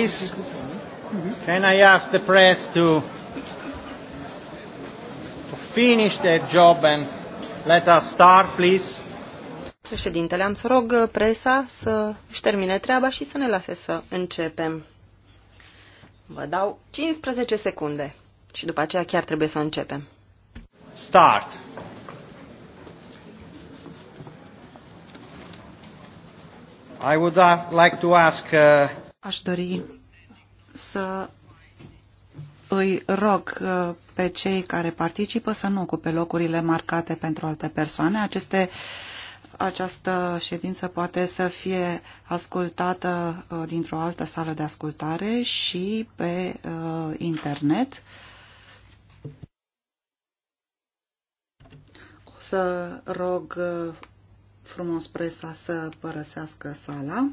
Please, can I ask the press to, to finish their job and let us start, please? Președintele, am să rog uh, presa să își termine treaba și să ne lase să începem. Vă dau 15 secunde și după aceea chiar trebuie să începem. Start! I would uh, like to ask uh, Aș dori să îi rog uh, pe cei care participă să nu ocupe locurile marcate pentru alte persoane. Aceste, această ședință poate să fie ascultată uh, dintr-o altă sală de ascultare și pe uh, internet. O să rog uh, frumos presa să părăsească sala.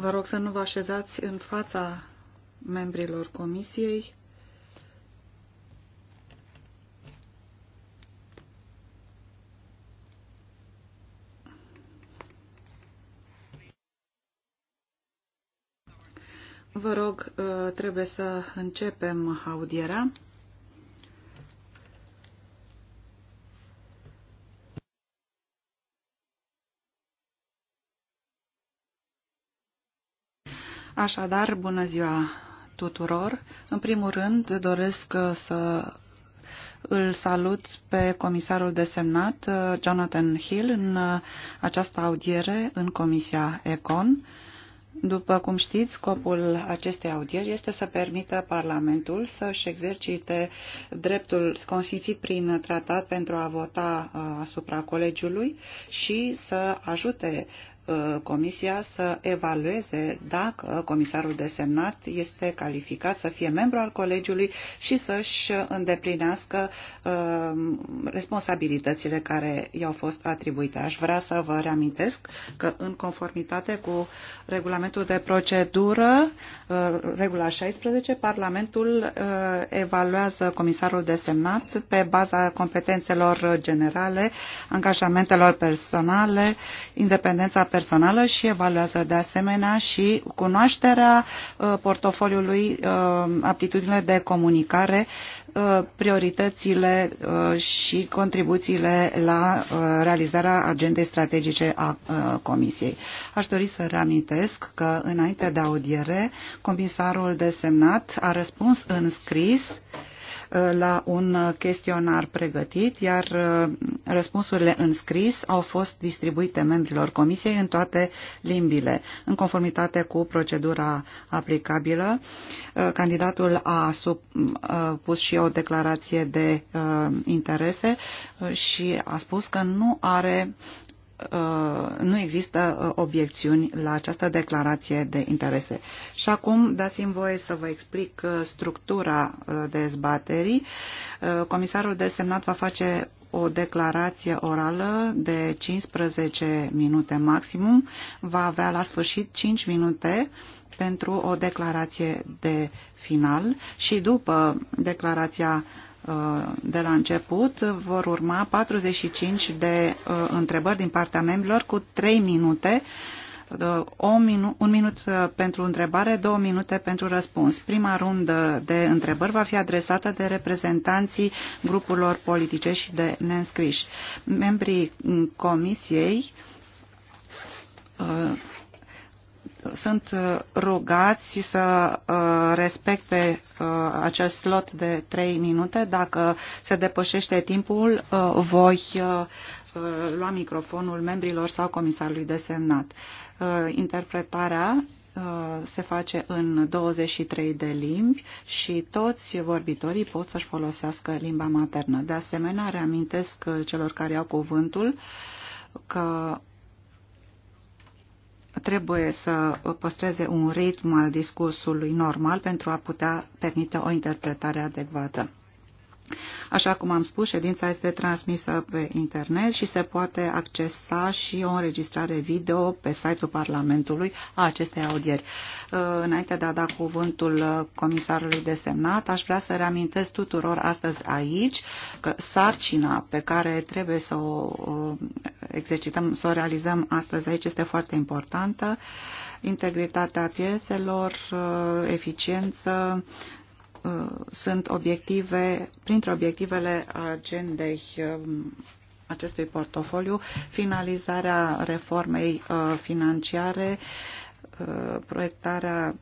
Vă rog să nu vă așezați în fața membrilor comisiei. Vă rog, uh, trebuie să începem audierea. Așadar, bună ziua tuturor. În primul rând, doresc uh, să îl salut pe comisarul desemnat uh, Jonathan Hill în uh, această audiere în Comisia Econ. După cum știți, scopul acestei audieri este să permită Parlamentul să-și exercite dreptul consimțit prin tratat pentru a vota asupra colegiului și să ajute Uh, comisia să evalueze dacă comisarul desemnat este calificat să fie membru al colegiului și să-și îndeplinească uh, responsabilitățile care i-au fost atribuite. Aș vrea să vă reamintesc că în conformitate cu regulamentul de procedură, uh, regula 16, Parlamentul evaluează comisarul desemnat pe baza competențelor generale, angajamentelor personale, independența personală, personală și evaluează de asemenea și cunoașterea uh, portofoliului, uh, aptitudinile de comunicare, uh, prioritățile și contribuțiile la realizarea agendei strategice a Comisiei. Aș dori să reamintesc că înainte de audiere, comisarul desemnat a răspuns în scris Uh, la un uh, chestionar pregătit, iar uh, răspunsurile în scris au fost distribuite membrilor comisiei în toate limbile. În conformitate cu procedura aplicabilă, candidatul a pus și o declarație de interese și a spus că nu are Uh, nu există uh, obiecțiuni la această declarație de interese. Și acum dați-mi voie să vă explic uh, structura dezbaterii. Comisarul de semnat va face o declarație orală de 15 minute maximum. Va avea la sfârșit 5 minute pentru o declarație de final și după declarația uh, Uh, de la început. Vor urma 45 de uh, întrebări din partea membrilor cu 3 minute, uh, un minut pentru întrebare, două minute pentru răspuns. Prima rundă de întrebări va fi adresată de reprezentanții grupurilor politice și de neînscriși. Membrii comisiei sunt uh, rugați să uh, respecte uh, acest slot de 3 minute. Dacă se depășește timpul, voi lua microfonul membrilor sau comisarului desemnat. Interpretarea se face în 23 de limbi și toți vorbitorii pot să-și folosească limba maternă. De asemenea, reamintesc celor care au cuvântul că trebuie să păstreze un ritm al discursului normal pentru a putea permite o interpretare adecvată. Așa cum am spus, ședința este transmisă pe internet și se poate accesa și o înregistrare video pe site-ul Parlamentului a acestei audieri. Uh, înainte de a da cuvântul uh, comisarului desemnat, aș vrea să reamintesc tuturor astăzi aici că sarcina pe care trebuie să o uh, exercităm, să o realizăm astăzi aici este foarte importantă. Integritatea piețelor, eficiență, Uh, sunt obiective, printre obiectivele agendei um, acestui portofoliu, finalizarea reformei uh, financiare, uh, proiectarea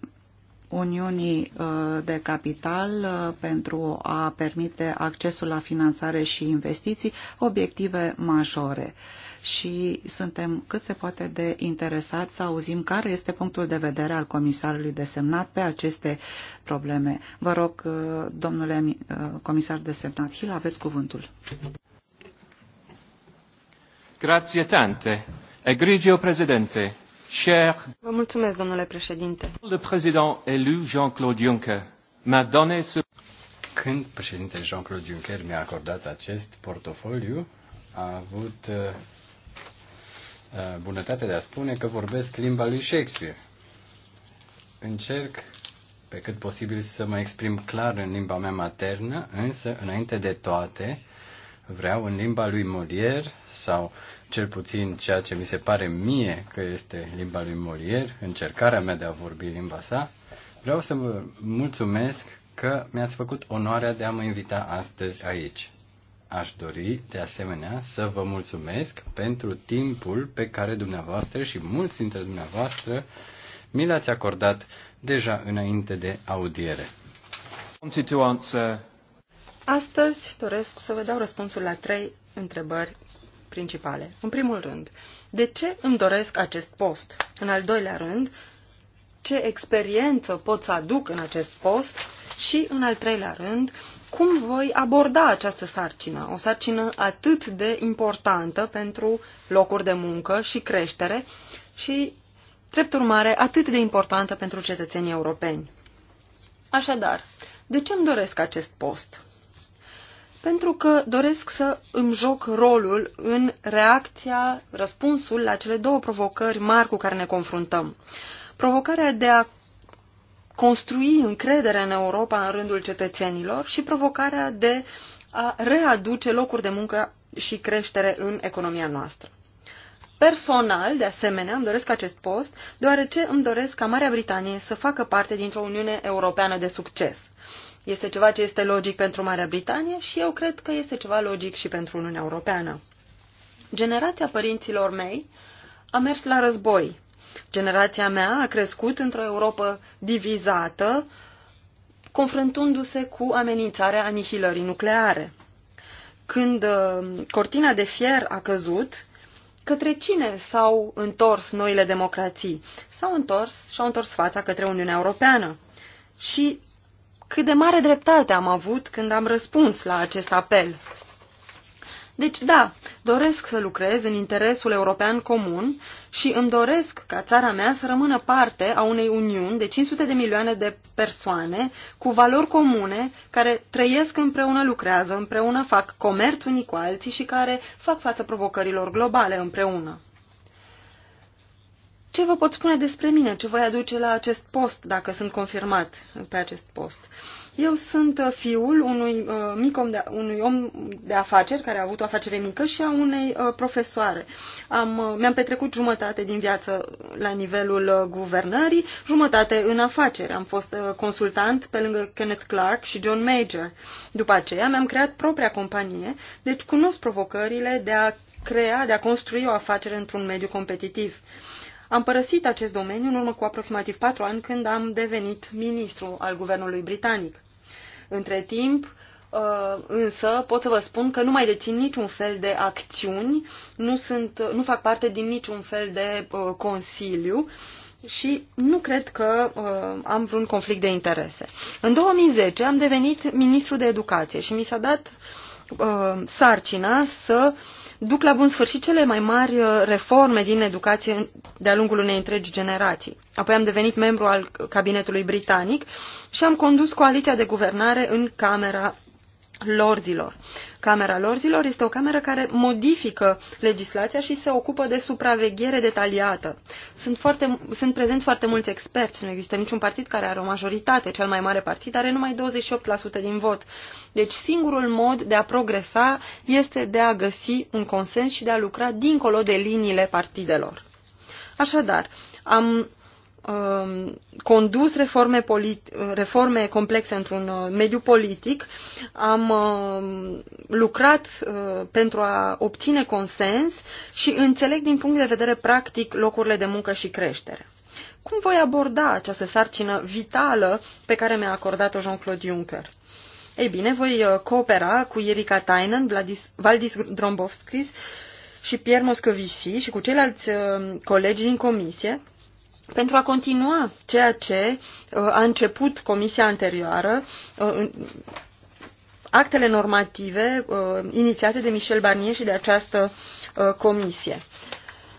Uniunii uh, de Capital uh, pentru a permite accesul la finanțare și investiții, obiective majore. Și suntem cât se poate de interesați să auzim care este punctul de vedere al comisarului desemnat pe aceste probleme. Vă rog, uh, domnule comisar desemnat Hill, aveți cuvântul. Grazie tante. Egregio presidente. Vă mulțumesc, domnule președinte. Le président élu Jean-Claude Juncker m'a donné ce... Când președintele Jean-Claude Juncker mi-a acordat acest portofoliu, a avut uh, uh, bunătatea de a spune că vorbesc limba lui Shakespeare. Încerc pe cât posibil să mă exprim clar în limba mea maternă, însă, înainte de toate, vreau în limba lui Molière sau cel puțin ceea ce mi se pare mie că este limba lui Morier, încercarea mea de a vorbi limba sa, vreau să vă mulțumesc că mi-ați făcut onoarea de a mă invita astăzi aici. Aș dori, de asemenea, să vă mulțumesc pentru timpul pe care dumneavoastră și mulți dintre dumneavoastră mi l-ați acordat deja înainte de audiere. Astăzi doresc să vă dau răspunsul la trei întrebări principale. În primul rând, de ce îmi doresc acest post? În al doilea rând, ce experiență pot să aduc în acest post? Și, în al treilea rând, cum voi aborda această sarcină, o sarcină atât de importantă pentru locuri de muncă și creștere și, drept urmare, atât de importantă pentru cetățenii europeni. Așadar, de ce îmi doresc acest post? pentru că doresc să îmi joc rolul în reacția, răspunsul la cele două provocări mari cu care ne confruntăm. Provocarea de a construi încredere în Europa în rândul cetățenilor și provocarea de a readuce locuri de muncă și creștere în economia noastră. Personal, de asemenea, îmi doresc acest post, deoarece îmi doresc ca Marea Britanie să facă parte dintr-o Uniune Europeană de succes. Este ceva ce este logic pentru Marea Britanie și eu cred că este ceva logic și pentru Uniunea Europeană. Generația părinților mei a mers la război. Generația mea a crescut într-o Europa divizată, confruntându-se cu amenințarea anihilării nucleare. Când uh, cortina de fier a căzut, către cine s-au întors noile democrații? S-au întors și au întors fața către Uniunea Europeană. Și cât de mare dreptate am avut când am răspuns la acest apel. Deci da, doresc să lucrez în interesul european comun și îmi doresc ca țara mea să rămână parte a unei uniuni de 500 de milioane de persoane cu valori comune care trăiesc împreună, lucrează împreună, fac comerț unii cu alții și care fac față provocărilor globale împreună. Ce vă pot spune despre mine? Ce voi aduce la acest post, dacă sunt confirmat pe acest post? Eu sunt uh, fiul unui, uh, mic om de, unui om de afaceri care a avut o afacere mică și a unei uh, profesoare. Am, uh, mi-am petrecut jumătate din viață la nivelul uh, guvernării, jumătate în afaceri. Am fost uh, consultant pe lângă Kenneth Clark și John Major. După aceea mi-am creat propria companie, deci cunosc provocările de a crea, de a construi o afacere într-un mediu competitiv. Am părăsit acest domeniu în urmă cu aproximativ patru ani când am devenit ministru al guvernului britanic. Între timp, uh, însă pot să vă spun că nu mai dețin niciun fel de acțiuni, nu, sunt, nu fac parte din niciun fel de uh, consiliu și nu cred că uh, am vreun conflict de interese. În 2010 am devenit ministru de educație și mi s-a dat uh, sarcina să uh, duc la bun sfârșit cele mai mari uh, reforme din educație de-a lungul unei întregi generații. Apoi am devenit membru al cabinetului britanic și am condus coaliția de guvernare în Camera lorzilor. Camera lorzilor este o cameră care modifică legislația și se ocupă de supraveghere detaliată. Sunt, foarte, sunt prezenți foarte mulți experți, nu există niciun partid care are o majoritate, cel mai mare partid are numai 28% din vot. Deci singurul mod de a progresa este de a găsi un consens și de a lucra dincolo de liniile partidelor. Așadar, am Um, condus reforme, politi- reforme complexe într-un uh, mediu politic, am um, lucrat uh, pentru a obține consens și înțeleg din punct de vedere practic locurile de muncă și creștere. Cum voi aborda această sarcină vitală pe care mi-a acordat-o Jean-Claude Juncker? Ei bine, voi uh, coopera cu Erika Tainen, Vladis, Valdis Drombovskis și Pierre Moscovici și cu ceilalți colegi din comisie pentru a continua ceea ce uh, a început comisia anterioară, uh, actele normative uh, inițiate de Michel Barnier și de această comisie.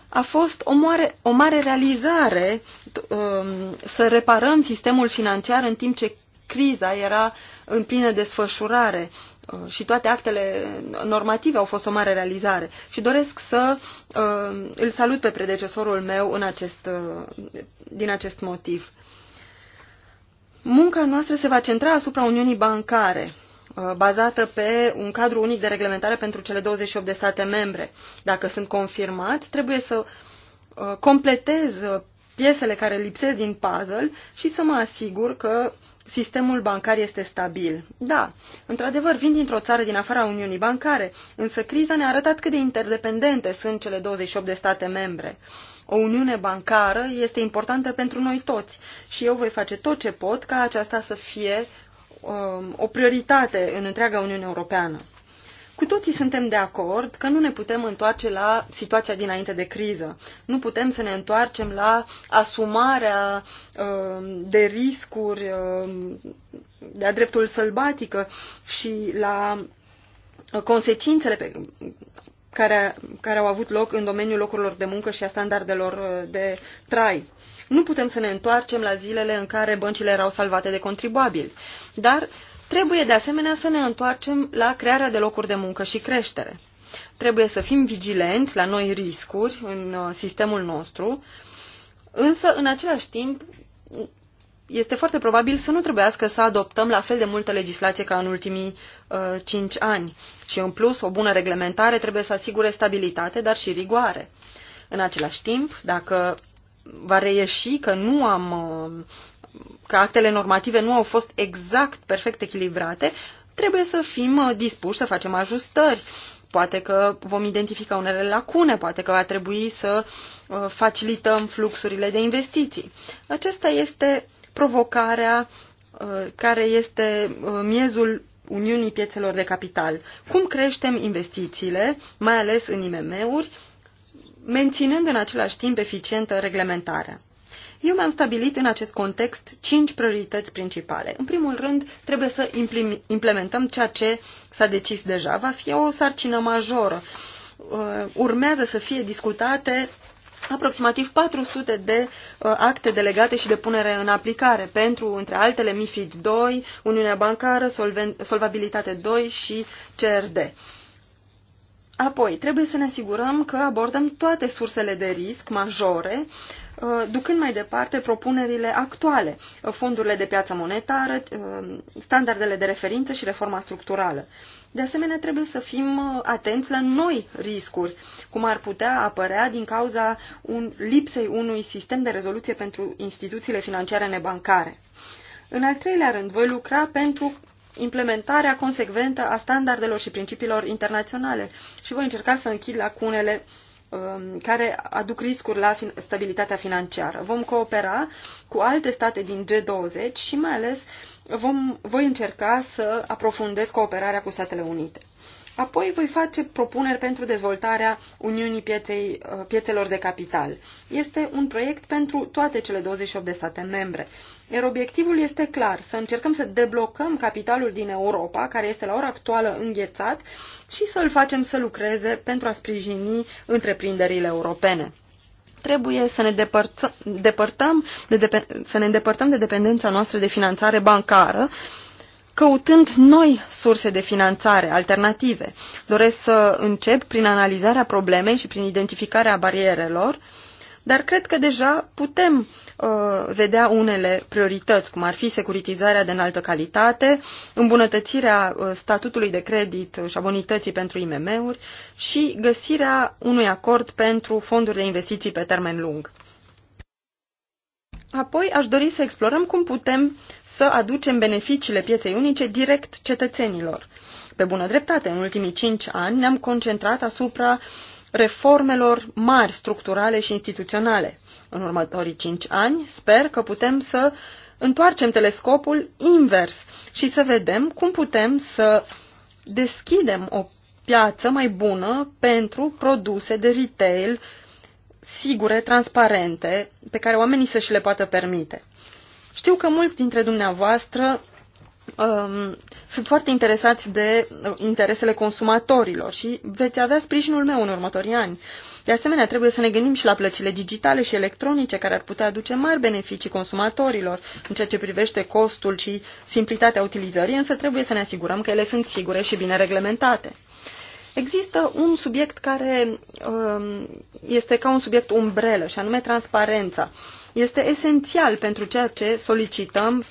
A fost o mare, o mare realizare um, să reparăm sistemul financiar în timp ce criza era în plină desfășurare Uh, și toate actele normative au fost o mare realizare și doresc să uh, îl salut pe predecesorul meu în acest, uh, din acest motiv. Munca noastră se va centra asupra Uniunii Bancare, uh, bazată pe un cadru unic de reglementare pentru cele 28 de state membre. Dacă sunt confirmat, trebuie să uh, completez piesele care lipsesc din puzzle și să mă asigur că sistemul bancar este stabil. Da, într-adevăr, vin dintr-o țară din afara Uniunii Bancare, însă criza ne-a arătat cât de interdependente sunt cele 28 de state membre. O uniune bancară este importantă pentru noi toți și eu voi face tot ce pot ca aceasta să fie um, o prioritate în întreaga Uniune Europeană. Cu toții suntem de acord că nu ne putem întoarce la situația dinainte de criză. Nu putem să ne întoarcem la asumarea uh, de riscuri uh, de-a dreptul sălbatică și la consecințele pe care, care au avut loc în domeniul locurilor de muncă și a standardelor uh, de trai. Nu putem să ne întoarcem la zilele în care băncile erau salvate de contribuabili, dar Trebuie de asemenea să ne întoarcem la crearea de locuri de muncă și creștere. Trebuie să fim vigilenți la noi riscuri în uh, sistemul nostru, însă în același timp este foarte probabil să nu trebuiască să adoptăm la fel de multă legislație ca în ultimii uh, 5 ani. Și în plus, o bună reglementare trebuie să asigure stabilitate, dar și rigoare. În același timp, dacă va reieși că nu am uh, că actele normative nu au fost exact perfect echilibrate, trebuie să fim uh, dispuși să facem ajustări. Poate că vom identifica unele lacune, poate că va trebui să uh, facilităm fluxurile de investiții. Aceasta este provocarea uh, care este miezul Uniunii Piețelor de Capital. Cum creștem investițiile, mai ales în IMM-uri, menținând în același timp eficientă reglementarea. Eu mi-am stabilit în acest context cinci priorități principale. În primul rând, trebuie să implementăm ceea ce s-a decis deja. Va fi o sarcină majoră. Uh, urmează să fie discutate aproximativ 400 de uh, acte delegate și de punere în aplicare pentru, între altele, MIFID 2, Uniunea Bancară, Solven Solvabilitate 2 și CRD. Apoi, trebuie să ne asigurăm că abordăm toate sursele de risc majore Uh, ducând mai departe propunerile actuale, uh, fondurile de piață monetară, uh, standardele de referință și reforma structurală. De asemenea, trebuie să fim atenți la noi riscuri, cum ar putea apărea din cauza un, lipsei unui sistem de rezoluție pentru instituțiile financiare nebancare. În al treilea rând, voi lucra pentru implementarea consecventă a standardelor și principiilor internaționale și voi încerca să închid lacunele Um, care aduc riscuri la stabilitatea financiară. Vom coopera cu alte state din G20 și mai ales vom, voi încerca să aprofundez cooperarea cu Statele Unite. Apoi voi face propuneri pentru dezvoltarea Uniunii pieței, uh, Piețelor de Capital. Este un proiect pentru toate cele 28 de state membre. Iar obiectivul este clar, să încercăm să deblocăm capitalul din Europa, care este la ora actuală înghețat, și să-l facem să lucreze pentru a sprijini întreprinderile europene trebuie să ne depărtăm, de, să ne îndepărtăm de dependența noastră de finanțare bancară căutând noi surse de finanțare alternative. Doresc să încep prin analizarea problemei și prin identificarea barierelor, dar cred că deja putem uh, vedea unele priorități, cum ar fi securitizarea de înaltă calitate, îmbunătățirea uh, statutului de credit și a bonității pentru IMM-uri și găsirea unui acord pentru fonduri de investiții pe termen lung. Apoi aș dori să explorăm cum putem să aducem beneficiile pieței unice direct cetățenilor. Pe bună dreptate, în ultimii cinci ani ne-am concentrat asupra reformelor mari, structurale și instituționale. În următorii cinci ani sper că putem să întoarcem telescopul invers și să vedem cum putem să deschidem o piață mai bună pentru produse de retail sigure, transparente, pe care oamenii să și le poată permite. Știu că mulți dintre dumneavoastră um, sunt foarte interesați de uh, interesele consumatorilor și veți avea sprijinul meu în următorii ani. De asemenea, trebuie să ne gândim și la plățile digitale și electronice, care ar putea aduce mari beneficii consumatorilor în ceea ce privește costul și simplitatea utilizării, însă trebuie să ne asigurăm că ele sunt sigure și bine reglementate. Există un subiect care um, este ca un subiect umbrelă, și anume transparența. Este esențial pentru ceea ce solicităm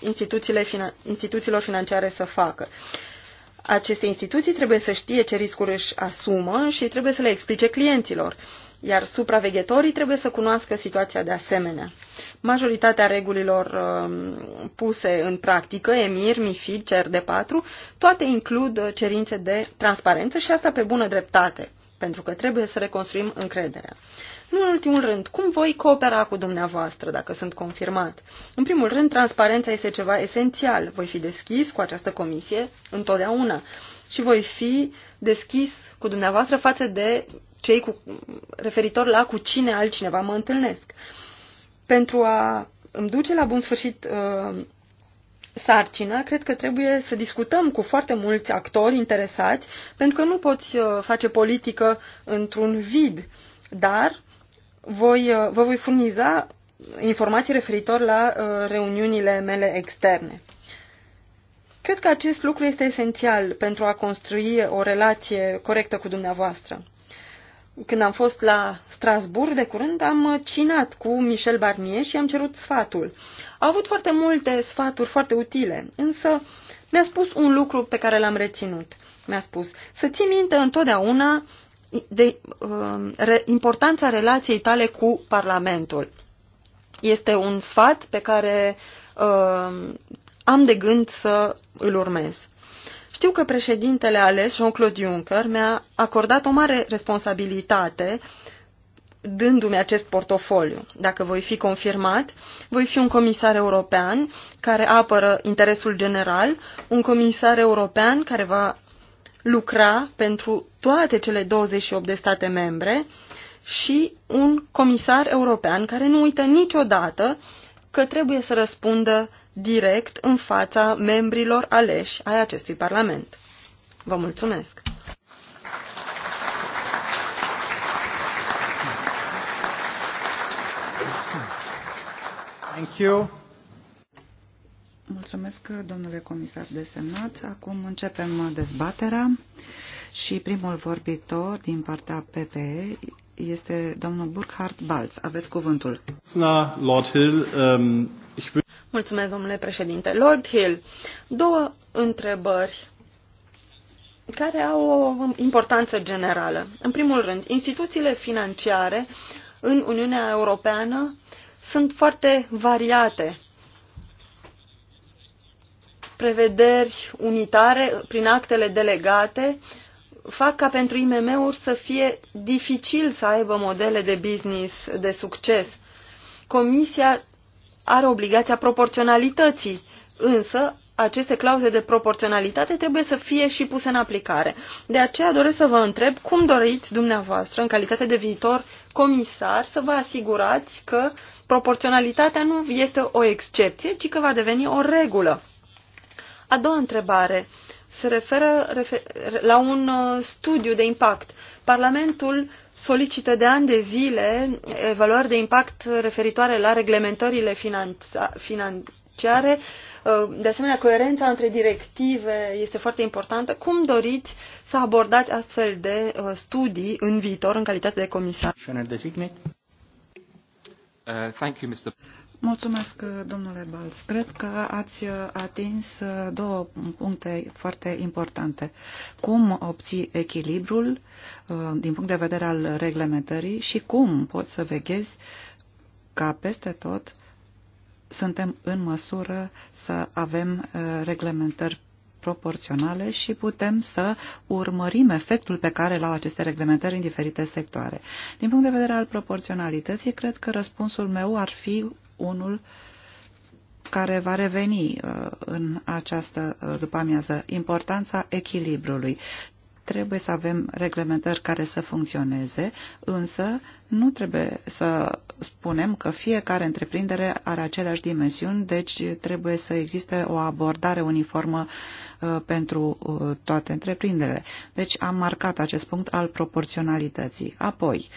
instituțiilor financiare să facă. Aceste instituții trebuie să știe ce riscuri își asumă și trebuie să le explice clienților. Uh, iar supraveghetorii trebuie să cunoască situația de asemenea. Majoritatea regulilor um, puse în practică, EMIR, MIFID, CRD4, toate includ uh, cerințe de transparență și asta pe bună dreptate, pentru că trebuie să reconstruim încrederea. Nu în ultimul rând, cum voi coopera cu dumneavoastră dacă sunt confirmat? În primul rând, transparența este ceva esențial. Voi fi deschis cu această comisie întotdeauna și voi fi deschis cu dumneavoastră față de cei cu, referitor la cu cine altcineva mă întâlnesc. Pentru a îmi duce la bun sfârșit uh, sarcina, cred că trebuie să discutăm cu foarte mulți actori interesați, pentru că nu poți uh, face politică într-un vid, dar voi, uh, vă voi furniza informații referitor la uh, reuniunile mele externe. Cred că acest lucru este esențial pentru a construi o relație corectă cu dumneavoastră. Când am fost la Strasbourg de curând, am cinat cu Michel Barnier și am cerut sfatul. A avut foarte multe sfaturi foarte utile, însă mi-a spus un lucru pe care l-am reținut. Mi-a spus să ții minte întotdeauna de uh, re, importanța relației tale cu Parlamentul. Este un sfat pe care uh, am de gând să îl urmez. Știu că președintele ales, Jean-Claude Juncker, mi-a acordat o mare responsabilitate dându-mi acest portofoliu. Dacă voi fi confirmat, voi fi un comisar european care apără interesul general, un comisar european care va lucra pentru toate cele 28 de state membre și un comisar european care nu uită niciodată că trebuie să răspundă direct în fața membrilor aleși ai acestui Parlament. Vă mulțumesc! Thank you. Mulțumesc, domnule comisar desemnat. Acum începem dezbaterea și primul vorbitor din partea PPE este domnul Burkhard Balz. Aveți cuvântul. Lord Hill, um, ich Mulțumesc, domnule președinte. Lord Hill, două întrebări care au o importanță generală. În primul rând, instituțiile financiare în Uniunea Europeană sunt foarte variate. Prevederi unitare prin actele delegate fac ca pentru IMM-uri să fie dificil să aibă modele de business de succes. Comisia are obligația proporționalității, însă aceste clauze de proporționalitate trebuie să fie și puse în aplicare. De aceea doresc să vă întreb cum doriți dumneavoastră, în calitate de viitor comisar, să vă asigurați că proporționalitatea nu este o excepție, ci că va deveni o regulă. A doua întrebare se referă refer, la un uh, studiu de impact. Parlamentul solicită de ani de zile evaluări de impact referitoare la reglementările financiare. Uh, de asemenea, coerența între directive este foarte importantă. Cum doriți să abordați astfel de uh, studii în viitor în calitate de comisar? Uh, thank you, Mr. Mulțumesc, domnule Balz. Cred că ați atins două puncte foarte importante. Cum obții echilibrul uh, din punct de vedere al reglementării și cum poți să veghezi ca peste tot suntem în măsură să avem uh, reglementări proporționale și putem să urmărim efectul pe care l-au aceste reglementări în diferite sectoare. Din punct de vedere al proporționalității, cred că răspunsul meu ar fi unul care va reveni uh, în această uh, după-amiază. Importanța echilibrului. Trebuie să avem reglementări care să funcționeze, însă nu trebuie să spunem că fiecare întreprindere are aceleași dimensiuni, deci trebuie să existe o abordare uniformă uh, pentru toate întreprinderile. Deci am marcat acest punct al proporționalității. Apoi,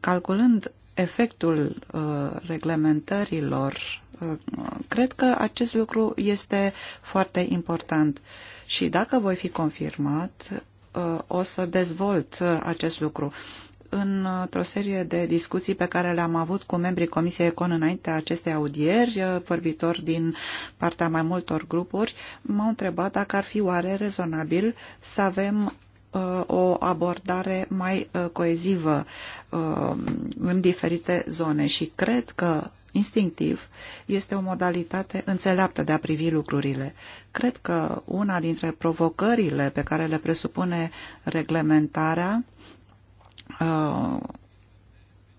calculând efectul uh, reglementărilor, uh, cred că acest lucru este foarte important. Și dacă voi fi confirmat, uh, o să dezvolt acest lucru. Într-o serie de discuții pe care le-am avut cu membrii Comisiei Econ înaintea acestei audieri, vorbitori din partea mai multor grupuri, m-au întrebat dacă ar fi oare rezonabil să avem Uh, o abordare mai uh, coezivă uh, în diferite zone și cred că instinctiv este o modalitate înțeleaptă de a privi lucrurile. Cred că una dintre provocările pe care le presupune reglementarea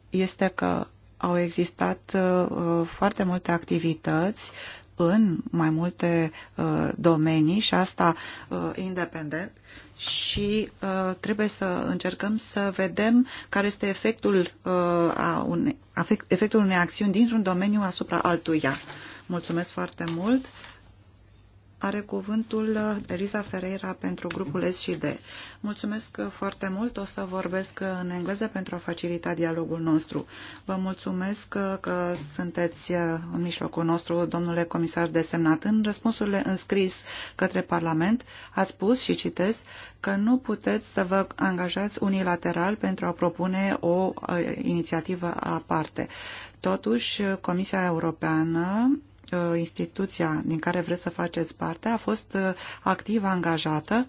este că au existat foarte multe activități în mai multe uh, domenii și asta uh, independent și uh, trebuie să încercăm să vedem care este efectul, a une, efectul unei acțiuni dintr-un domeniu asupra altuia. Mulțumesc foarte mult! Are cuvântul uh, Elisa Ferreira pentru grupul S&D. Mulțumesc uh, foarte mult, o să vorbesc uh, în engleză pentru a facilita dialogul nostru. Vă mulțumesc că sunteți în mijlocul nostru, domnule comisar desemnat. În răspunsurile înscris către Parlament ați spus și citesc că nu puteți să vă angajați unilateral pentru a propune o inițiativă aparte. Totuși, Comisia Europeană Uh, instituția din care vreți să faceți parte a fost uh, activ angajată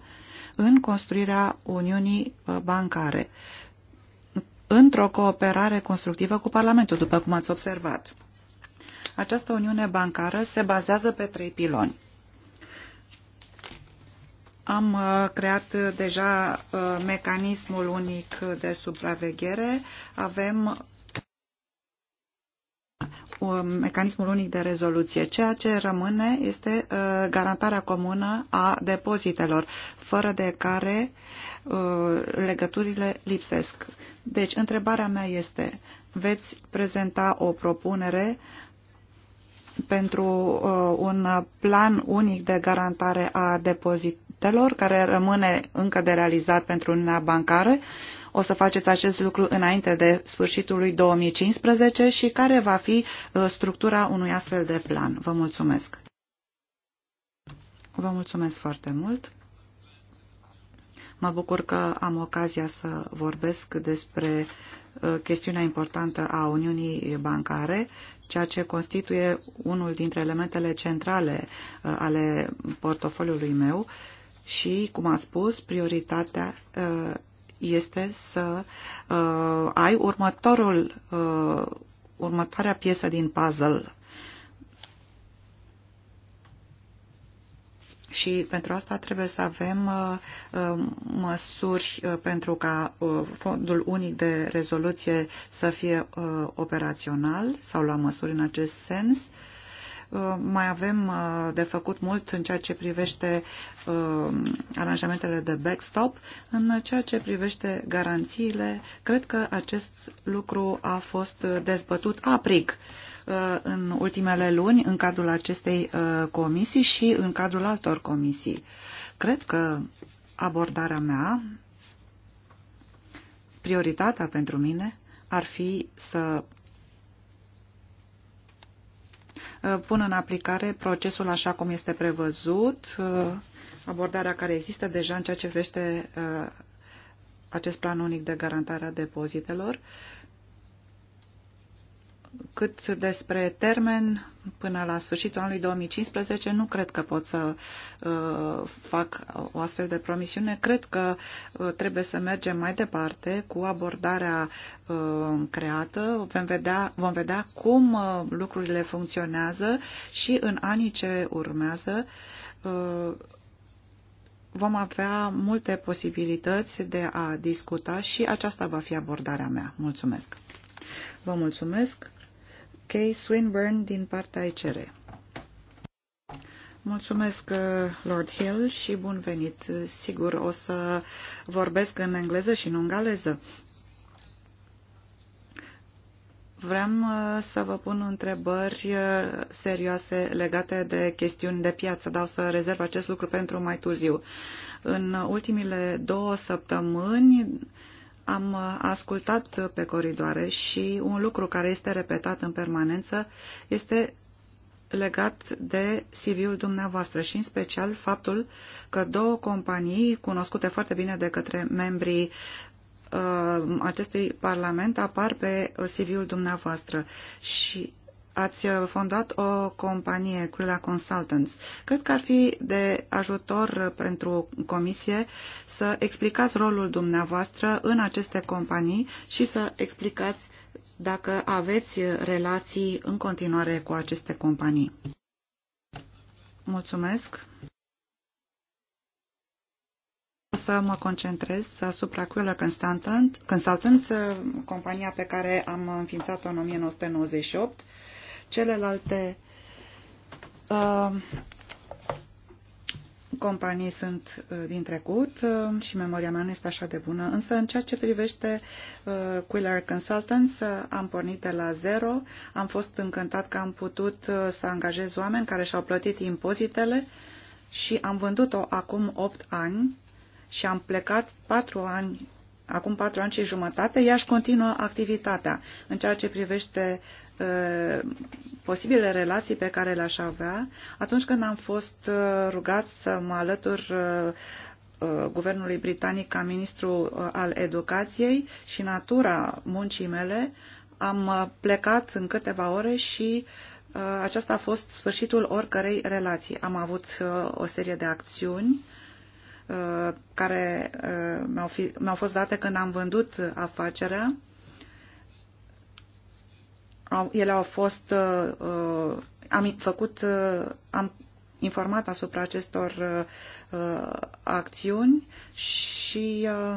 în construirea Uniunii uh, Bancare, într-o cooperare constructivă cu Parlamentul, după cum ați observat. Această Uniune Bancară se bazează pe trei piloni. Am creat deja mecanismul unic de supraveghere, avem Um, mecanismul unic de rezoluție. Ceea ce rămâne este uh, garantarea comună a depozitelor, fără de care uh, legăturile lipsesc. Deci, întrebarea mea este, veți prezenta o propunere pentru uh, un plan unic de garantare a depozitelor, care rămâne încă de realizat pentru Uniunea Bancară o să faceți acest lucru înainte de sfârșitul lui 2015 și care va fi uh, structura unui astfel de plan. Vă mulțumesc! Vă mulțumesc foarte mult! Mă bucur că am ocazia să vorbesc despre uh, chestiunea importantă a Uniunii Bancare, ceea ce constituie unul dintre elementele centrale uh, ale portofoliului meu și, cum am spus, prioritatea este să uh, ai următorul, uh, următoarea piesă din puzzle. Și pentru asta trebuie să avem uh, uh, măsuri uh, pentru ca uh, fondul unic de rezoluție să fie uh, operațional sau la măsuri în acest sens. Uh, Uh, mai avem uh, de făcut mult în ceea ce privește uh, aranjamentele de backstop. În ceea ce privește garanțiile, cred că acest lucru a fost dezbătut aprig în ultimele luni în cadrul acestei comisii și în cadrul altor comisii. Cred că abordarea mea, prioritatea pentru mine, ar fi să Uh, pun în aplicare procesul așa cum este prevăzut, uh, abordarea care există deja în ceea ce vrește uh, acest plan unic de garantare a depozitelor cât despre termen, până la sfârșitul anului 2015, nu cred că pot să uh, fac o astfel de promisiune. Cred că uh, trebuie să mergem mai departe cu abordarea uh, creată. Vom vedea, vom vedea cum uh, lucrurile funcționează și în anii ce urmează. Uh, vom avea multe posibilități de a discuta și aceasta va fi abordarea mea. Mulțumesc! Vă mulțumesc! Kay Swinburne din partea ECR. Mulțumesc, uh, Lord Hill, și bun venit. Sigur, o să vorbesc în engleză și în ungaleză. Vreau uh, să vă pun întrebări uh, serioase legate de chestiuni de piață, dar o să rezerv acest lucru pentru mai târziu. În ultimile două săptămâni, am ascultat pe coridoare și un lucru care este repetat în permanență este legat de CV-ul dumneavoastră și în special faptul că două companii cunoscute foarte bine de către membrii uh, acestui parlament apar pe CV-ul dumneavoastră și ați uh, fondat o companie, Crula Consultants. Cred că ar fi de ajutor uh, pentru comisie să explicați rolul dumneavoastră în aceste companii și să explicați dacă aveți uh, relații în continuare cu aceste companii. Mulțumesc. O să mă concentrez asupra Quiller Consultant, Consultant, compania pe care am înființat-o în 1998 Celelalte uh, companii sunt uh, din trecut uh, și memoria mea nu este așa de bună, însă în ceea ce privește Quiller Consultants am pornit de la zero, am fost încântat că am putut să angajez oameni care și-au plătit impozitele și am vândut-o acum 8 ani și am plecat 4 ani acum patru ani și jumătate, ea își continuă activitatea. În ceea ce privește posibile relații pe care le-aș avea atunci când am fost uh, rugat să mă alătur uh, uh, guvernului britanic ca ministru al educației și natura muncii mele, am plecat în câteva ore și aceasta a fost sfârșitul oricărei relații. Am avut o serie de acțiuni care mi-au fost date când am vândut afacerea au, ele au fost, uh, am făcut, uh, am informat asupra acestor uh, acțiuni și uh,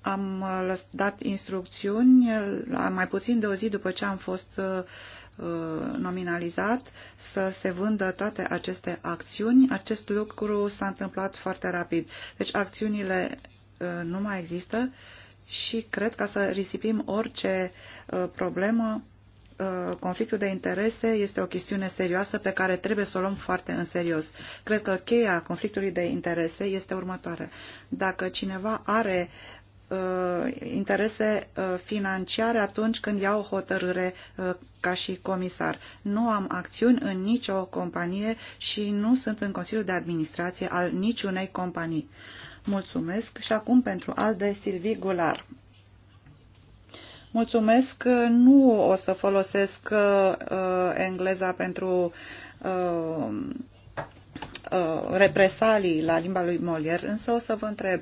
am dat instrucțiuni la mai puțin de o zi după ce am fost uh, nominalizat să se vândă toate aceste acțiuni. Acest lucru s-a întâmplat foarte rapid. Deci acțiunile uh, nu mai există și cred ca să risipim orice uh, problemă, uh, conflictul de interese este o chestiune serioasă pe care trebuie să o luăm foarte în serios. Cred că cheia conflictului de interese este următoare. Dacă cineva are uh, interese financiare atunci când iau o hotărâre ca și comisar. Nu am acțiuni în nicio companie și nu sunt în Consiliul de Administrație al niciunei companii. Mulțumesc și acum pentru ALDE Silvi Gular. Mulțumesc, nu o să folosesc uh, engleza pentru uh, uh, represalii la limba lui Molière, însă o să vă întreb.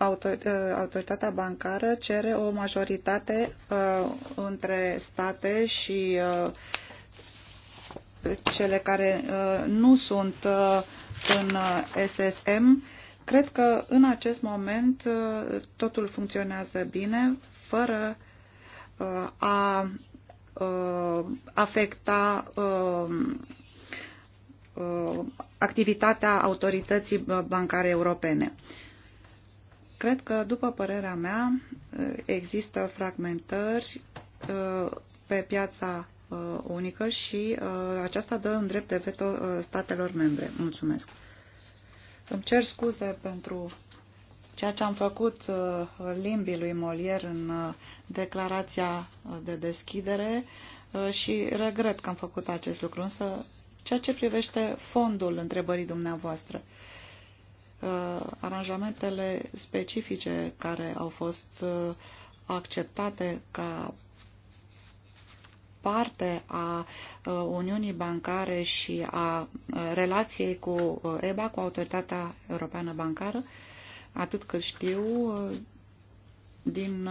Uh, autoritatea bancară cere o majoritate uh, între state și uh, cele care uh, nu sunt uh, în uh, SSM. Cred că în acest moment uh, totul funcționează bine, fără uh, a afecta um, activitatea autorității bancare europene. Cred că, după părerea mea, există fragmentări pe piața Uh, unică și uh, aceasta dă în drept de veto uh, statelor membre. Mulțumesc. Îmi cer scuze pentru ceea ce am făcut limbii lui Molier în declarația de deschidere și regret că am făcut acest lucru, însă ceea ce privește fondul întrebării dumneavoastră, aranjamentele specifice care au fost acceptate ca parte a uh, Uniunii Bancare și a uh, relației cu uh, EBA, cu Autoritatea Europeană Bancară, atât cât știu din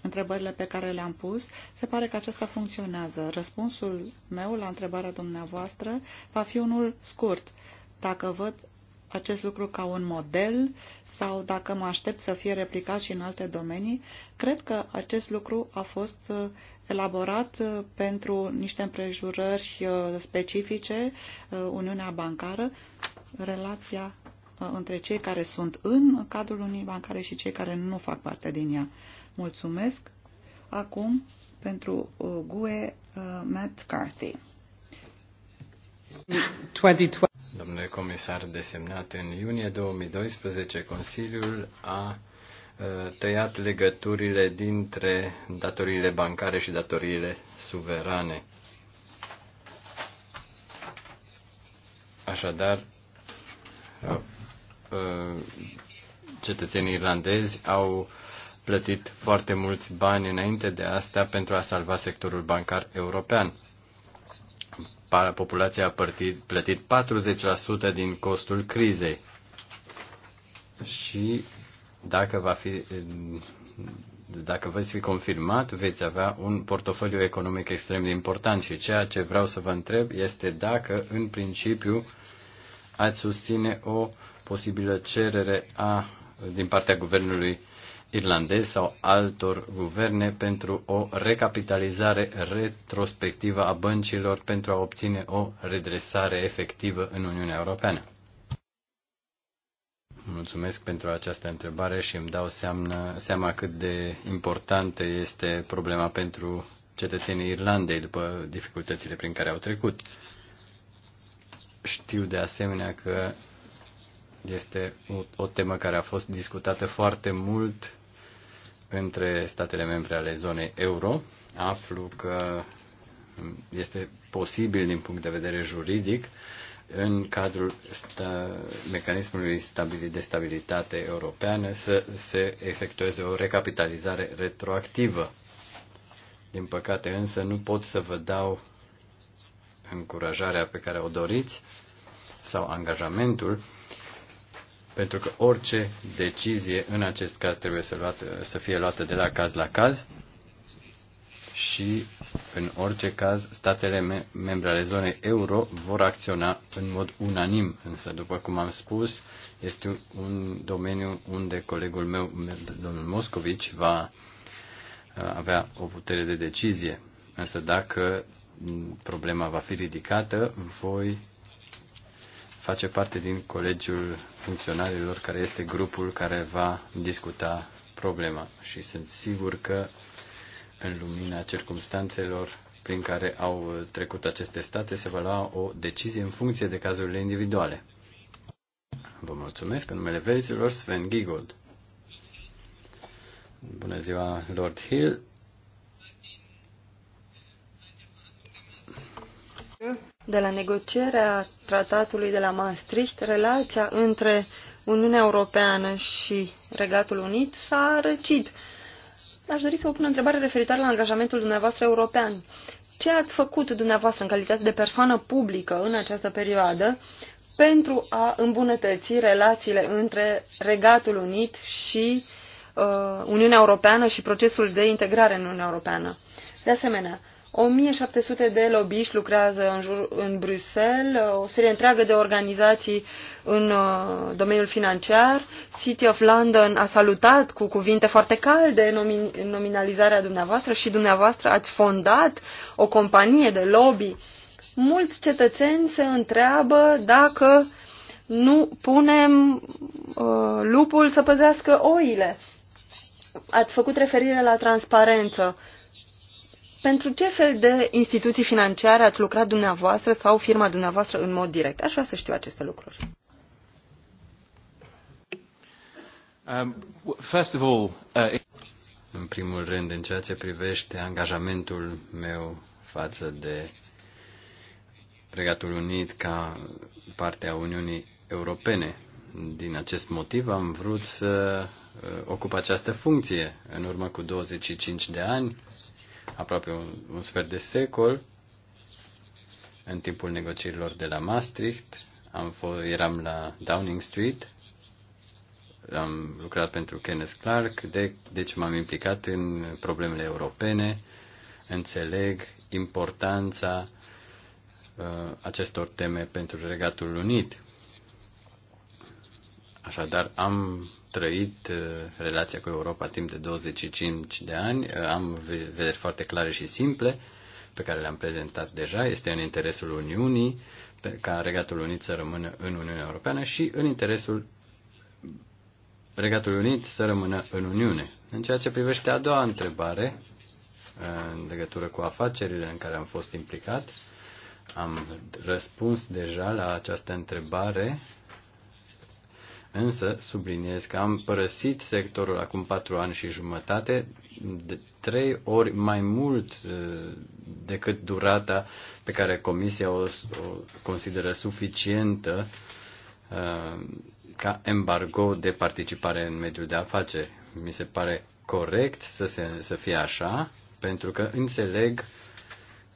întrebările pe care le-am pus, se pare că aceasta funcționează. Răspunsul meu la întrebarea dumneavoastră va fi unul scurt. Dacă văd acest lucru ca un model sau dacă mă aștept să fie replicat și în alte domenii, cred că acest lucru a fost uh, elaborat uh, pentru niște împrejurări uh, specifice, Uniunea Bancară, relația între cei care sunt în cadrul Uniunii Bancare și cei care nu fac parte din ea. Mulțumesc! Acum, pentru GUE, Matt Carthy. 2020 domnule comisar desemnat, în iunie 2012 Consiliul a ă, tăiat legăturile dintre datoriile bancare și datoriile suverane. Așadar, ă, ă, cetățenii irlandezi au plătit foarte mulți bani înainte de asta pentru a salva sectorul bancar european populația a plătit 40% din costul crizei. Și dacă va fi dacă veți fi confirmat, veți avea un portofoliu economic extrem de important și ceea ce vreau să vă întreb este dacă, în principiu, ați susține o posibilă cerere a, din partea guvernului irlandez sau altor guverne pentru o recapitalizare retrospectivă a băncilor pentru a obține o redresare efectivă în Uniunea Europeană? Mulțumesc pentru această întrebare și îmi dau seamnă, seama cât de importantă este problema pentru cetățenii Irlandei după dificultățile prin care au trecut. Știu de asemenea că este o, o temă care a fost discutată foarte mult între statele membre ale zonei euro. Aflu că este posibil din punct de vedere juridic în cadrul sta, mecanismului de stabilitate europeană să se efectueze o recapitalizare retroactivă. Din păcate însă nu pot să vă dau încurajarea pe care o doriți sau angajamentul pentru că orice decizie în acest caz trebuie să, luată, să fie luată de la caz la caz și, în orice caz, statele me- membre ale zonei euro vor acționa în mod unanim. Însă, după cum am spus, este un domeniu unde colegul meu, domnul Moscovici, va uh, avea o putere de decizie. Însă, dacă problema va fi ridicată, voi face parte din colegiul funcționarilor care este grupul care va discuta problema și sunt sigur că în lumina circumstanțelor prin care au trecut aceste state se va lua o decizie în funcție de cazurile individuale. Vă mulțumesc în numele verzilor Sven Giegold. Bună ziua, Lord Hill. De la negocierea tratatului de la Maastricht, relația între Uniunea Europeană și Regatul Unit s-a răcit. Aș dori să vă pun o întrebare referitoare la angajamentul dumneavoastră european. Ce ați făcut dumneavoastră în calitate de persoană publică în această perioadă pentru a îmbunătăți relațiile între Regatul Unit și uh, Uniunea Europeană și procesul de integrare în Uniunea Europeană? De asemenea, 1700 de lobbyiști lucrează în, jur, în Bruxelles, o serie întreagă de organizații în uh, domeniul financiar. City of London a salutat cu cuvinte foarte calde nomin, nominalizarea dumneavoastră și dumneavoastră ați fondat o companie de lobby. Mulți cetățeni se întreabă dacă nu punem uh, lupul să păzească oile. Ați făcut referire la transparență. Uh, pentru ce fel de instituții financiare ați lucrat dumneavoastră sau firma dumneavoastră în mod direct? Aș vrea să știu aceste lucruri. Um, first of all, uh... În primul rând, în ceea ce privește angajamentul meu față de Regatul Unit ca parte a Uniunii Europene. Din acest motiv am vrut să uh, ocup această funcție. În urmă cu 25 de ani aproape un, un sfert de secol, în timpul negocierilor de la Maastricht, am fost, eram la Downing Street, am lucrat pentru Kenneth Clark, de, deci m-am implicat în problemele europene, înțeleg importanța uh, acestor teme pentru Regatul Unit. Așadar, am trăit uh, relația cu Europa timp de 25 de ani. Uh, am vederi foarte clare și simple pe care le-am prezentat deja. Este în interesul Uniunii ca Regatul Unit să rămână în Uniunea Europeană și în interesul Regatul Unit să rămână în Uniune. În ceea ce privește a doua întrebare, uh, în legătură cu afacerile în care am fost implicat, am răspuns deja la această întrebare Însă subliniez că am părăsit sectorul acum patru ani și jumătate de trei ori mai mult uh, decât durata pe care Comisia o, consideră suficientă uh, ca embargo de participare în mediul de afaceri. Mi se pare corect să, se, să fie așa, pentru că înțeleg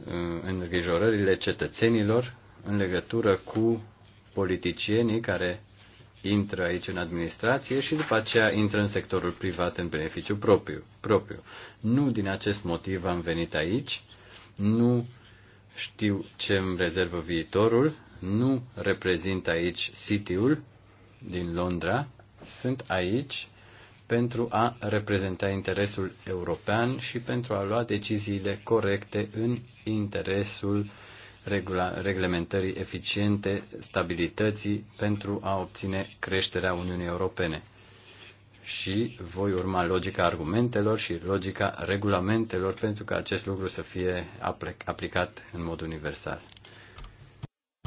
uh, îngrijorările cetățenilor în legătură cu politicienii care intră aici în administrație și după aceea intră în sectorul privat în beneficiu propriu. propriu. Nu din acest motiv am venit aici, nu știu ce îmi rezervă viitorul, nu reprezint aici City-ul din Londra, sunt aici pentru a reprezenta interesul european și pentru a lua deciziile corecte în interesul regula, reglementării eficiente, stabilității pentru a obține creșterea Uniunii Europene. Și voi urma logica argumentelor și logica regulamentelor pentru ca acest lucru să fie aplicat în mod universal.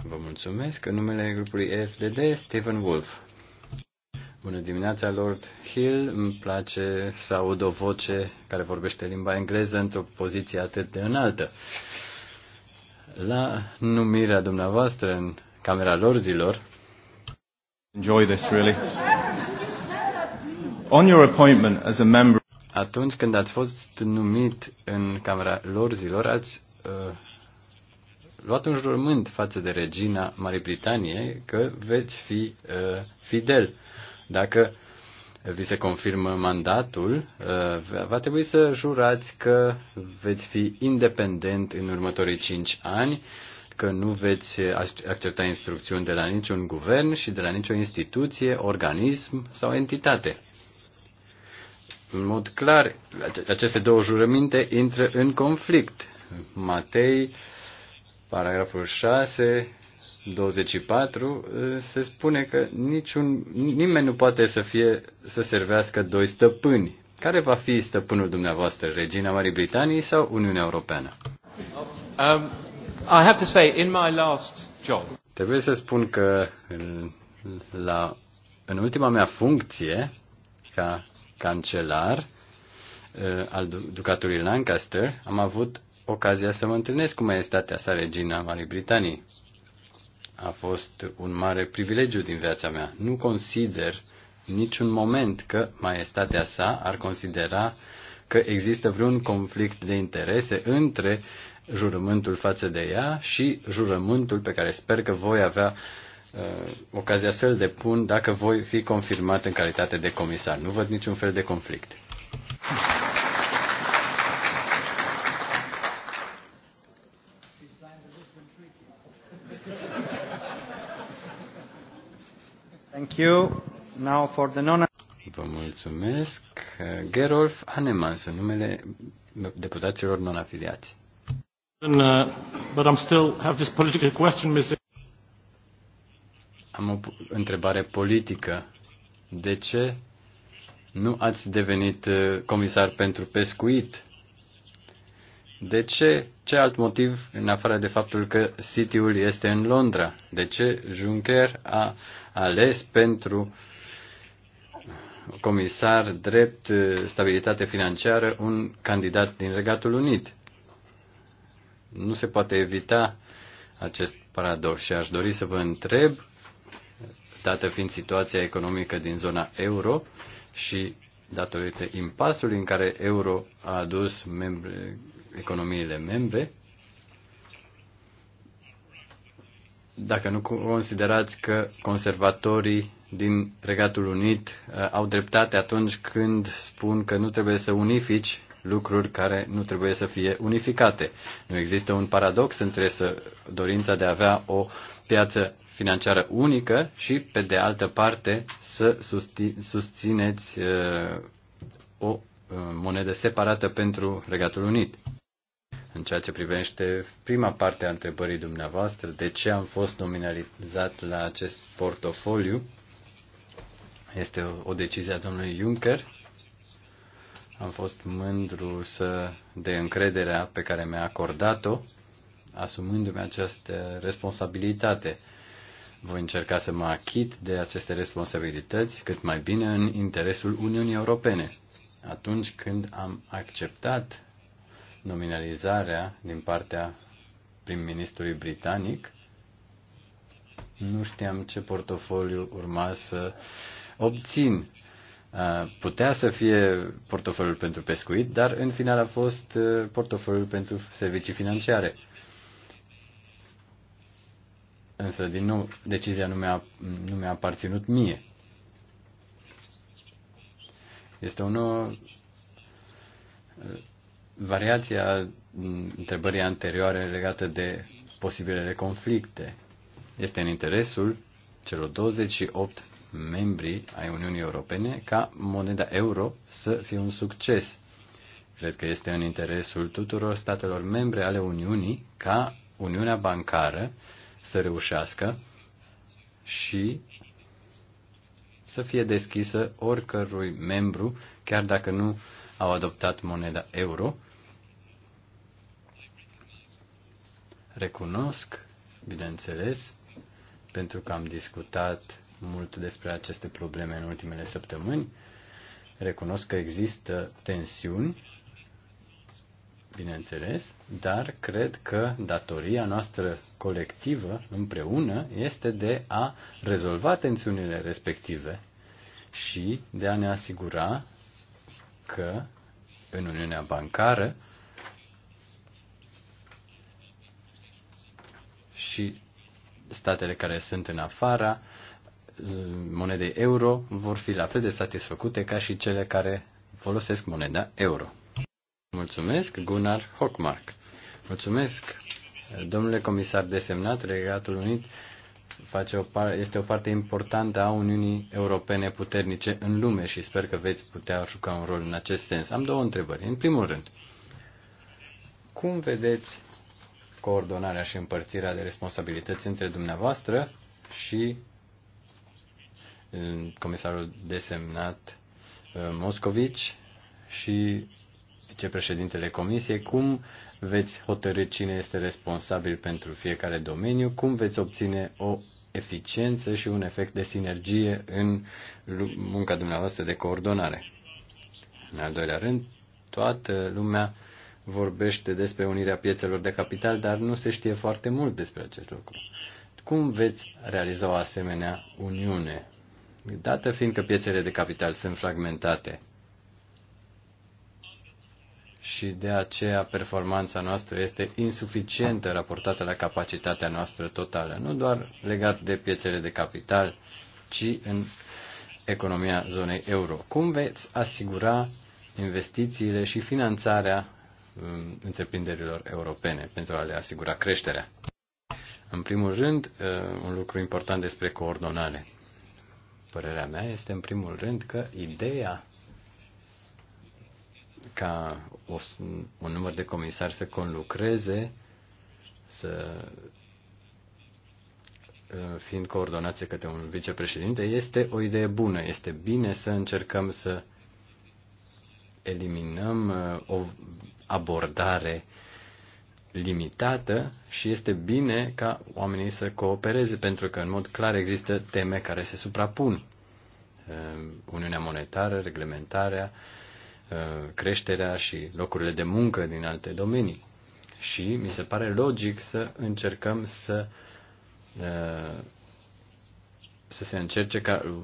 Vă mulțumesc. În numele grupului EFDD, Stephen Wolf. Bună dimineața, Lord Hill. Îmi place să aud o voce care vorbește limba engleză într-o poziție atât de înaltă. La numirea dumneavoastră în Camera zilor. Enjoy this, really. On your appointment as a member atunci când ați fost numit în Camera zilor, ați uh, luat un jurământ față de regina Marii Britanie că veți fi uh, fidel. Dacă vi se confirmă mandatul, uh, va trebui să jurați că veți fi independent în următorii cinci ani, că nu veți accepta instrucțiuni de la niciun guvern și de la nicio instituție, organism sau entitate. În mod clar, aceste două jurăminte intră în conflict. Matei, paragraful 6, 24 uh, se spune că niciun, nimeni nu poate să, fie, să servească doi stăpâni. Care va fi stăpânul dumneavoastră, regina Marii Britanii sau Uniunea Europeană? Um, I have to say, in my last job... Trebuie să spun că în, la, în ultima mea funcție ca cancelar uh, al Ducatului Lancaster am avut ocazia să mă întâlnesc cu maestatea sa regina Marii Britanii a fost un mare privilegiu din viața mea. Nu consider niciun moment că maestatea sa ar considera că există vreun conflict de interese între jurământul față de ea și jurământul pe care sper că voi avea uh, ocazia să-l depun dacă voi fi confirmat în calitate de comisar. Nu văd niciun fel de conflict. you. Now for the non Vă mulțumesc. Gerolf Hanemans, în numele deputaților non-afiliați. Uh, but I'm still have this political question, Mr. Am o întrebare politică. De ce nu ați devenit uh, comisar pentru pescuit? De ce? Ce alt motiv, în afară de faptul că City-ul este în Londra? De ce Juncker a ales pentru comisar drept eh, stabilitate financiară un candidat din Regatul Unit? Nu se poate evita acest paradox și aș dori să vă întreb, dată fiind situația economică din zona euro și datorită impasului în care euro a adus membre, economiile membre, dacă nu considerați că conservatorii din Regatul Unit uh, au dreptate atunci când spun că nu trebuie să unifici lucruri care nu trebuie să fie unificate. Nu există un paradox între să, dorința de a avea o piață financiară unică și, pe de altă parte, să susțineți uh, o uh, monedă separată pentru Regatul Unit. În ceea ce privește prima parte a întrebării dumneavoastră, de ce am fost nominalizat la acest portofoliu, este o, o decizie a domnului Juncker. Am fost mândru să, de încrederea pe care mi-a acordat-o, asumându-mi această responsabilitate. Voi încerca să mă achit de aceste responsabilități cât mai bine în interesul Uniunii Europene. Atunci când am acceptat nominalizarea din partea prim-ministrului britanic, nu știam ce portofoliu urma să obțin. Putea să fie portofoliul pentru pescuit, dar în final a fost portofoliul pentru servicii financiare. Însă, din nou, decizia nu mi-a, nu mi-a aparținut mie. Este o nouă uh, variație a mm, întrebării anterioare legată de posibilele conflicte. Este în interesul celor 28 membri ai Uniunii Europene ca moneda euro să fie un succes. Cred că este în interesul tuturor statelor membre ale Uniunii ca Uniunea Bancară să reușească și să fie deschisă oricărui membru, chiar dacă nu au adoptat moneda euro. Recunosc, bineînțeles, pentru că am discutat mult despre aceste probleme în ultimele săptămâni, recunosc că există tensiuni bineînțeles, dar cred că datoria noastră colectivă împreună este de a rezolva tensiunile respective și de a ne asigura că în Uniunea Bancară și statele care sunt în afara monedei euro vor fi la fel de satisfăcute ca și cele care folosesc moneda euro. Mulțumesc, Gunnar Hockmark. Mulțumesc, domnule comisar desemnat, Regatul Unit face o este o parte importantă a Uniunii Europene puternice în lume și sper că veți putea juca un rol în acest sens. Am două întrebări. În primul rând, cum vedeți coordonarea și împărțirea de responsabilități între dumneavoastră și comisarul desemnat uh, Moscovici și vicepreședintele Comisiei, cum veți hotărâ cine este responsabil pentru fiecare domeniu, cum veți obține o eficiență și un efect de sinergie în munca dumneavoastră de coordonare. În al doilea rând, toată lumea vorbește despre unirea piețelor de capital, dar nu se știe foarte mult despre acest lucru. Cum veți realiza o asemenea uniune? Dată fiindcă piețele de capital sunt fragmentate, și de aceea performanța noastră este insuficientă raportată la capacitatea noastră totală, nu doar legat de piețele de capital, ci în economia zonei euro. Cum veți asigura investițiile și finanțarea um, întreprinderilor europene pentru a le asigura creșterea? În primul rând, uh, un lucru important despre coordonare. Părerea mea este, în primul rând, că ideea ca o, un număr de comisari să conlucreze, să ă, fiind coordonați către un vicepreședinte, este o idee bună. Este bine să încercăm să eliminăm ă, o abordare limitată și este bine ca oamenii să coopereze, pentru că în mod clar există teme care se suprapun. Ă, Uniunea monetară, reglementarea, uh, Uh, creșterea și locurile de muncă din alte domenii. Și mi se pare logic să încercăm să uh, să se încerce ca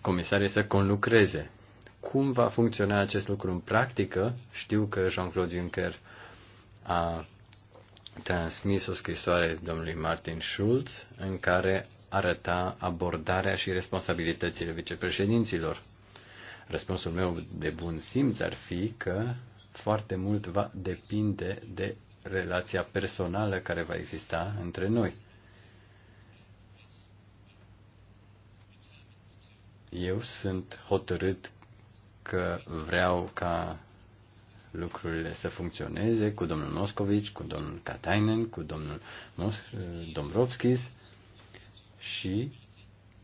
comisarii să conlucreze. Cum va funcționa acest lucru în practică? Știu că Jean-Claude Juncker a transmis o scrisoare domnului Martin Schulz în care arăta abordarea și responsabilitățile vicepreședinților. Răspunsul meu de bun simț ar fi că foarte mult va depinde de relația personală care va exista între noi. Eu sunt hotărât că vreau ca lucrurile să funcționeze cu domnul Moscovici, cu domnul Katainen, cu domnul Mos- Dombrovskis și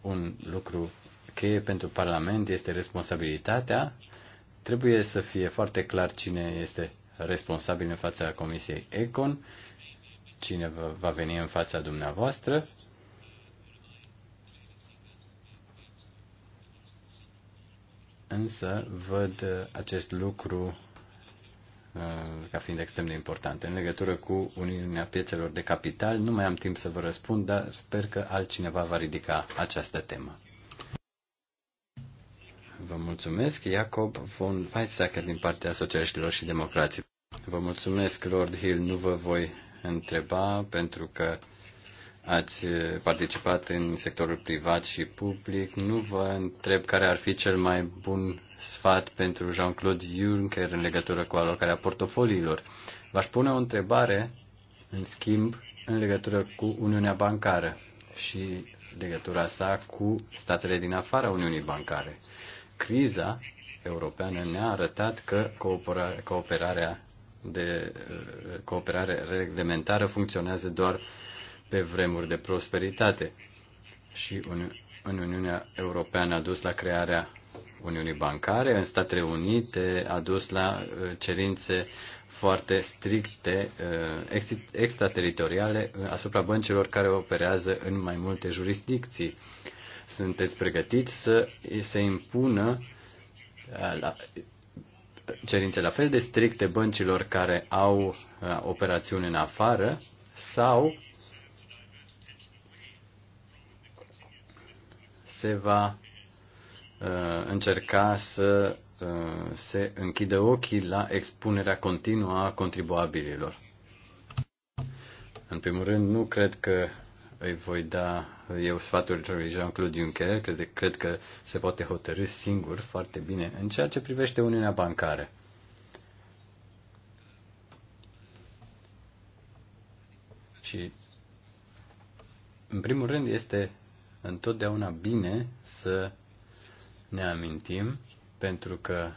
un lucru cheie pentru Parlament este responsabilitatea. Trebuie să fie foarte clar cine este responsabil în fața Comisiei Econ, cine va veni în fața dumneavoastră. Însă văd acest lucru uh, ca fiind extrem de important. În legătură cu Uniunea Piețelor de Capital, nu mai am timp să vă răspund, dar sper că altcineva va ridica această temă. Vă mulțumesc, Iacob von Weizsäcker din partea Socialiștilor și Democrații. Vă mulțumesc, Lord Hill, nu vă voi întreba pentru că ați participat în sectorul privat și public. Nu vă întreb care ar fi cel mai bun sfat pentru Jean-Claude Juncker în legătură cu alocarea portofoliilor. V-aș pune o întrebare, în schimb, în legătură cu Uniunea Bancară și legătura sa cu statele din afara Uniunii Bancare criza europeană ne-a arătat că cooperarea de uh, cooperare reglementară funcționează doar pe vremuri de prosperitate și în Uniunea Europeană a dus la crearea Uniunii Bancare, în Statele Unite a dus la uh, cerințe foarte stricte uh, extrateritoriale asupra băncilor care operează în mai multe jurisdicții. Sunteți pregătiți să se impună uh, la cerințe la fel de stricte băncilor care au uh, operațiuni în afară sau se va uh, încerca să se închidă ochii la expunerea continuă a contribuabililor. În primul rând, nu cred că îi voi da eu sfatul lui Jean-Claude Juncker, cred, cred că se poate hotărâ singur foarte bine în ceea ce privește Uniunea Bancară. Și, în primul rând, este întotdeauna bine să ne amintim, pentru că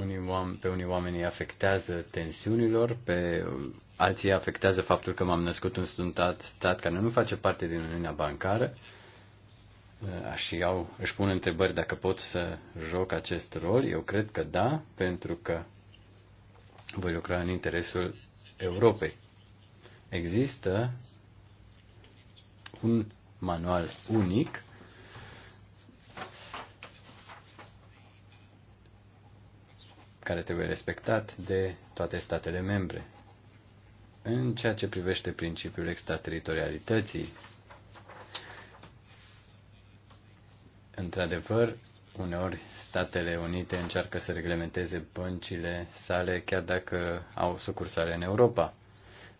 unii oameni, pe unii oameni îi afectează tensiunilor, pe alții afectează faptul că m-am născut în un stat, stat care nu face parte din Uniunea Bancară uh, și au, își pun întrebări dacă pot să joc acest rol. Eu cred că da, pentru că voi lucra în interesul Europei. Există un manual unic care trebuie respectat de toate statele membre în ceea ce privește principiul extrateritorialității. Într-adevăr, uneori Statele Unite încearcă să reglementeze băncile sale chiar dacă au sucursale în Europa.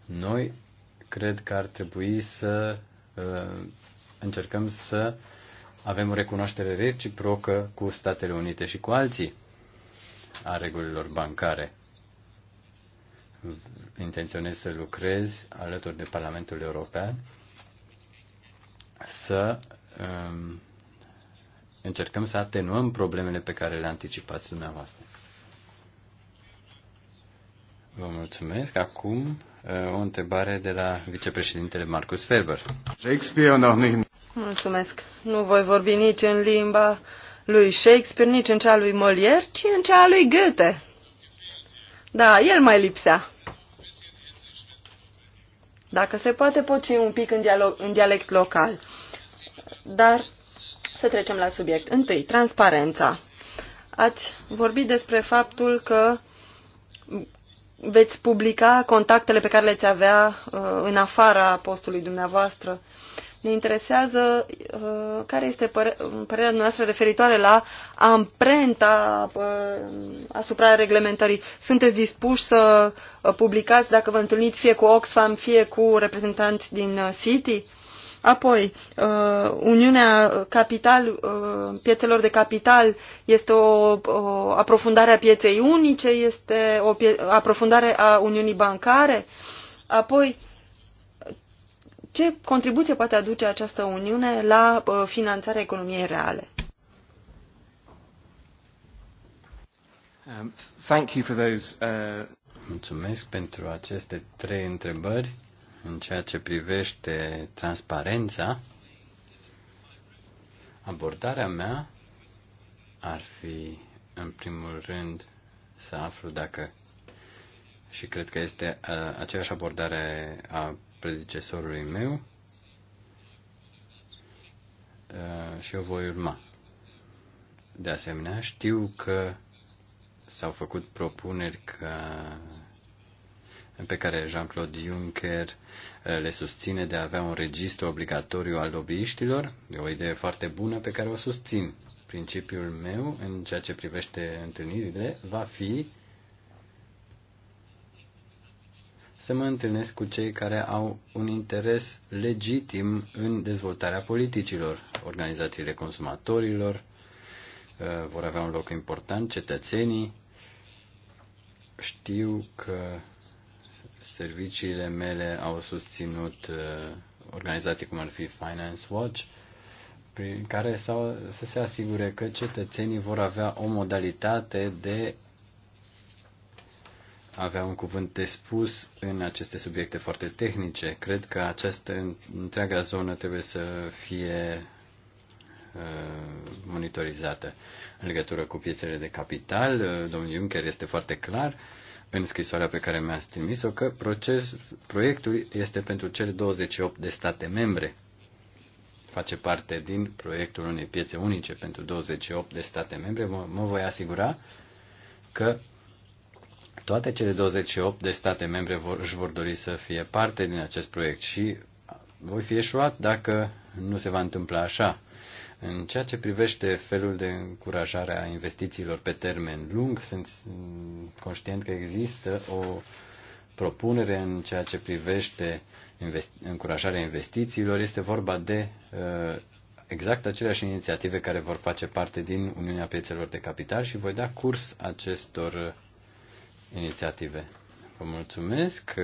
Noi cred că ar trebui să uh, încercăm să avem o recunoaștere reciprocă cu Statele Unite și cu alții a regulilor bancare intenționez să lucrez alături de Parlamentul European să um, încercăm să atenuăm problemele pe care le anticipați dumneavoastră. Vă mulțumesc. Acum uh, o întrebare de la vicepreședintele Marcus Ferber. Shakespeare Mulțumesc. Nu voi vorbi nici în limba lui Shakespeare, nici în cea lui Molière, ci în cea lui Goethe. Da, el mai lipsea. Dacă se poate, pot și un pic în, dialog, în dialect local. Dar să trecem la subiect. Întâi, transparența. Ați vorbit despre faptul că veți publica contactele pe care le-ți avea uh, în afara postului dumneavoastră. Ne interesează uh, care este păre părerea noastră referitoare la amprenta uh, asupra reglementării. Sunteți dispuși să uh, publicați dacă vă întâlniți fie cu Oxfam, fie cu reprezentanți din uh, City? Apoi, uh, Uniunea Capital, piețelor de capital este o, o aprofundare a pieței unice, este o pie, aprofundare a Uniunii Bancare. Apoi, ce contribuție poate aduce această Uniune la uh, finanțarea economiei reale? Um, thank you for those, uh... Mulțumesc pentru aceste trei întrebări în ceea ce privește transparența. Abordarea mea ar fi, în primul rând, să aflu dacă și cred că este uh, aceeași abordare a predecesorului meu uh, și o voi urma. De asemenea, știu că s-au făcut propuneri că pe care Jean-Claude Juncker uh, le susține de a avea un registru obligatoriu al lobbyiștilor. E o idee foarte bună pe care o susțin. Principiul meu în ceea ce privește întâlnirile va fi uh, să mă întâlnesc cu cei care au un interes legitim în dezvoltarea politicilor. Organizațiile consumatorilor uh, vor avea un loc important, cetățenii. Știu că serviciile mele au susținut uh, organizații cum ar fi Finance Watch, prin care să se asigure că cetățenii vor avea o modalitate de avea un cuvânt de spus în aceste subiecte foarte tehnice. Cred că această întreaga zonă trebuie să fie uh, monitorizată. În legătură cu piețele de capital, uh, domnul Juncker este foarte clar în scrisoarea pe care mi-a trimis-o că proces, proiectul este pentru cele 28 de state membre. Face parte din proiectul unei piețe unice pentru 28 de state membre. Mă, mă voi asigura că toate cele 28 de state membre vor, își vor dori să fie parte din acest proiect și voi fi eșuat dacă nu se va întâmpla așa. În ceea ce privește felul de încurajare a investițiilor pe termen lung, sunt conștient că există o propunere în ceea ce privește investi- încurajarea investițiilor. Este vorba de uh, exact aceleași inițiative care vor face parte din Uniunea Piețelor de Capital și voi da curs acestor inițiative. Vă mulțumesc.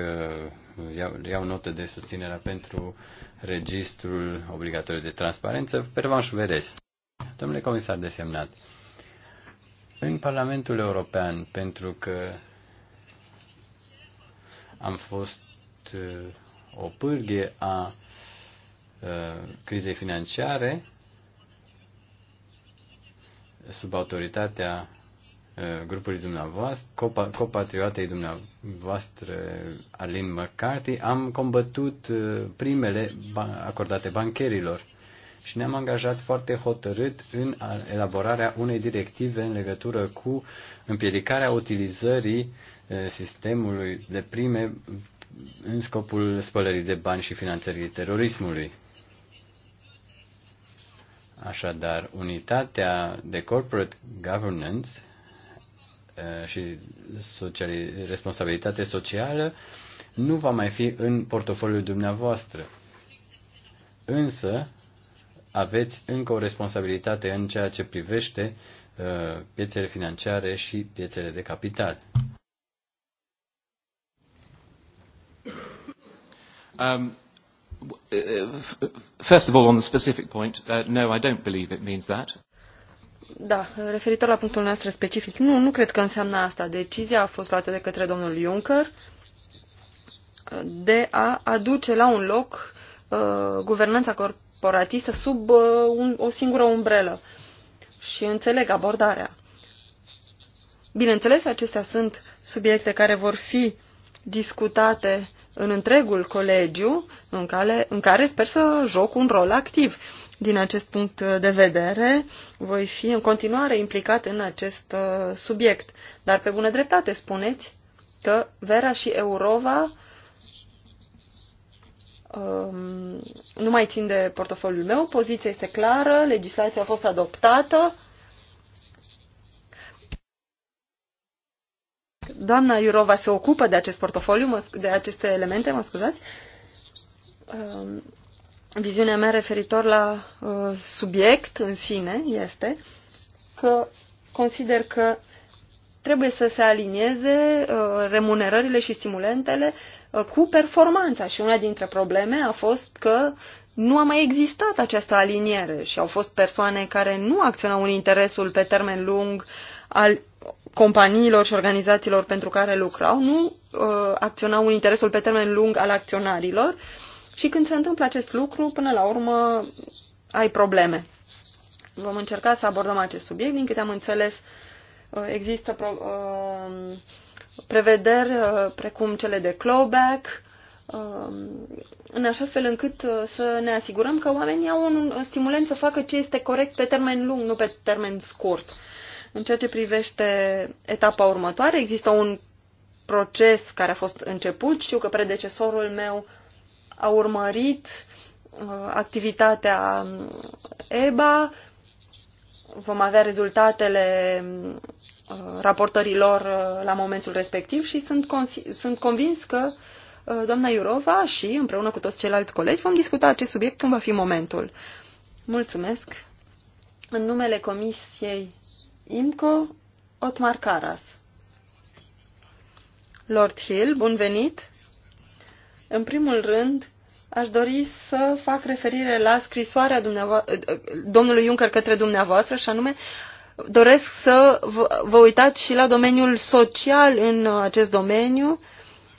Uh, iau, iau notă de susținere pentru registrul obligatoriu de transparență. Pervan Verez. Domnule comisar desemnat, în Parlamentul European, pentru că am fost uh, o pârghie a uh, crizei financiare sub autoritatea Uh, grupului dumneavoastră, copa, copatriotei dumneavoastră, Alin McCarthy, am combătut uh, primele acordate bancherilor și ne-am angajat foarte hotărât în elaborarea unei directive în legătură cu împiedicarea utilizării uh, sistemului de prime în scopul spălării de bani și finanțării terorismului. Așadar, unitatea de corporate governance Uh, și sociali, responsabilitate socială nu va mai fi în portofoliul dumneavoastră. Însă, aveți încă o responsabilitate în ceea ce privește uh, piețele financiare și piețele de capital. Um, uh, first of all, on the specific point, uh, no, I don't believe it means that. Da, referitor la punctul nostru specific, nu, nu cred că înseamnă asta. Decizia a fost luată de către domnul Juncker de a aduce la un loc uh, guvernanța corporatistă sub uh, un, o singură umbrelă. Și înțeleg abordarea. Bineînțeles, acestea sunt subiecte care vor fi discutate în întregul colegiu, în care, în care sper să joc un rol activ. Uh, din acest punct de vedere, voi fi în continuare implicat în acest uh, subiect. Dar pe bună dreptate spuneți că Vera și Eurova um, nu mai țin de portofoliul meu, poziția este clară, legislația a fost adoptată. Doamna Iurova se ocupă de acest portofoliu, de aceste elemente, mă scuzați. Um, viziunea mea referitor la uh, subiect în sine este că consider că trebuie să se alinieze uh, remunerările și stimulentele uh, cu performanța și una dintre probleme a fost că nu a mai existat această aliniere și au fost persoane care nu acționau în interesul pe termen lung al companiilor și organizațiilor pentru care lucrau, nu uh, acționau în interesul pe termen lung al acționarilor uh, și când se întâmplă acest lucru, până la urmă ai probleme. Vom încerca să abordăm acest subiect. Din câte am înțeles, uh, există pro, uh, prevederi uh, precum cele de clawback, uh, în așa fel încât uh, să ne asigurăm că oamenii au un stimulant să facă ce este corect pe termen lung, nu pe termen scurt. În ceea ce privește etapa următoare, există un proces care a fost început. Știu că predecesorul meu a urmărit uh, activitatea EBA, vom avea rezultatele uh, raportărilor uh, la momentul respectiv și sunt, sunt convins că doamna Iurova și împreună cu toți ceilalți colegi vom discuta acest subiect când va fi momentul. Mulțumesc. În numele Comisiei IMCO, Otmar Caras. Lord Hill, bun venit! În primul rând, Aș dori să fac referire la scrisoarea domnului Juncker către dumneavoastră și anume doresc să vă uitați și la domeniul social în acest domeniu.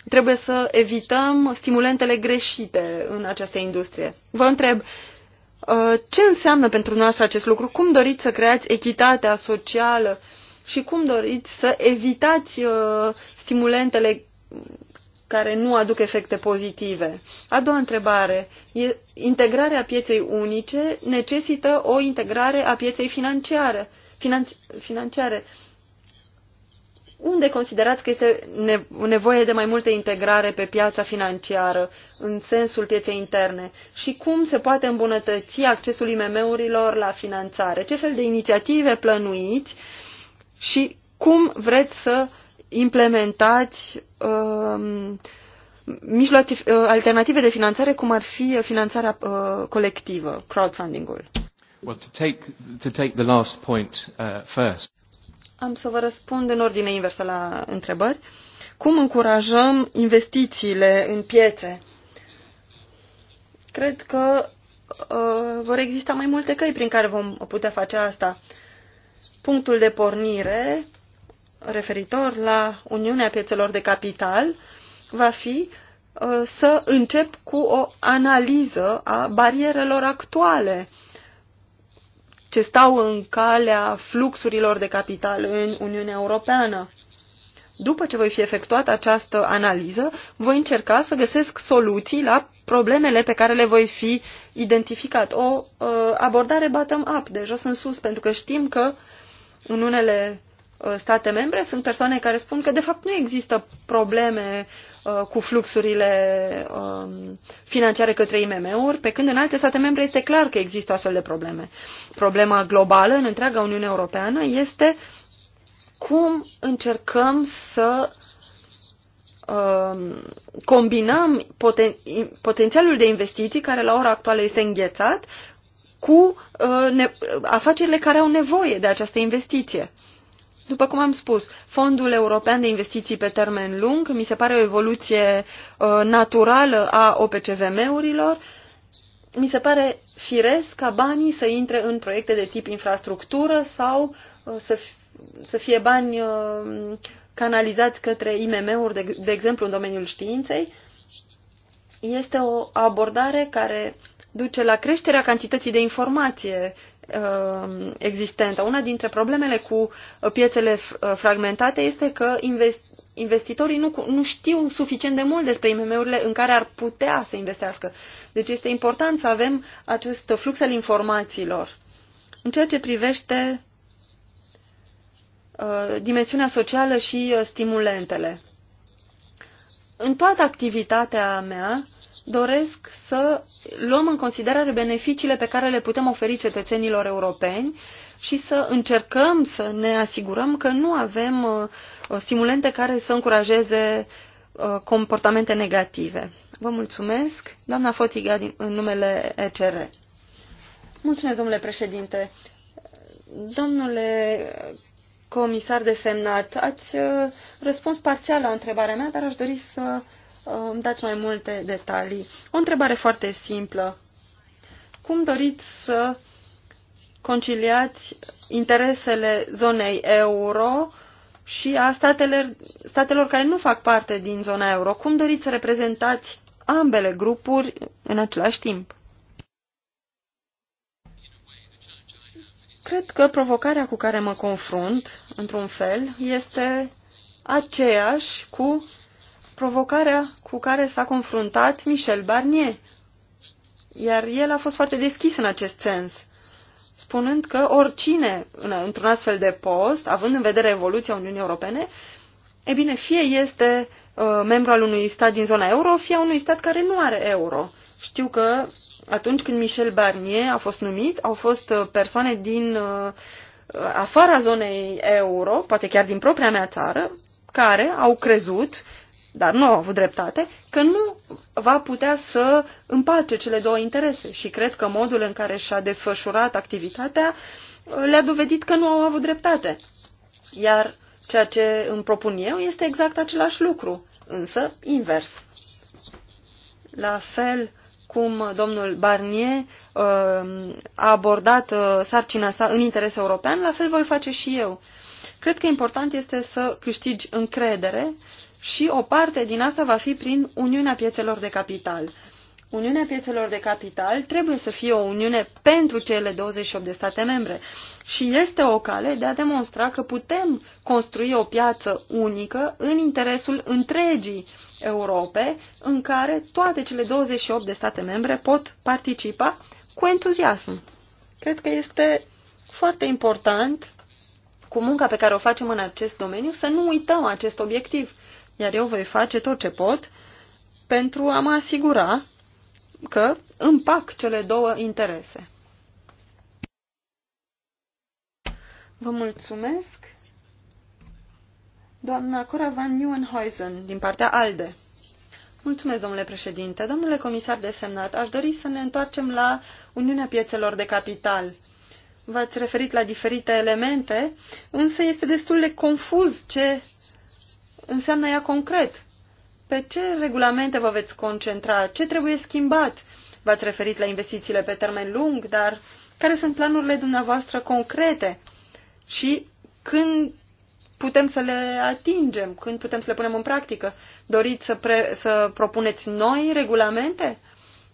Trebuie să evităm stimulentele greșite în această industrie. Vă întreb, uh, ce înseamnă pentru noastră acest lucru? Cum doriți să creați echitatea socială și cum doriți să evitați uh, stimulentele care nu aduc efecte pozitive. A doua întrebare. Integrarea pieței unice necesită o integrare a pieței financiare. Finanț financiare. Unde considerați că este nevoie de mai multă integrare pe piața financiară în sensul pieței interne și cum se poate îmbunătăți accesul IMM-urilor la finanțare? Ce fel de inițiative plănuiți și cum vreți să uh, implementați um, mijloace uh, alternative de finanțare, cum ar fi finanțarea uh, colectivă, crowdfunding-ul. Well, to take, to take the last point uh, first. Am să vă răspund în ordine inversă la întrebări. Cum încurajăm investițiile în piețe? Cred că uh, vor exista mai multe căi prin care vom putea face asta. Punctul de pornire referitor la Uniunea Piețelor de Capital va fi uh, să încep cu o analiză a barierelor actuale ce stau în calea fluxurilor de capital în Uniunea Europeană. După ce voi fi efectuat această analiză, voi încerca să găsesc soluții la problemele pe care le voi fi identificat. O uh, abordare bottom-up, de jos în sus, pentru că știm că în unele Uh, state membre sunt persoane care spun că de fapt nu există probleme uh, cu fluxurile uh, financiare către IMM-uri, pe când în alte state membre este clar că există astfel de probleme. Problema globală în întreaga Uniune Europeană este cum încercăm să um, combinăm poten potențialul de investiții care la ora actuală este înghețat cu uh, afacerile care au nevoie de această investiție. După cum am spus, Fondul European de Investiții pe termen lung mi se pare o evoluție uh, naturală a OPCVM-urilor. Mi se pare firesc ca banii să intre în proiecte de tip infrastructură sau uh, să, să fie bani uh, canalizați către IMM-uri, de, de exemplu în domeniul științei. Este o abordare care duce la creșterea cantității de informație Uh, existentă. Una dintre problemele cu piețele uh, fragmentate este că investitorii nu, nu știu suficient de mult despre IMM-urile în care ar putea să investească. Deci este important să avem acest flux al informațiilor. În ceea ce privește uh, dimensiunea socială și stimulentele. În toată activitatea mea doresc să luăm în considerare beneficiile pe care le putem oferi cetățenilor europeni și să încercăm să ne asigurăm că nu avem uh, stimulente care să încurajeze uh, comportamente negative. Vă mulțumesc. Doamna Fotiga, în numele ECR. Mulțumesc, domnule președinte. Domnule comisar desemnat, ați uh, răspuns parțial la întrebarea mea, dar aș dori să îmi dați mai multe detalii. O întrebare foarte simplă. Cum doriți să conciliați interesele zonei euro și a statelor, statelor care nu fac parte din zona euro? Cum doriți să reprezentați ambele grupuri în același timp? Cred că provocarea cu care mă confrunt, într-un fel, este aceeași cu provocarea cu care s-a confruntat Michel Barnier. Iar el a fost foarte deschis în acest sens, spunând că oricine într-un astfel de post, având în vedere evoluția Uniunii Europene, e bine, fie este uh, membru al unui stat din zona euro, fie a unui stat care nu are euro. Știu că atunci când Michel Barnier a fost numit, au fost uh, persoane din uh, uh, afara zonei euro, poate chiar din propria mea țară, care au crezut dar nu au avut dreptate, că nu va putea să împace cele două interese. Și cred că modul în care și-a desfășurat activitatea uh, le-a dovedit că nu au avut dreptate. Iar ceea ce îmi propun eu este exact același lucru, însă invers. La fel cum domnul Barnier uh, a abordat uh, sarcina sa în interes european, la fel voi face și eu. Cred că important este să câștigi încredere și o parte din asta va fi prin Uniunea Piețelor de Capital. Uniunea Piețelor de Capital trebuie să fie o uniune pentru cele 28 de state membre și este o cale de a demonstra că putem construi o piață unică în interesul întregii Europe, în care toate cele 28 de state membre pot participa cu entuziasm. Cred că este foarte important, cu munca pe care o facem în acest domeniu, să nu uităm acest obiectiv iar eu voi face tot ce pot pentru a mă asigura că împac cele două interese. Vă mulțumesc. Doamna Cora van Nieuwenhuizen, din partea ALDE. Mulțumesc, domnule președinte. Domnule comisar desemnat, aș dori să ne întoarcem la Uniunea Piețelor de Capital. V-ați referit la diferite elemente, însă este destul de confuz ce înseamnă ea concret? Pe ce regulamente vă veți concentra? Ce trebuie schimbat? V-ați referit la investițiile pe termen lung, dar care sunt planurile dumneavoastră concrete? Și când putem să le atingem, când putem să le punem în practică? Doriți să, pre- să propuneți noi regulamente?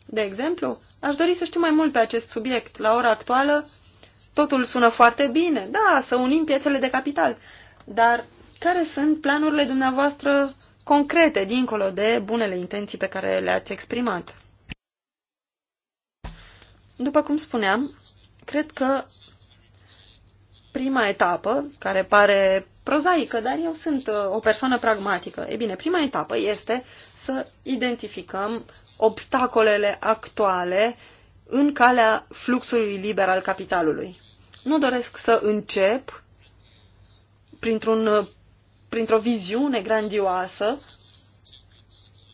De exemplu, aș dori să știu mai mult pe acest subiect. La ora actuală, totul sună foarte bine. Da, să unim piețele de capital. Dar care sunt planurile dumneavoastră concrete, dincolo de bunele intenții pe care le-ați exprimat? După cum spuneam, cred că prima etapă, care pare prozaică, dar eu sunt uh, o persoană pragmatică. E bine, prima etapă este să identificăm obstacolele actuale în calea fluxului liber al capitalului. Nu doresc să încep printr-un uh, printr-o viziune grandioasă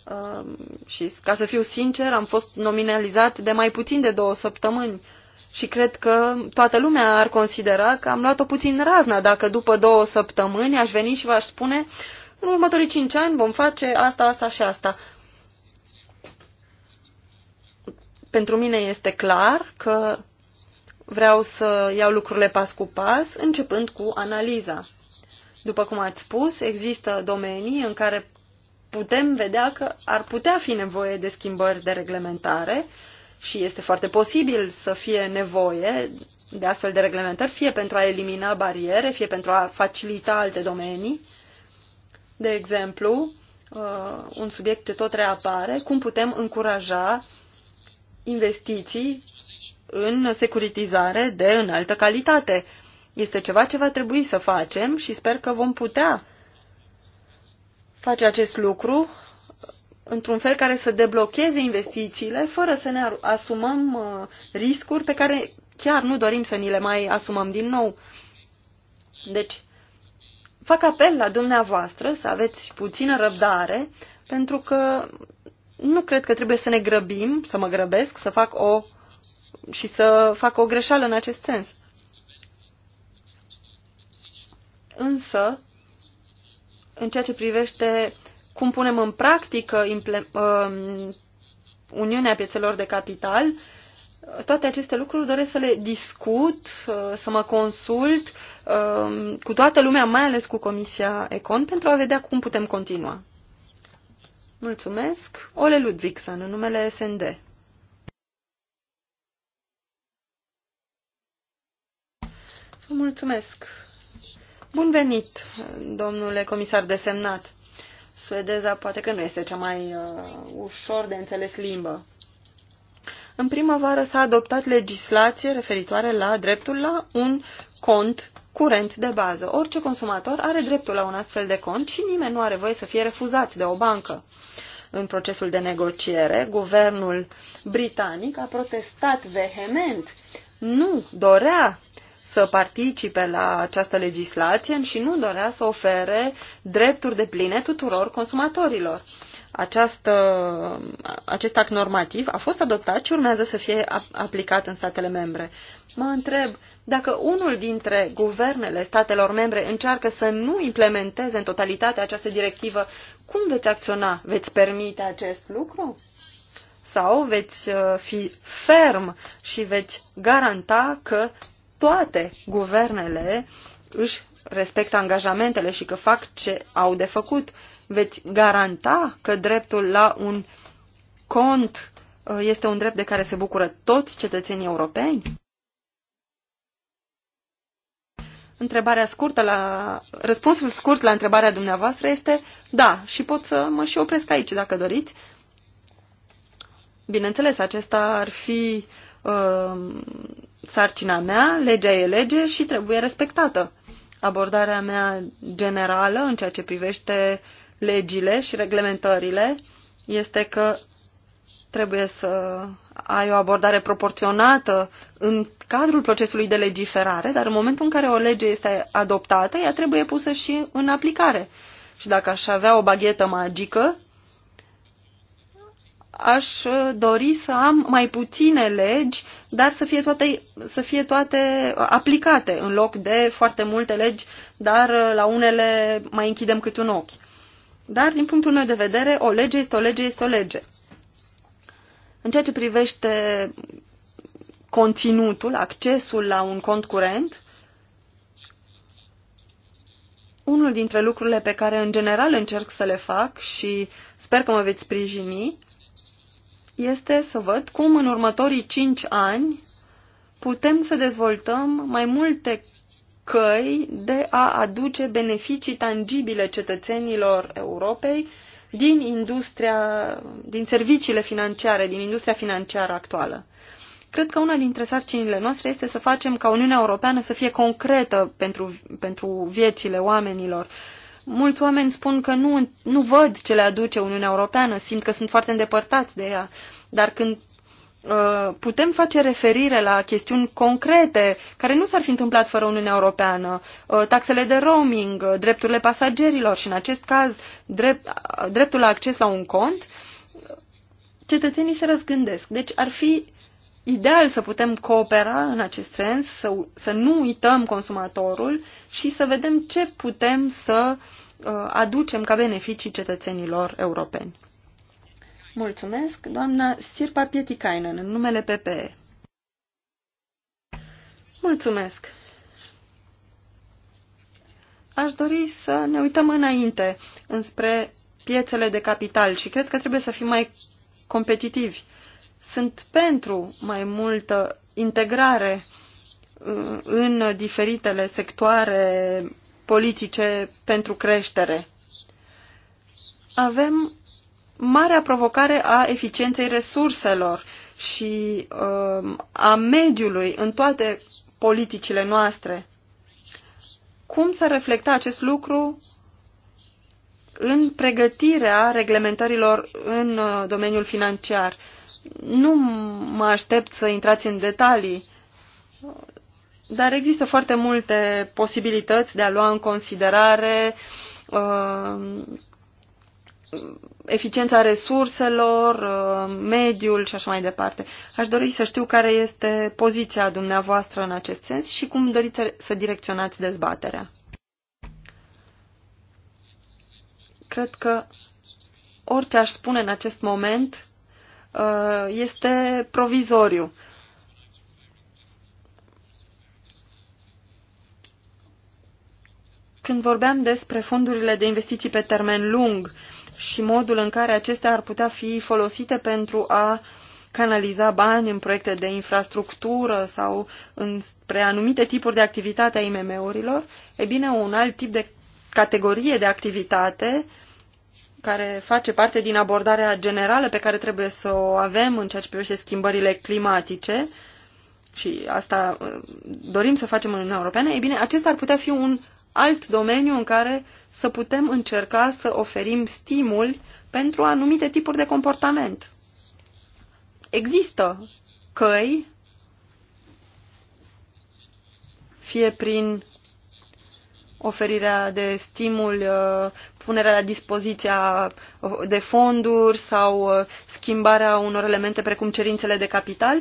um, și, ca să fiu sincer, am fost nominalizat de mai puțin de două săptămâni și cred că toată lumea ar considera că am luat-o puțin razna dacă după două săptămâni aș veni și v-aș spune în următorii cinci ani vom face asta, asta și asta. Pentru mine este clar că vreau să iau lucrurile pas cu pas, începând cu analiza. După cum ați spus, există domenii în care putem vedea că ar putea fi nevoie de schimbări de reglementare și este foarte posibil să fie nevoie de astfel de reglementări, fie pentru a elimina bariere, fie pentru a facilita alte domenii. De exemplu, uh, un subiect ce tot reapare, cum putem încuraja investiții în securitizare de înaltă calitate este ceva ce va trebui să facem și sper că vom putea face acest lucru într-un fel care să deblocheze investițiile fără să ne asumăm uh, riscuri pe care chiar nu dorim să ni le mai asumăm din nou. Deci, fac apel la dumneavoastră să aveți puțină răbdare, pentru că nu cred că trebuie să ne grăbim, să mă grăbesc, să fac o și să fac o greșeală în acest sens. Însă, în ceea ce privește cum punem în practică um, Uniunea Piețelor de Capital, toate aceste lucruri doresc să le discut, uh, să mă consult um, cu toată lumea, mai ales cu Comisia Econ, pentru a vedea cum putem continua. Mulțumesc. Ole Ludvigsen, în numele SND. Mulțumesc, Bun venit, domnule comisar desemnat. Suedeza poate că nu este cea mai uh, ușor de înțeles limbă. În primăvară s-a adoptat legislație referitoare la dreptul la un cont curent de bază. Orice consumator are dreptul la un astfel de cont și nimeni nu are voie să fie refuzat de o bancă. În procesul de negociere, guvernul britanic a protestat vehement. Nu dorea să participe la această legislație și nu dorea să ofere drepturi de pline tuturor consumatorilor. Această, acest act normativ a fost adoptat și urmează să fie aplicat în statele membre. Mă întreb dacă unul dintre guvernele statelor membre încearcă să nu implementeze în totalitate această directivă, cum veți acționa? Veți permite acest lucru? sau veți uh, fi ferm și veți garanta că toate guvernele își respectă angajamentele și că fac ce au de făcut, veți garanta că dreptul la un cont uh, este un drept de care se bucură toți cetățenii europeni? Întrebarea scurtă la... Răspunsul scurt la întrebarea dumneavoastră este da, și pot să mă și opresc aici dacă doriți. Bineînțeles, acesta ar fi uh, sarcina mea, legea e lege și trebuie respectată. Abordarea mea generală în ceea ce privește legile și reglementările este că trebuie să ai o abordare proporționată în cadrul procesului de legiferare, dar în momentul în care o lege este adoptată, ea trebuie pusă și în aplicare. Și dacă aș avea o baghetă magică, aș uh, dori să am mai puține legi, dar să fie toate, să fie toate uh, aplicate în loc de foarte multe legi, dar uh, la unele mai închidem cât un ochi. Dar, din punctul meu de vedere, o lege este o lege este o lege. În ceea ce privește conținutul, accesul la un cont curent, unul dintre lucrurile pe care în general încerc să le fac și sper că mă veți sprijini este să văd cum în următorii cinci ani putem să dezvoltăm mai multe căi de a aduce beneficii tangibile cetățenilor Europei din industria, din serviciile financiare, din industria financiară actuală. Cred că una dintre sarcinile noastre este să facem ca Uniunea Europeană să fie concretă pentru, pentru viețile oamenilor, Mulți oameni spun că nu, nu văd ce le aduce Uniunea Europeană, simt că sunt foarte îndepărtați de ea, dar când uh, putem face referire la chestiuni concrete care nu s-ar fi întâmplat fără Uniunea Europeană, uh, taxele de roaming, uh, drepturile pasagerilor și, în acest caz, drept, dreptul la acces la un cont, cetățenii se răzgândesc. Deci ar fi ideal să putem coopera în acest sens, să, să nu uităm consumatorul și să vedem ce putem să uh, aducem ca beneficii cetățenilor europeni. Mulțumesc, doamna Sirpa Pietikainen, în numele PPE. Mulțumesc. Aș dori să ne uităm înainte înspre piețele de capital și cred că trebuie să fim mai competitivi sunt pentru mai multă integrare uh, în diferitele sectoare politice pentru creștere. Avem marea provocare a eficienței resurselor și uh, a mediului în toate politicile noastre. Cum s-a reflectat acest lucru în pregătirea reglementărilor în uh, domeniul financiar. Nu mă aștept să intrați în detalii, dar există foarte multe posibilități de a lua în considerare uh, eficiența resurselor, uh, mediul și așa mai departe. Aș dori să știu care este poziția dumneavoastră în acest sens și cum doriți să direcționați dezbaterea. Cred că orice aș spune în acest moment uh, este provizoriu. Când vorbeam despre fondurile de investiții pe termen lung și modul în care acestea ar putea fi folosite pentru a canaliza bani în proiecte de infrastructură sau spre anumite tipuri de activitate a IMM-urilor, e bine, un alt tip de categorie de activitate uh, care face parte din abordarea generală pe care trebuie să o avem în ceea ce privește schimbările climatice și asta uh, dorim să facem în Uniunea Europeană, e bine, acesta ar putea fi un alt domeniu în care să putem încerca să oferim stimul pentru anumite tipuri de comportament. Există căi, fie prin oferirea de stimul, uh, punerea la dispoziția uh, de fonduri sau uh, schimbarea unor elemente precum cerințele de capital.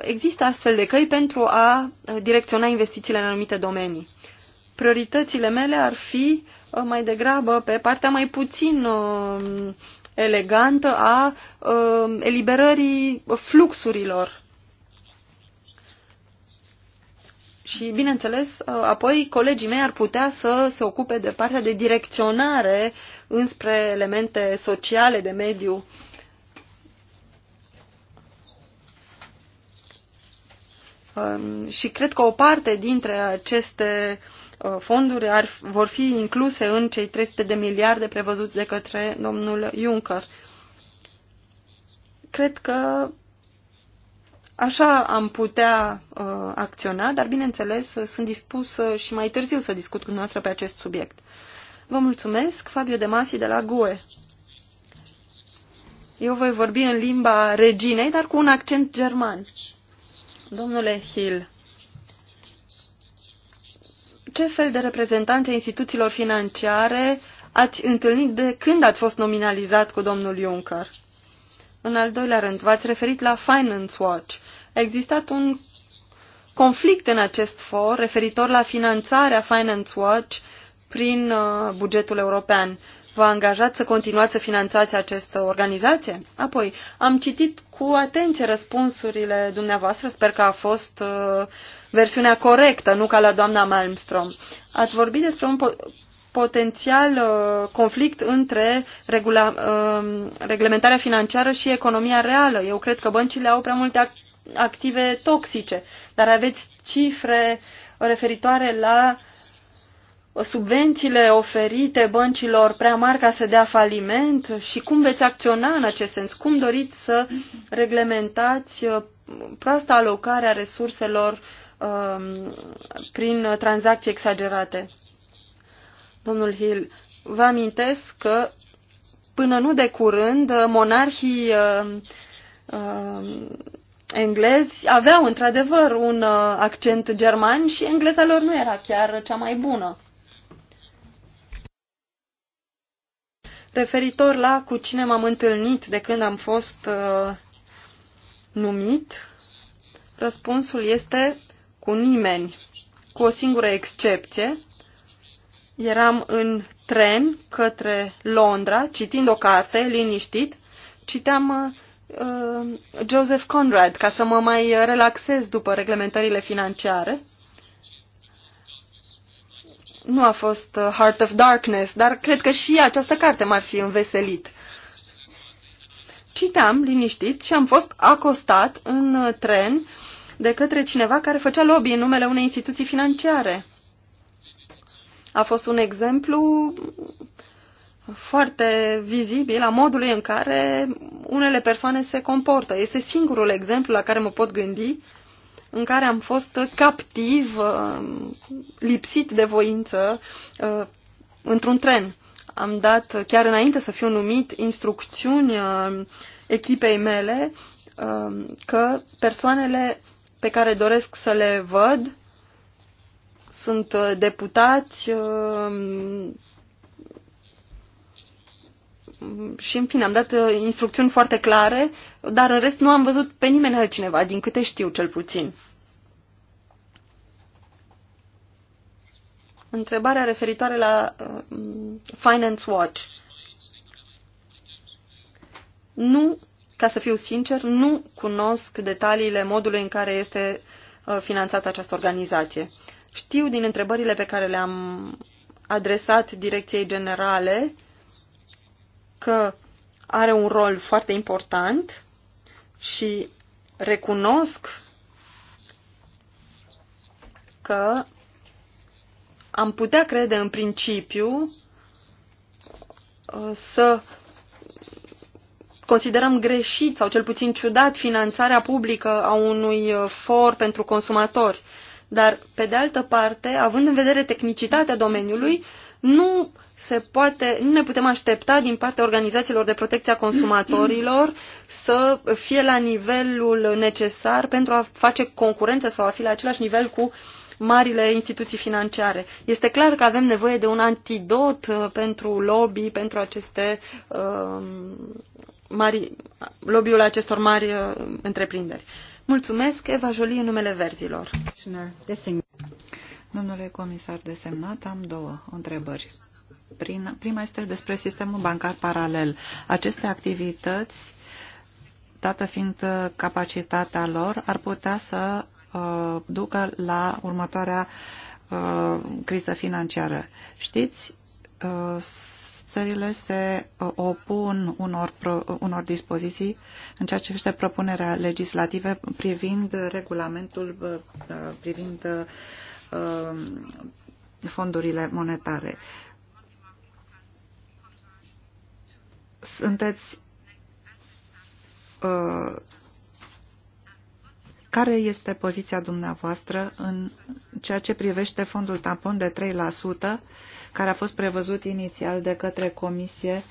Există astfel de căi pentru a direcționa investițiile în anumite domenii. Prioritățile mele ar fi mai degrabă pe partea mai puțin elegantă a eliberării fluxurilor și, bineînțeles, ă, apoi colegii mei ar putea să se ocupe de partea de direcționare înspre elemente sociale de mediu. Și cred că o parte dintre aceste ă, fonduri ar, vor fi incluse în cei 300 de miliarde prevăzuți de către domnul Juncker. Cred că Așa am putea uh, acționa, dar bineînțeles uh, sunt dispus uh, și mai târziu să discut cu noastră pe acest subiect. Vă mulțumesc, Fabio De Masi de la GUE. Eu voi vorbi în limba reginei, dar cu un accent german. Domnule Hill, ce fel de reprezentanți instituțiilor financiare ați întâlnit de când ați fost nominalizat cu domnul Juncker? În al doilea rând, v-ați referit la Finance Watch a existat un conflict în acest for referitor la finanțarea Finance Watch prin uh, bugetul european. Vă angajați să continuați să finanțați această organizație? Apoi, am citit cu atenție răspunsurile dumneavoastră, sper că a fost uh, versiunea corectă, nu ca la doamna Malmström. Ați vorbit despre un po- potențial uh, conflict între regula, uh, reglementarea financiară și economia reală. Eu cred că băncile au prea multe active toxice, dar aveți cifre referitoare la subvențiile oferite băncilor prea mari ca să dea faliment și cum veți acționa în acest sens? Cum doriți să reglementați uh, proasta alocare a resurselor um, prin tranzacții exagerate? Domnul Hill, vă amintesc că până nu de curând uh, monarhii uh, uh englezi aveau într-adevăr un uh, accent german și engleza lor nu era chiar cea mai bună. Referitor la cu cine m-am întâlnit de când am fost uh, numit, răspunsul este cu nimeni, cu o singură excepție. Eram în tren către Londra, citind o carte, liniștit, citeam uh, Uh, Joseph Conrad, ca să mă mai relaxez după reglementările financiare. Nu a fost uh, Heart of Darkness, dar cred că și această carte m-ar fi înveselit. Citeam liniștit și am fost acostat în uh, tren de către cineva care făcea lobby în numele unei instituții financiare. A fost un exemplu foarte vizibil a modului în care unele persoane se comportă. Este singurul exemplu la care mă pot gândi în care am fost captiv, uh, lipsit de voință, uh, într-un tren. Am dat, chiar înainte să fiu numit, instrucțiuni uh, echipei mele că persoanele pe care doresc să le văd sunt deputați, și în fine am dat uh, instrucțiuni foarte clare, dar în rest nu am văzut pe nimeni altcineva, din câte știu cel puțin. Întrebarea referitoare la uh, Finance Watch. Nu, ca să fiu sincer, nu cunosc detaliile modului în care este uh, finanțată această organizație. Știu din întrebările pe care le-am adresat Direcției Generale uh, că are un rol foarte important și recunosc că am putea crede în principiu uh, să considerăm greșit sau cel puțin ciudat finanțarea publică a unui uh, for pentru consumatori. Dar, pe de altă parte, având în vedere tehnicitatea domeniului, nu se poate, nu ne putem aștepta din partea organizațiilor de protecție a consumatorilor să fie la nivelul necesar pentru a face concurență sau a fi la același nivel cu marile instituții financiare. Este clar că avem nevoie de un antidot uh, pentru lobby, pentru aceste uh, mari, lobby-ul acestor mari uh, întreprinderi. Mulțumesc, Eva Jolie, în numele verzilor. Domnule comisar desemnat, am două întrebări. Prima este despre sistemul bancar paralel. Aceste activități, dată fiind uh, capacitatea lor, ar putea să uh, ducă la următoarea uh, criză financiară. Știți, uh, țările se uh, opun unor, unor dispoziții în ceea ce privește propunerea legislative privind regulamentul uh, privind Um, fondurile monetare. Sunteți uh, care este poziția dumneavoastră în ceea ce privește fondul tampon de 3% care a fost prevăzut inițial de către Comisie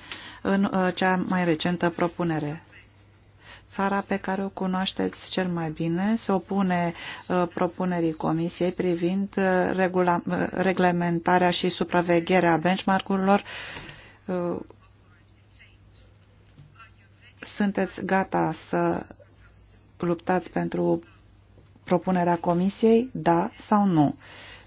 în uh, cea mai recentă propunere? Țara pe care o cunoașteți cel mai bine se opune uh, propunerii Comisiei privind uh, regula, uh, reglementarea și supravegherea benchmark-urilor. Sunteți gata să luptați pentru propunerea Comisiei, da sau nu?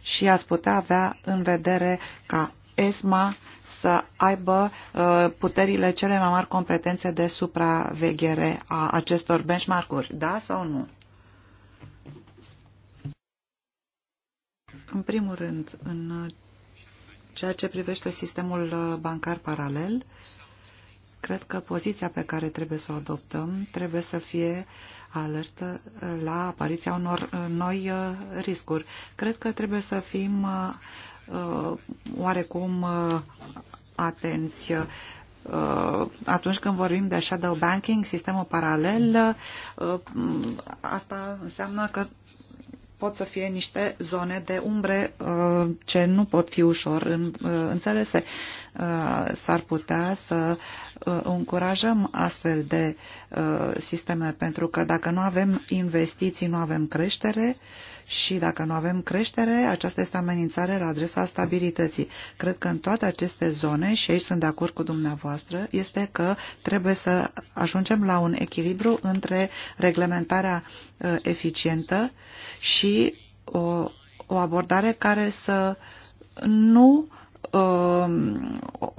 Și ați putea avea în vedere ca ESMA să aibă uh, puterile cele mai mari competențe de supraveghere a acestor benchmark-uri, da sau nu? În primul rând, în ceea ce privește sistemul uh, bancar paralel, cred că poziția pe care trebuie să o adoptăm trebuie să fie alertă uh, la apariția unor noi riscuri. Cred că trebuie să fim Uh, oarecum uh, atenți uh, atunci când vorbim de shadow banking, sistemul paralel, mm, asta înseamnă că pot să fie niște zone de umbre ce nu pot fi ușor înțelese. S-ar putea să încurajăm astfel de sisteme, pentru că dacă nu avem investiții, nu avem creștere, și dacă nu avem creștere, aceasta este amenințare la adresa stabilității. Cred că în toate aceste zone, și aici sunt de acord cu dumneavoastră, este că trebuie să ajungem la un echilibru între reglementarea uh, eficientă și o, uh, o abordare care să nu uh, Um,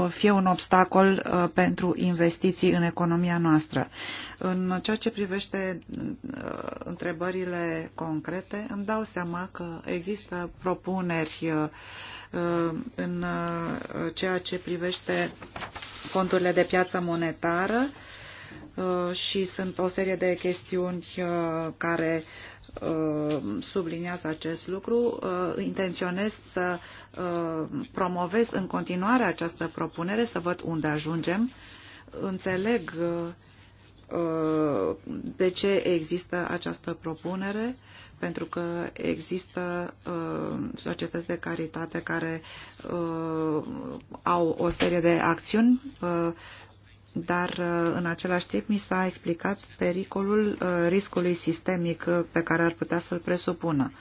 fie un obstacol uh, pentru investiții în economia noastră. În ceea ce privește uh, întrebările concrete, îmi dau seama că există propuneri uh, în ceea ce privește fondurile de piață monetară și sunt o serie de chestiuni care subliniază acest lucru, uh, intenționez să uh, promovez în continuare această propunere, să văd unde ajungem. Înțeleg uh, de ce există această propunere, pentru că există societăți de caritate care au o serie de acțiuni dar uh, în același timp mi s-a explicat pericolul uh, riscului sistemic uh, pe care ar putea să-l presupună.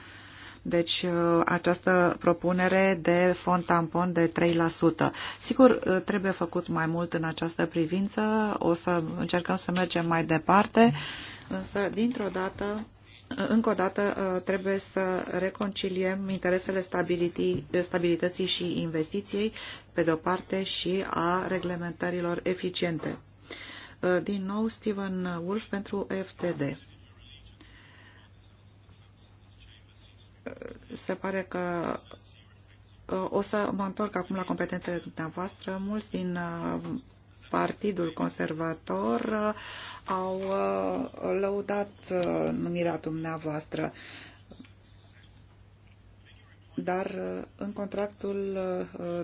Deci această propunere de fond tampon de 3%. Sigur, trebuie făcut mai mult în această privință, o să încercăm să mergem mai departe, însă dintr-o dată încă o dată uh, trebuie să reconciliem interesele stabilității și investiției, pe de-o parte, și a reglementărilor eficiente. Uh, din nou, Steven Wolf pentru FTD. Uh, se pare că o să mă întorc acum la competențele dumneavoastră. Mulți din Partidul Conservator uh, au uh, lăudat uh, numirea dumneavoastră. Dar în contractul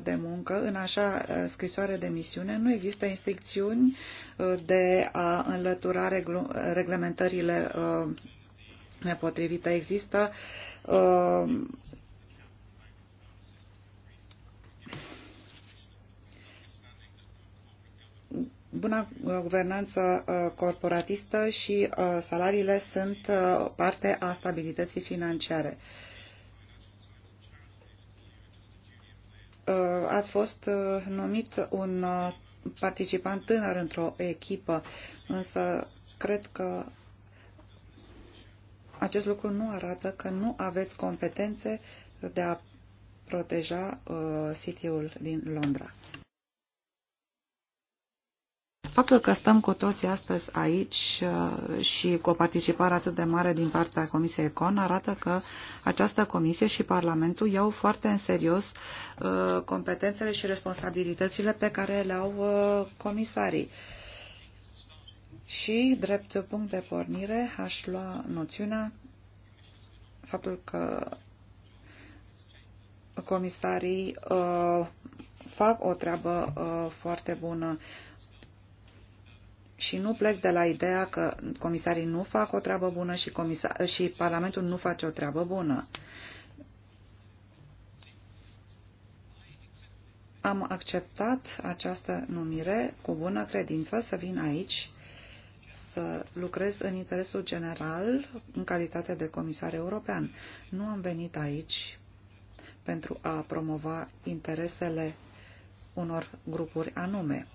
de muncă, în așa scrisoare de misiune, nu există instrucțiuni de a înlătura reglementările nepotrivite. Există Buna uh, guvernanță uh, corporatistă și uh, salariile sunt parte a stabilității financiare. Ați fost numit un participant tânăr într-o echipă, însă cred că acest lucru nu arată că nu aveți competențe de a proteja uh, City-ul din Londra. Faptul că stăm cu toții astăzi aici uh, și cu o participare atât de mare din partea Comisiei Econ arată că această comisie și Parlamentul iau foarte în serios uh, competențele și responsabilitățile pe care le au uh, comisarii. Și, drept punct de pornire, aș lua noțiunea faptul că comisarii uh, fac o treabă uh, foarte bună și nu plec de la ideea că comisarii nu fac o treabă bună și, comisar, și Parlamentul nu face o treabă bună. Am acceptat această numire cu bună credință să vin aici să lucrez în interesul general în calitate de comisar european. Nu am venit aici pentru a promova interesele unor grupuri anume.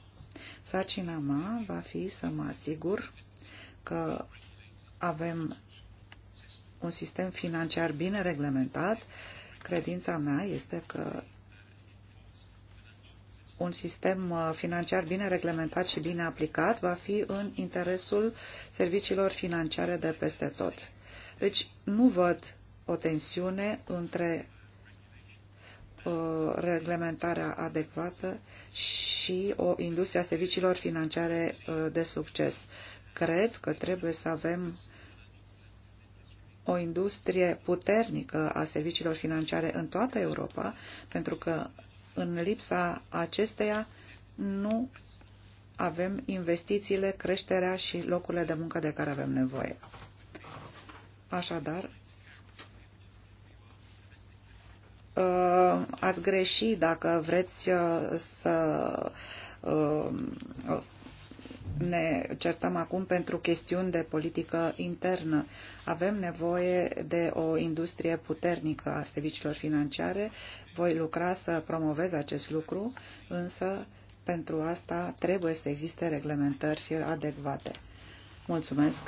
Sarcina mea va fi să mă asigur că avem un sistem financiar bine reglementat. Credința mea este că un sistem uh, financiar bine reglementat și bine aplicat va fi în interesul serviciilor financiare de peste tot. Deci nu văd o tensiune între Uh, reglementarea adecvată și o industrie a serviciilor financiare uh, de succes. Cred că trebuie să avem o industrie puternică a serviciilor financiare în toată Europa, pentru că în lipsa acesteia nu avem investițiile, creșterea și locurile de muncă de care avem nevoie. Așadar, Uh, ați greși dacă vreți uh, să uh, ne certăm acum pentru chestiuni de politică internă. Avem nevoie de o industrie puternică a serviciilor financiare. Voi lucra să promovez acest lucru, însă pentru asta trebuie să existe reglementări adecvate. Mulțumesc!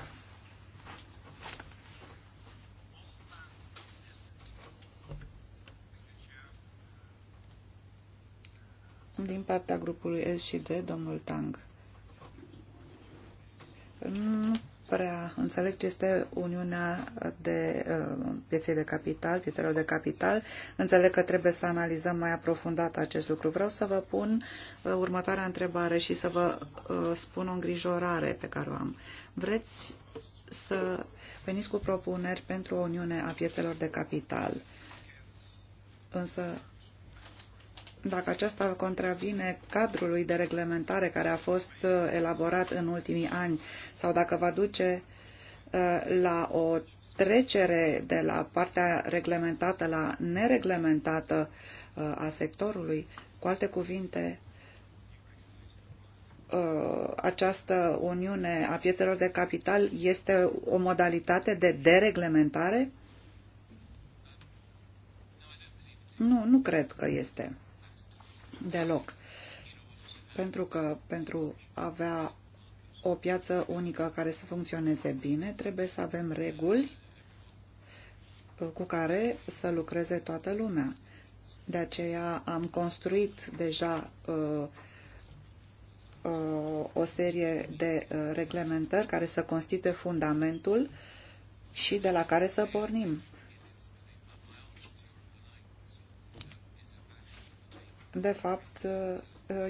din partea grupului S și D, domnul Tang. Nu prea înțeleg ce este Uniunea de uh, pieței de capital, piețelor de capital. Înțeleg că trebuie să analizăm mai aprofundat acest lucru. Vreau să vă pun uh, următoarea întrebare și să vă uh, spun o îngrijorare pe care o am. Vreți să veniți cu propuneri pentru o Uniune a piețelor de capital, însă dacă aceasta contravine cadrului de reglementare care a fost uh, elaborat în ultimii ani sau dacă va duce uh, la o trecere de la partea reglementată la nereglementată uh, a sectorului. Cu alte cuvinte, această uniune a piețelor de capital este o modalitate de dereglementare? Nu, nu cred că este deloc. Pentru că pentru a avea o piață unică care să funcționeze bine, trebuie să avem reguli cu care să lucreze toată lumea. De aceea am construit deja uh, uh, o serie de uh, reglementări care să constituie fundamentul și de la care să pornim. de fapt,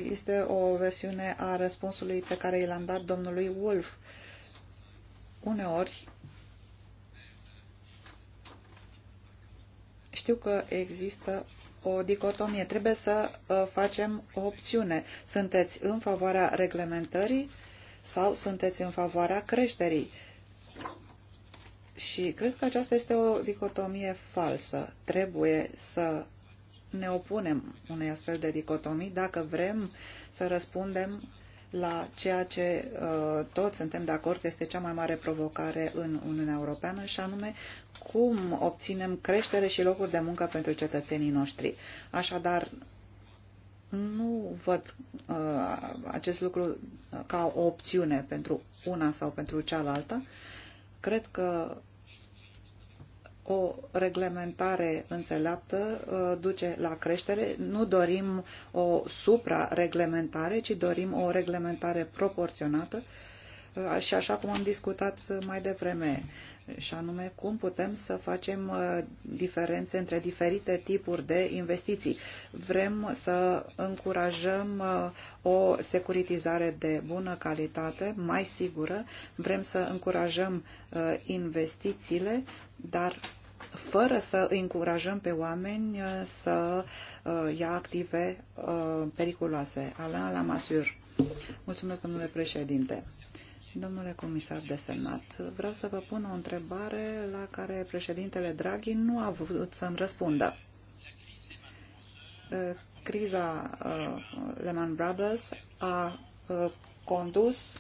este o versiune a răspunsului pe care i l-am dat domnului Wolf. Uneori, știu că există o dicotomie. Trebuie să uh, facem o opțiune. Sunteți în favoarea reglementării sau sunteți în favoarea creșterii? Și cred că aceasta este o dicotomie falsă. Trebuie să ne opunem unei astfel de dicotomii dacă vrem să răspundem la ceea ce uh, toți suntem de acord că este cea mai mare provocare în Uniunea Europeană și anume cum obținem creștere și locuri de muncă pentru cetățenii noștri. Așadar, nu văd uh, acest lucru uh, ca o opțiune pentru una sau pentru cealaltă. Cred că o reglementare înțeleaptă uh, duce la creștere. Nu dorim o suprareglementare, ci dorim o reglementare proporționată Uh, și așa cum am discutat mai devreme, și anume cum putem să facem uh, diferențe între diferite tipuri de investiții. Vrem să încurajăm uh, o securitizare de bună calitate, mai sigură, vrem să încurajăm investițiile, dar fără să îi încurajăm pe oameni să ia active periculoase. Alain Lamassur. Mulțumesc, domnule președinte. Domnule comisar desemnat, vreau să vă pun o întrebare la care președintele Draghi nu a vrut să-mi răspundă. Eh, criza eh, Lehman Brothers a eh, condus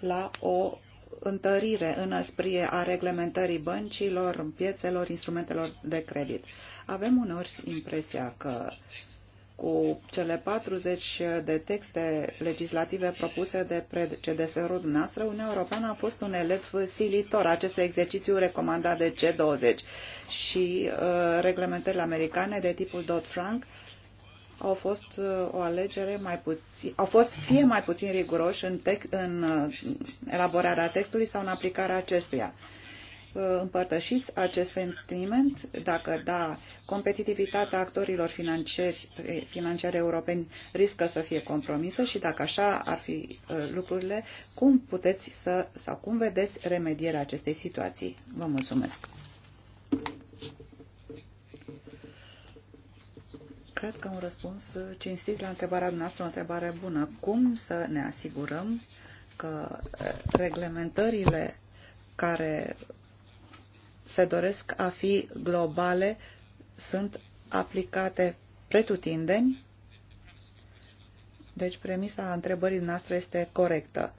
la o întărire în asprie a reglementării băncilor, piețelor, instrumentelor de credit. Avem uneori impresia că uh, cu cele 40 de texte legislative propuse de predecesorul dumneavoastră, Uniunea Europeană a fost un elev silitor acest exercițiu recomandat de G20 și uh, reglementările americane de tipul Dodd-Frank au fost uh, o alegere mai puțin, au fost fie mai puțin riguroși în, tec, în uh, elaborarea textului sau în aplicarea acestuia. Uh, Împărtășiți acest sentiment? Dacă da, competitivitatea actorilor financiari, financiari europeni riscă să fie compromisă și dacă așa ar fi uh, lucrurile, cum puteți să, sau cum vedeți remedierea acestei situații? Vă mulțumesc! Cred că un răspuns uh, cinstit la întrebarea noastră, o întrebare bună. Cum să ne asigurăm că uh, reglementările care se doresc a fi globale sunt aplicate pretutindeni? Deci premisa întrebării noastre este corectă.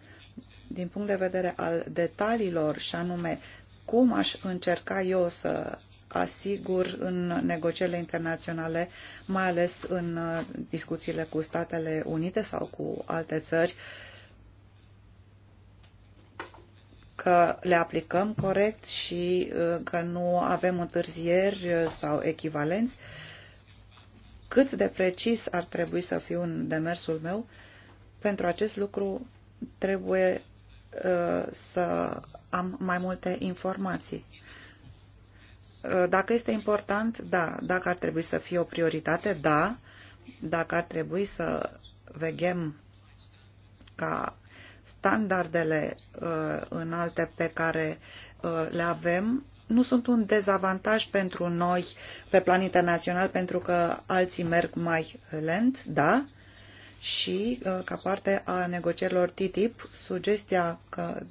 Din punct de vedere al detaliilor și anume cum aș încerca eu să asigur în negocierile internaționale, mai ales în uh, discuțiile cu Statele Unite sau cu alte țări, uh, că le aplicăm corect și uh, că nu avem întârzieri uh, sau echivalenți. Cât de precis ar trebui să fiu în demersul meu, pentru acest lucru trebuie uh, să am mai multe informații. Dacă este important, da. Dacă ar trebui să fie o prioritate, da. Dacă ar trebui să veghem ca standardele uh, înalte pe care uh, le avem nu sunt un dezavantaj pentru noi pe plan internațional pentru că alții merg mai lent, da, și uh, ca parte a negocierilor TTIP, sugestia că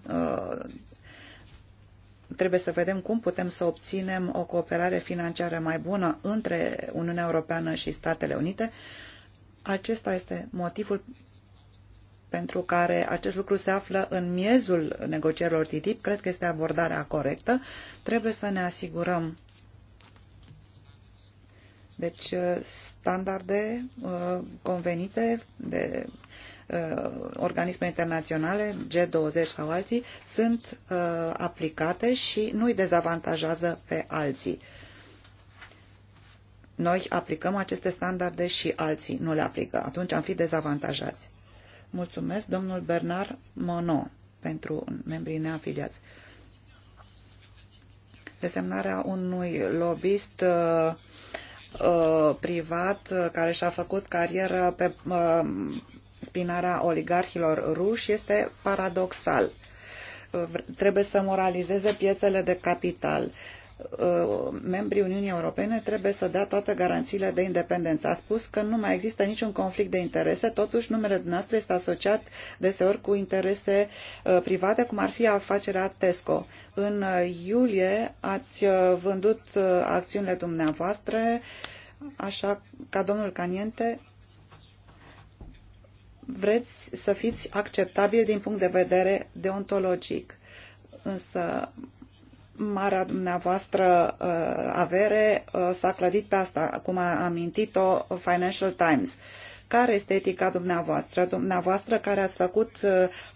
trebuie să vedem cum putem să obținem o cooperare financiară mai bună între Uniunea Europeană și Statele Unite. Acesta este motivul pentru care acest lucru se află în miezul negocierilor TTIP, cred că este abordarea corectă. Trebuie să ne asigurăm deci standarde uh, convenite de uh, organisme internaționale, G20 sau alții, sunt uh, aplicate și nu îi dezavantajează pe alții. Noi aplicăm aceste standarde și alții nu le aplică. Atunci am fi dezavantajați. Mulțumesc, domnul Bernard Monod, pentru membrii neafiliați. Desemnarea unui lobbyist uh, uh, privat uh, care și-a făcut carieră pe spinarea oligarhilor ruși este paradoxal. Trebuie să moralizeze piețele de capital. Uh, membrii Uniunii Europene trebuie să dea toate garanțiile de independență. A spus că nu mai există niciun conflict de interese, totuși numele dumneavoastră este asociat deseori cu interese uh, private, cum ar fi afacerea Tesco. În uh, iulie ați vândut acțiunile dumneavoastră, așa ca domnul Caniente vreți să fiți acceptabil din punct de vedere deontologic. Însă marea dumneavoastră uh, avere uh, s-a clădit pe asta, cum a amintit-o Financial Times. Care este etica dumneavoastră? Dumneavoastră care ați făcut uh,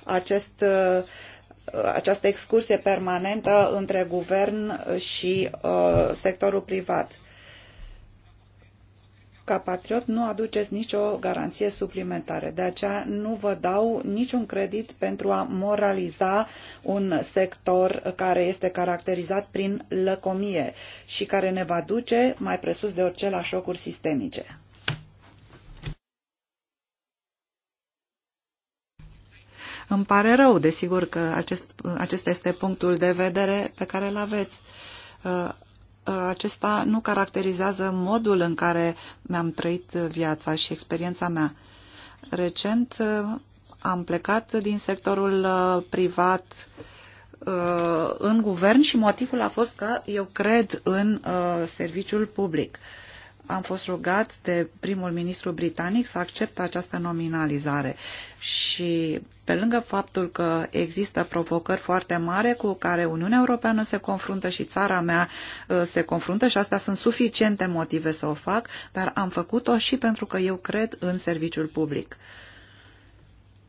acest, uh, această excursie permanentă între guvern și uh, sectorul privat ca patriot nu aduceți nicio garanție suplimentară, De aceea nu vă dau niciun credit pentru a moraliza un sector care este caracterizat prin lăcomie și care ne va duce mai presus de orice la șocuri sistemice. Îmi pare rău, desigur, că acest, acesta este punctul de vedere pe care îl aveți uh, acesta nu caracterizează modul în care mi-am trăit viața și experiența mea. Recent uh, am plecat din sectorul uh, privat uh, în guvern și motivul a fost că eu cred în serviciul public am fost rugat de primul ministru britanic să accepte această nominalizare. Și pe lângă faptul că există provocări foarte mare cu care Uniunea Europeană se confruntă și țara mea uh, se confruntă și astea sunt suficiente motive să o fac, dar am făcut-o și pentru că eu cred în serviciul public.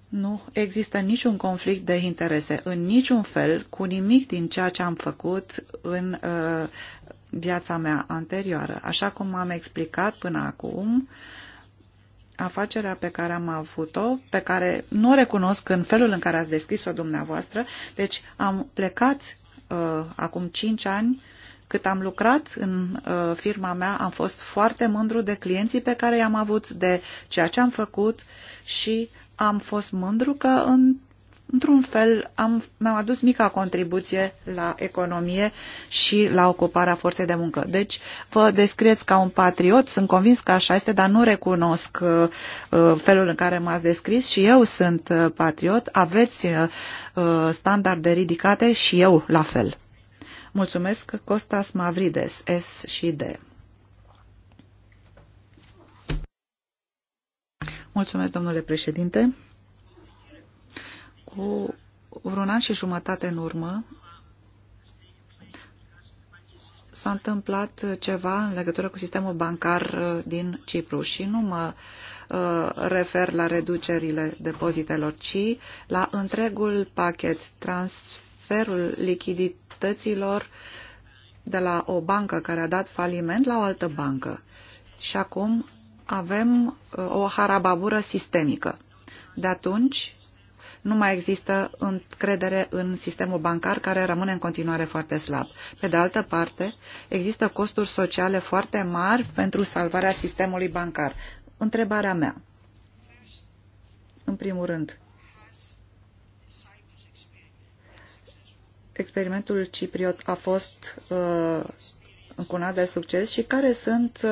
Nu există niciun conflict de interese, în niciun fel, cu nimic din ceea ce am făcut în uh, viața mea anterioară. Așa cum am explicat până acum, afacerea pe care am avut-o, pe care nu o recunosc în felul în care ați descris-o dumneavoastră, deci am plecat uh, acum 5 ani cât am lucrat în uh, firma mea, am fost foarte mândru de clienții pe care i-am avut, de ceea ce am făcut și am fost mândru că în într-un fel, am, mi-am adus mica contribuție la economie și la ocuparea forței de muncă. Deci, vă descrieți ca un patriot, sunt convins că așa este, dar nu recunosc uh, uh felul în care m-ați descris și eu sunt uh, patriot, aveți uh, uh, standarde ridicate și eu la fel. Mulțumesc, Costas Mavrides, S și D. Mulțumesc, domnule președinte cu vreun an și jumătate în urmă s-a întâmplat ceva în legătură cu sistemul bancar uh, din Cipru și nu mă uh, refer la reducerile depozitelor, ci la întregul pachet, transferul lichidităților de la o bancă care a dat faliment la o altă bancă. Și acum avem uh, o harababură sistemică. De atunci, nu mai există încredere în sistemul bancar, care rămâne în continuare foarte slab. Pe de altă parte, există costuri sociale foarte mari pentru salvarea sistemului bancar. Întrebarea mea, în primul rând, experimentul cipriot a fost uh, încunat de succes și care sunt uh,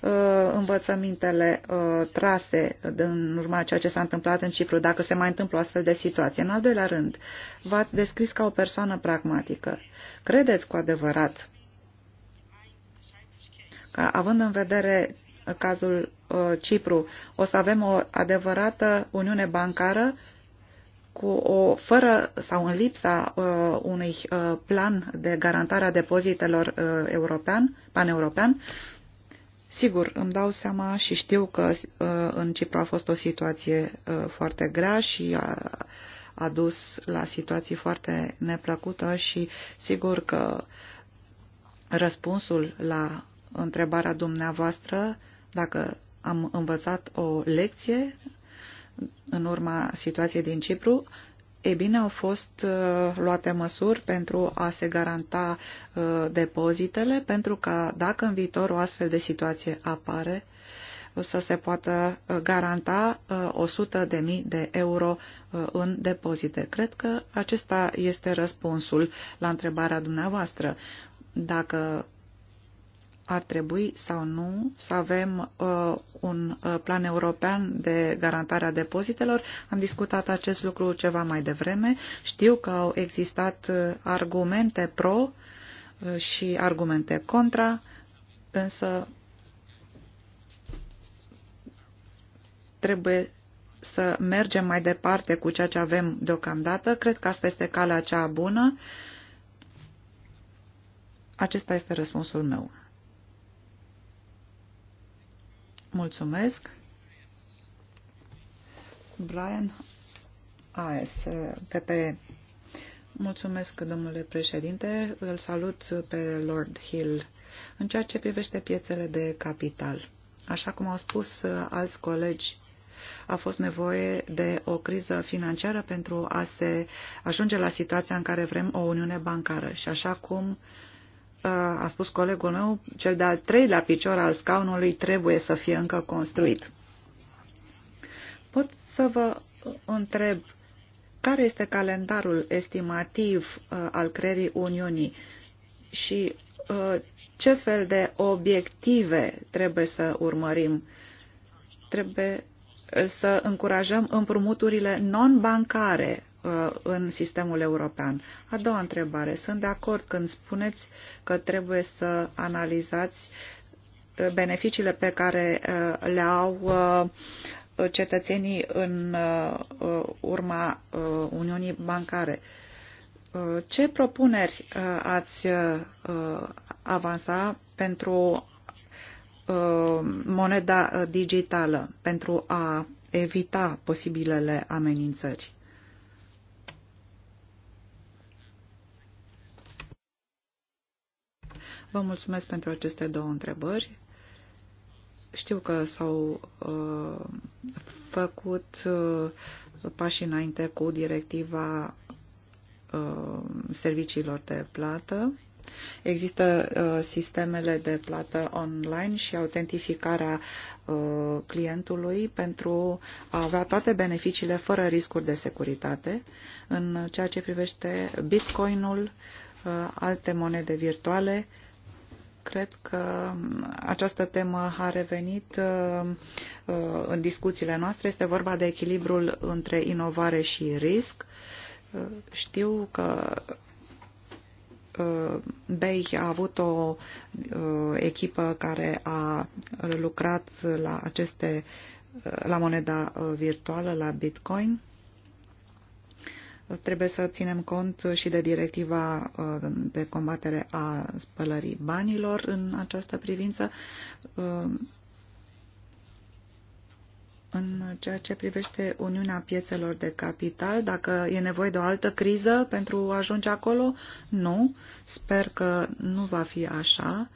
uh, învățămintele uh, trase în urma ceea ce s-a întâmplat în Cipru, dacă se mai întâmplă o astfel de situație. În al doilea rând, v-ați descris ca o persoană pragmatică. Credeți cu adevărat că, având în vedere cazul uh, Cipru, o să avem o adevărată uniune bancară uh, cu o, fără sau în lipsa uh, unui uh, plan de garantare a depozitelor uh, european, paneuropean, sigur, îmi dau seama și știu că uh, în Cipru a fost o situație uh, foarte grea și a, a dus la situații foarte neplăcută și sigur că răspunsul la întrebarea dumneavoastră, dacă am învățat o lecție în urma situației din Cipru, e bine, au fost uh, luate măsuri pentru a se garanta uh, depozitele, pentru că dacă în viitor o astfel de situație apare, uh, să se poată garanta 100.000 de euro în depozite. Cred că acesta este răspunsul la întrebarea dumneavoastră. Dacă ar trebui sau nu să avem uh, un uh, plan european de garantare a depozitelor. Am discutat acest lucru ceva mai devreme. Știu că au existat uh, argumente pro uh, și argumente contra, însă trebuie să mergem mai departe cu ceea ce avem deocamdată. Cred că asta este calea cea bună. Acesta este răspunsul meu. Mulțumesc. Brian AS, PP. Mulțumesc, domnule președinte. Îl salut pe Lord Hill. În ceea ce privește piețele de capital, așa cum au spus alți colegi, a fost nevoie de o criză financiară pentru a se ajunge la situația în care vrem o uniune bancară. Și așa cum a spus colegul meu, cel de-al treilea picior al scaunului trebuie să fie încă construit. Pot să vă întreb care este calendarul estimativ uh, al creierii Uniunii și uh, ce fel de obiective trebuie să urmărim? Trebuie să încurajăm împrumuturile non-bancare Uh, în sistemul european. A doua întrebare. Sunt de acord când spuneți că trebuie să analizați uh, beneficiile pe care uh, le au cetățenii în urma Uniunii Bancare. Ce propuneri ați avansa pentru moneda digitală, pentru a evita posibilele amenințări? Vă mulțumesc pentru aceste două întrebări. Știu că s-au uh, făcut uh, pași înainte cu directiva uh, serviciilor de plată. Există uh, sistemele de plată online și autentificarea uh, clientului pentru a avea toate beneficiile fără riscuri de securitate. În ceea ce privește bitcoinul, uh, alte monede virtuale, uh, Cred că mm, această temă a revenit mm, mm, în discuțiile noastre. Este vorba de echilibrul între inovare și risc. Știu că Bay a avut o echipă care a lucrat la aceste la moneda virtuală, la Bitcoin Trebuie să ținem cont și de directiva uh, de combatere a spălării banilor în această privință. Uh, în ceea ce privește Uniunea Piețelor de Capital, dacă e nevoie de o altă criză pentru a ajunge acolo, nu. Sper că nu va fi așa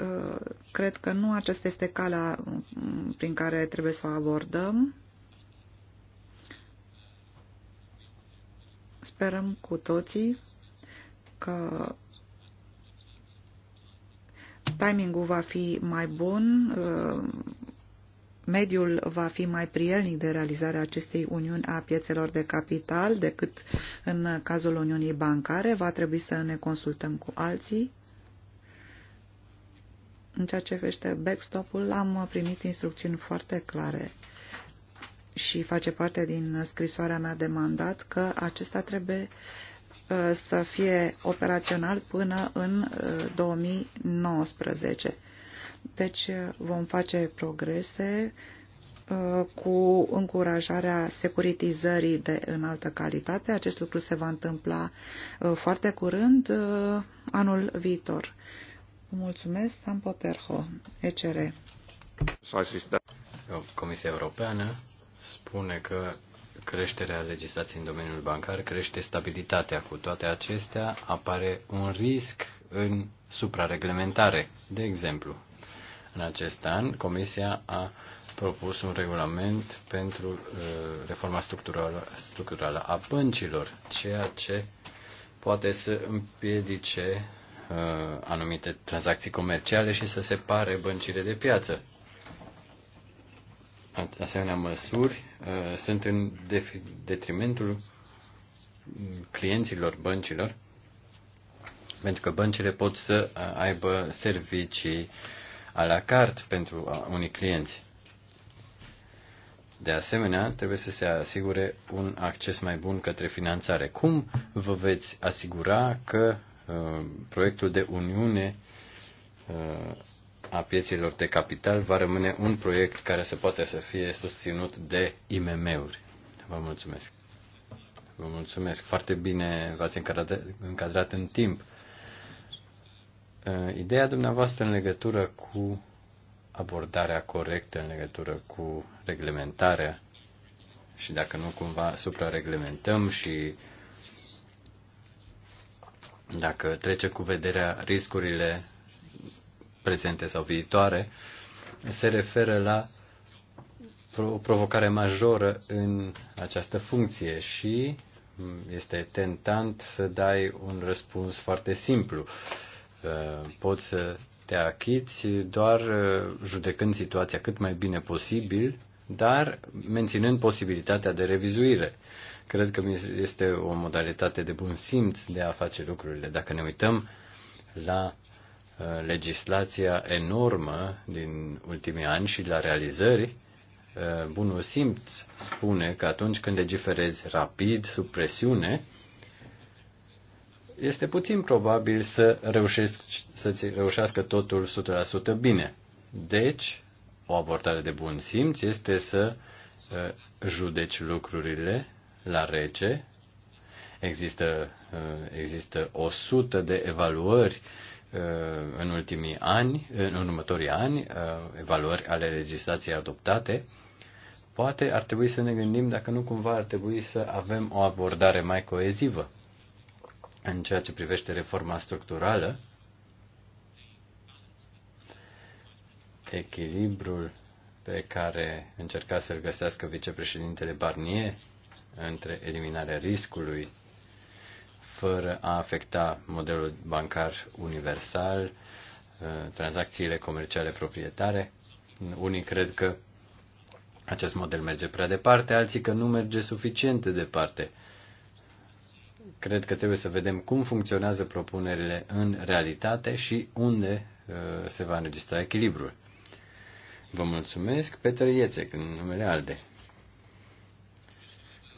uh, cred că nu aceasta este calea prin care trebuie să o abordăm. Sperăm cu toții că timingul va fi mai bun, uh, mediul va fi mai prielnic de realizarea acestei uniuni a piețelor de capital decât în cazul uniunii bancare. Va trebui să ne consultăm cu alții. În ceea ce vește backstop-ul, am primit instrucțiuni foarte clare și face parte din scrisoarea mea de mandat că acesta trebuie uh, să fie operațional până în 2019. Uh, deci uh, vom face progrese cu încurajarea securitizării de înaltă calitate. Acest lucru se va întâmpla foarte curând anul viitor. Mulțumesc, Sam Poterho, ECR. Comisia Europeană spune că creșterea legislației în domeniul bancar crește stabilitatea. Cu toate acestea, apare un risc în suprareglementare. De exemplu, în acest an, Comisia a propus un regulament pentru uh, reforma structurală, structurală a băncilor, ceea ce poate să împiedice uh, anumite tranzacții comerciale și să separe băncile de piață asemenea măsuri uh, sunt în detrimentul clienților băncilor, pentru că băncile pot să uh, aibă servicii a la carte pentru uh, unii clienți. De asemenea, trebuie să se asigure un acces mai bun către finanțare. Cum vă veți asigura că uh, proiectul de Uniune uh, a pieților de capital va rămâne un proiect care se poate să fie susținut de IMM-uri. Vă mulțumesc. Vă mulțumesc. Foarte bine v-ați încadrat, încadrat în timp. Uh, ideea dumneavoastră în legătură cu abordarea corectă în legătură cu reglementarea și dacă nu cumva suprareglementăm și dacă trece cu vederea riscurile prezente sau viitoare, se referă la o provocare majoră în această funcție și este tentant să dai un răspuns foarte simplu. Uh, poți să te achiți doar uh, judecând situația cât mai bine posibil, dar menținând posibilitatea de revizuire. Cred că este o modalitate de bun simț de a face lucrurile. Dacă ne uităm la legislația enormă din ultimii ani și la realizări, uh, bunul simț spune că atunci când legiferezi rapid, sub presiune, este puțin probabil să reușești să-ți reușească totul 100% bine. Deci, o abordare de bun simț este să uh, judeci lucrurile la rece. Există, uh, există 100 de evaluări Uh, în ultimii ani, în următorii ani, uh, evaluări ale legislației adoptate, poate ar trebui să ne gândim dacă nu cumva ar trebui să avem o abordare mai coezivă în ceea ce privește reforma structurală, echilibrul pe care încerca să-l găsească vicepreședintele Barnier între eliminarea riscului fără a afecta modelul bancar universal, uh, tranzacțiile comerciale proprietare. Unii cred că acest model merge prea departe, alții că nu merge suficient de departe. Cred că trebuie să vedem cum funcționează propunerile în realitate și unde uh, se va înregistra echilibrul. Vă mulțumesc, Peter Iețec, în numele ALDE.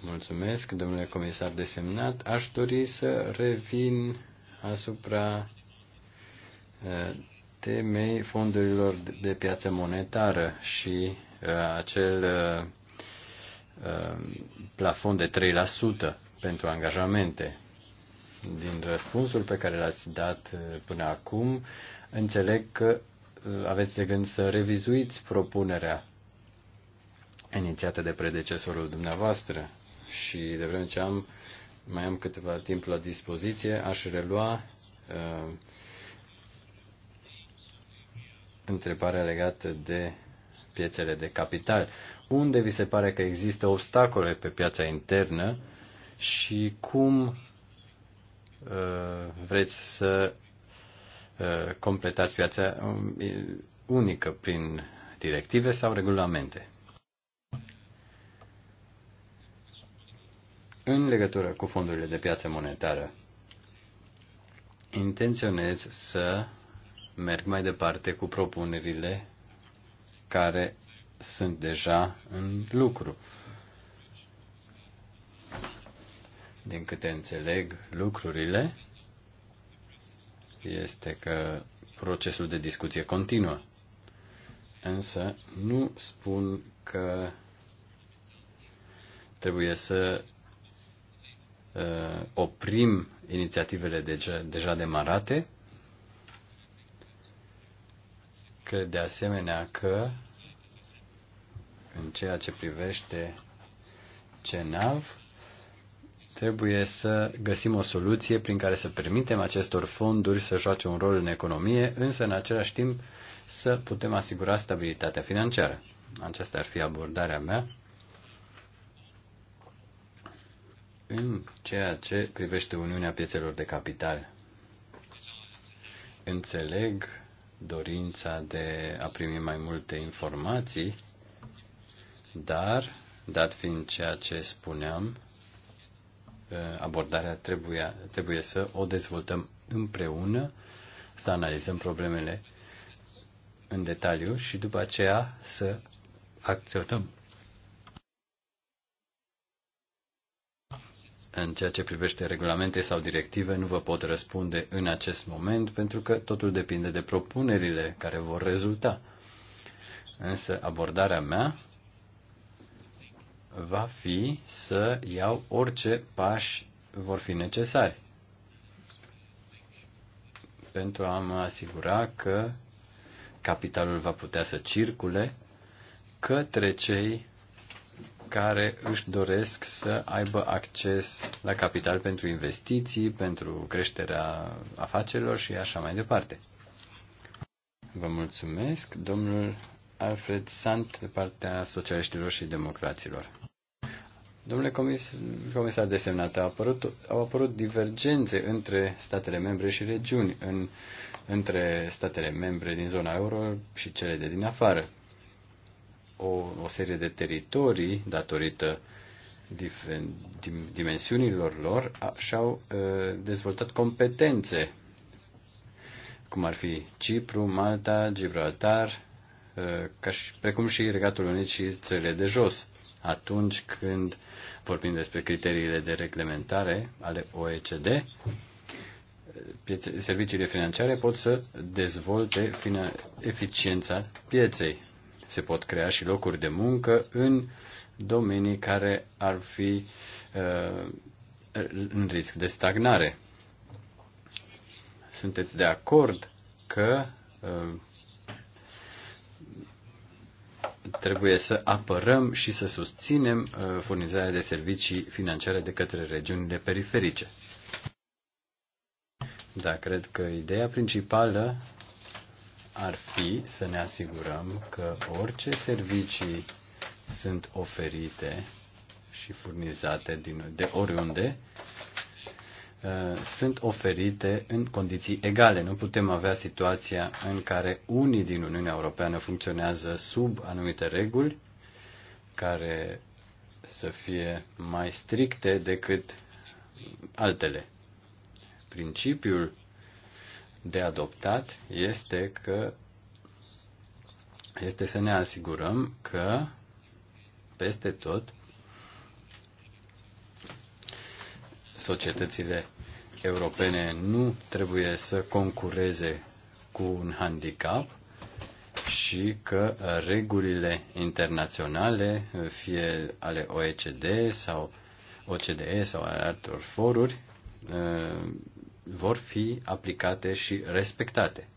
Mulțumesc, domnule comisar desemnat. Aș dori să revin asupra uh, temei fondurilor de piață monetară și uh, acel uh, plafon de 3% pentru angajamente. Din răspunsul pe care l-ați dat până acum, înțeleg că aveți de gând să revizuiți propunerea inițiată de predecesorul dumneavoastră și de vreme ce am, mai am câteva timp la dispoziție, aș relua uh, întrebarea legată de piețele de capital. Unde vi se pare că există obstacole pe piața internă și cum uh, vreți să uh, completați piața um, unică prin directive sau regulamente? În legătură cu fondurile de piață monetară, intenționez să merg mai departe cu propunerile care sunt deja în lucru. Din câte înțeleg lucrurile, este că procesul de discuție continuă. Însă nu spun că trebuie să Uh, oprim inițiativele deja, deja demarate. Cred de asemenea că în ceea ce privește CENAV, trebuie să găsim o soluție prin care să permitem acestor fonduri să joace un rol în economie, însă în același timp să putem asigura stabilitatea financiară. Aceasta ar fi abordarea mea în ceea ce privește Uniunea Piețelor de Capital. Înțeleg dorința de a primi mai multe informații, dar, dat fiind ceea ce spuneam, eh, abordarea trebuia, trebuie să o dezvoltăm împreună, să analizăm problemele în detaliu și după aceea să acționăm În ceea ce privește regulamente sau directive, nu vă pot răspunde în acest moment, pentru că totul depinde de propunerile care vor rezulta. Însă abordarea mea va fi să iau orice pași vor fi necesari pentru a mă asigura că capitalul va putea să circule către cei care își doresc să aibă acces la capital pentru investiții, pentru creșterea afacerilor și așa mai departe. Vă mulțumesc, domnul Alfred Sant, de partea socialiștilor și democraților. Domnule comis, comisar desemnat, au apărut, au apărut divergențe între statele membre și regiuni, în, între statele membre din zona euro și cele de din afară o, o serie de teritorii, datorită dimensiunilor lor, și-au dezvoltat competențe, cum ar fi Cipru, Malta, Gibraltar, ca și, precum și Regatul Unit și țările de jos. Atunci când vorbim despre criteriile de reglementare ale OECD, serviciile financiare pot să dezvolte eficiența pieței. Se pot crea și locuri de muncă în domenii care ar fi uh, în risc de stagnare. Sunteți de acord că uh, trebuie să apărăm și să susținem uh, furnizarea de servicii financiare de către regiunile periferice. Da, cred că ideea principală ar fi să ne asigurăm că orice servicii sunt oferite și furnizate din, de oriunde uh, sunt oferite în condiții egale. Nu putem avea situația în care unii din Uniunea Europeană funcționează sub anumite reguli care să fie mai stricte decât altele. Principiul de adoptat este că este să ne asigurăm că peste tot societățile europene nu trebuie să concureze cu un handicap și că regulile internaționale, fie ale OECD sau OCDE sau ale altor foruri, vor fi aplicate și respectate.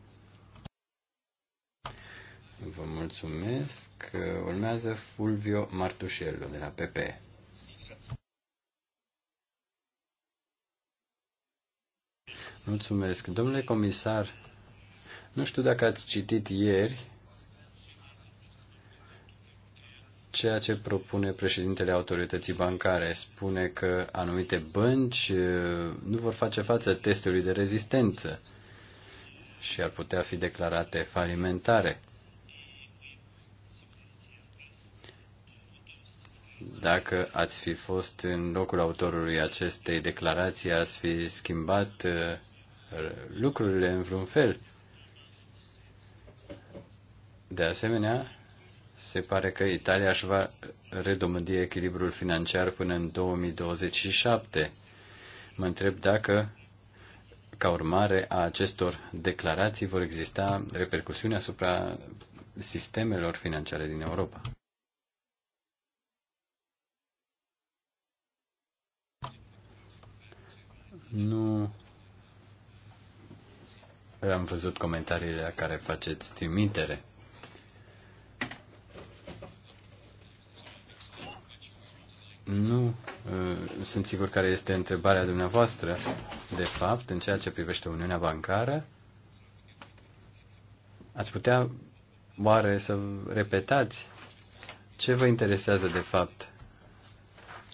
Vă mulțumesc. Urmează Fulvio Martușello de la PP. Mulțumesc. Domnule comisar, nu știu dacă ați citit ieri ceea ce propune președintele autorității bancare. Spune că anumite bănci uh, nu vor face față testului de rezistență și ar putea fi declarate falimentare. Dacă ați fi fost în locul autorului acestei declarații, ați fi schimbat uh, lucrurile în vreun fel. De asemenea, se pare că Italia își va redomândi echilibrul financiar până în 2027. Mă întreb dacă, ca urmare a acestor declarații, vor exista repercusiuni asupra sistemelor financiare din Europa. Nu am văzut comentariile la care faceți trimitere. Nu uh, sunt sigur care este întrebarea dumneavoastră, de fapt, în ceea ce privește Uniunea Bancară. Ați putea oare să repetați ce vă interesează de fapt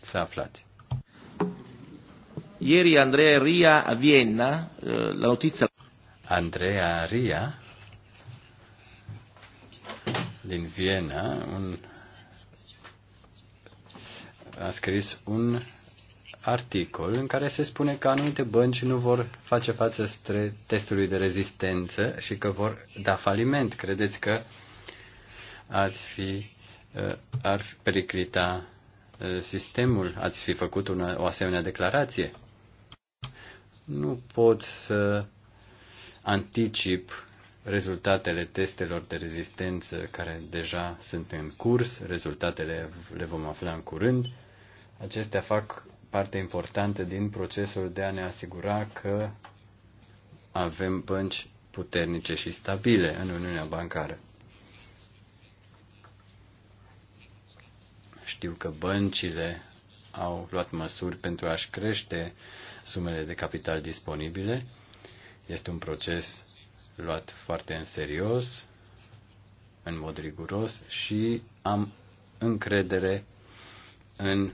să aflați? Ieri Andrea Ria a Vienna, uh, la notiță. Andrea Ria din Viena, un a scris un articol în care se spune că anumite bănci nu vor face față testului de rezistență și că vor da faliment. Credeți că ați fi, uh, ar periclita uh, sistemul? Ați fi făcut una, o asemenea declarație? Nu pot să anticip rezultatele testelor de rezistență care deja sunt în curs, rezultatele le vom afla în curând. Acestea fac parte importantă din procesul de a ne asigura că avem bănci puternice și stabile în Uniunea Bancară. Știu că băncile au luat măsuri pentru a-și crește sumele de capital disponibile. Este un proces luat foarte în serios, în mod riguros și am încredere în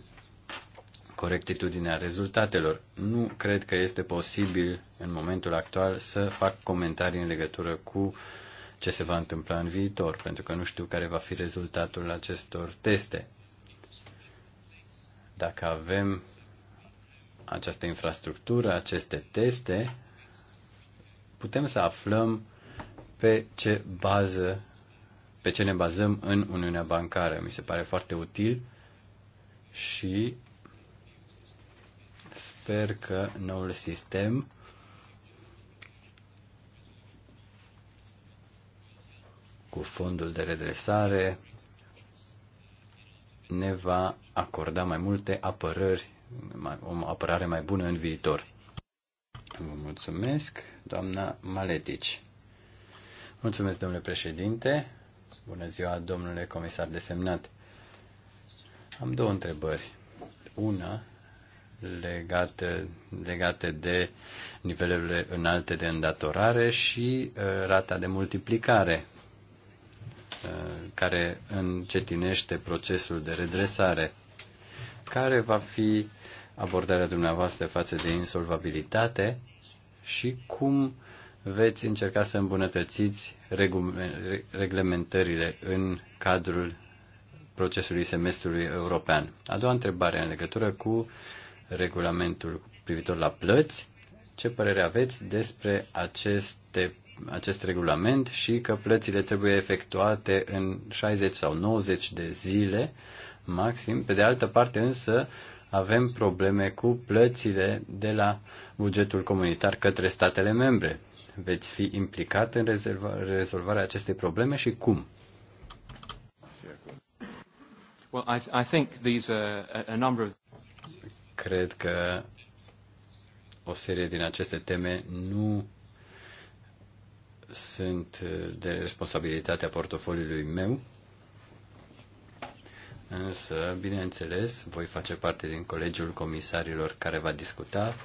corectitudinea rezultatelor. Nu cred că este posibil în momentul actual să fac comentarii în legătură cu ce se va întâmpla în viitor, pentru că nu știu care va fi rezultatul acestor teste. Dacă avem această infrastructură, aceste teste, putem să aflăm pe ce bază, pe ce ne bazăm în Uniunea Bancară. Mi se pare foarte util și sper că noul sistem cu fondul de redresare ne va acorda mai multe apărări, o apărare mai bună în viitor. Vă mulțumesc, doamna Maletici. Mulțumesc, domnule președinte. Bună ziua, domnule comisar desemnat. Am două întrebări. Una legate, legate de nivelurile înalte de îndatorare și uh, rata de multiplicare uh, care încetinește procesul de redresare. Care va fi abordarea dumneavoastră față de insolvabilitate și cum veți încerca să îmbunătățiți reglementările în cadrul procesului semestrului european. A doua întrebare în legătură cu regulamentul privitor la plăți. Ce părere aveți despre aceste, acest regulament și că plățile trebuie efectuate în 60 sau 90 de zile maxim? Pe de altă parte însă avem probleme cu plățile de la bugetul comunitar către statele membre. Veți fi implicat în rezolvarea acestei probleme și cum? Well, I, I think these are a number of cred că o serie din aceste teme nu sunt de responsabilitatea portofoliului meu, însă, bineînțeles, voi face parte din colegiul comisarilor care va discuta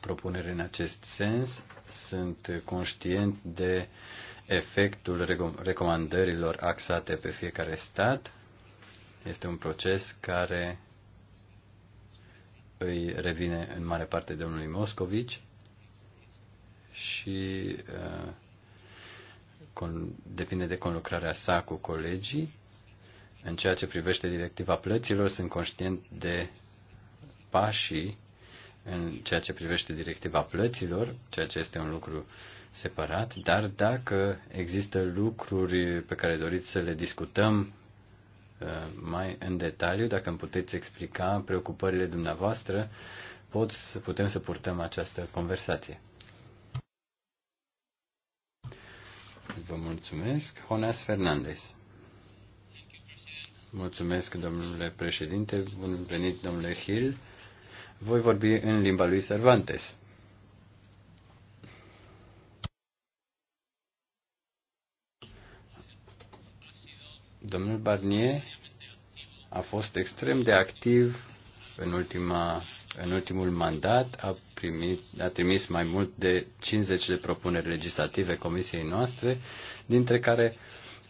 propunere în acest sens. Sunt conștient de efectul recomandărilor axate pe fiecare stat. Este un proces care îi revine în mare parte domnului Moscovici și uh, depinde de conlucrarea sa cu colegii. În ceea ce privește directiva plăților, sunt conștient de pașii în ceea ce privește directiva plăților, ceea ce este un lucru separat, dar dacă există lucruri pe care doriți să le discutăm Uh, mai în detaliu, dacă îmi puteți explica preocupările dumneavoastră, pot, să putem să purtăm această conversație. Vă mulțumesc. Jonas Fernandez. Mulțumesc, domnule președinte. Bun venit, domnule Hill. Voi vorbi în limba lui Cervantes. Domnul Barnier a fost extrem de activ în, ultima, în ultimul mandat, a, primit, a trimis mai mult de 50 de propuneri legislative comisiei noastre, dintre care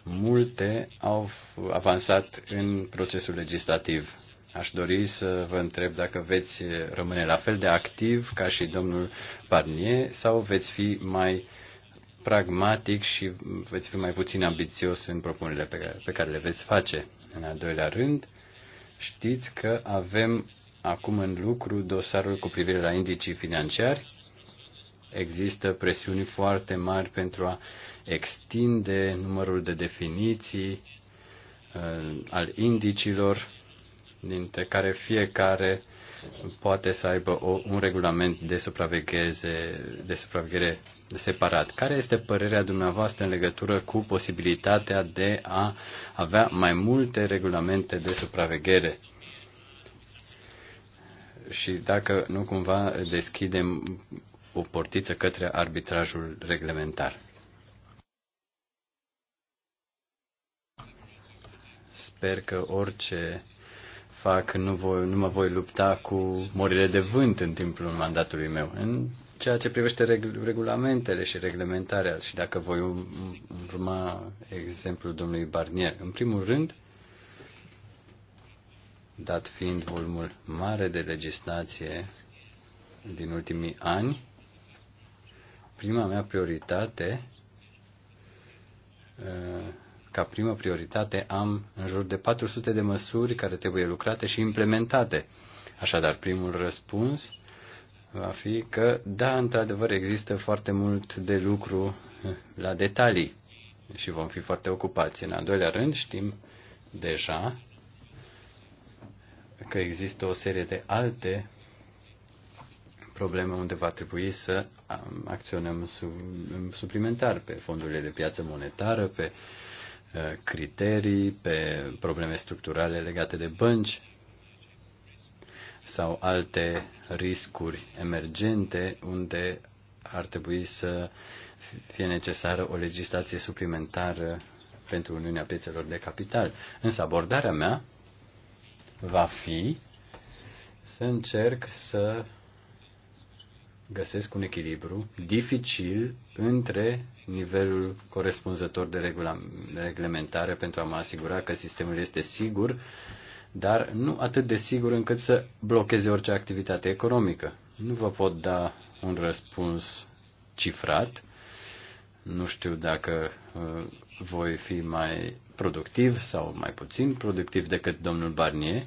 multe au avansat în procesul legislativ. Aș dori să vă întreb dacă veți rămâne la fel de activ ca și domnul Barnier sau veți fi mai uh, pragmatic și veți fi mai puțin ambițios în propunerile pe care, pe care le veți face. În al doilea rând, știți că avem acum în lucru dosarul cu privire la indicii financiari. Există presiuni foarte mari pentru a extinde numărul de definiții uh, al indicilor, dintre care fiecare poate să aibă o, un regulament de supraveghere, de supraveghere separat. Care este părerea dumneavoastră în legătură cu posibilitatea de a avea mai multe regulamente de supraveghere? Și dacă nu cumva deschidem o portiță către arbitrajul reglementar. Sper că orice fac, nu, voi, nu mă voi lupta cu morile de vânt în timpul mandatului meu. În ceea ce privește reg- regulamentele și reglementarea și dacă voi um, urma exemplul domnului Barnier. În primul rând, dat fiind volumul mare de legislație din ultimii ani, prima mea prioritate uh, ca primă prioritate am în jur de 400 de măsuri care trebuie lucrate și implementate. Așadar, primul răspuns va fi că, da, într-adevăr, există foarte mult de lucru la detalii și vom fi foarte ocupați. În al doilea rând, știm deja că există o serie de alte probleme unde va trebui să acționăm suplimentar pe fondurile de piață monetară, pe uh, Uh, criterii, pe probleme structurale legate de bănci sau alte riscuri emergente unde ar trebui să fie necesară o legislație suplimentară pentru Uniunea Piețelor de Capital. Însă abordarea mea va fi să încerc să găsesc un echilibru dificil între nivelul corespunzător de reglementare pentru a mă asigura că sistemul este sigur, dar nu atât de sigur încât să blocheze orice activitate economică. Nu vă pot da un răspuns cifrat. Nu știu dacă uh, voi fi mai productiv sau mai puțin productiv decât domnul Barnier.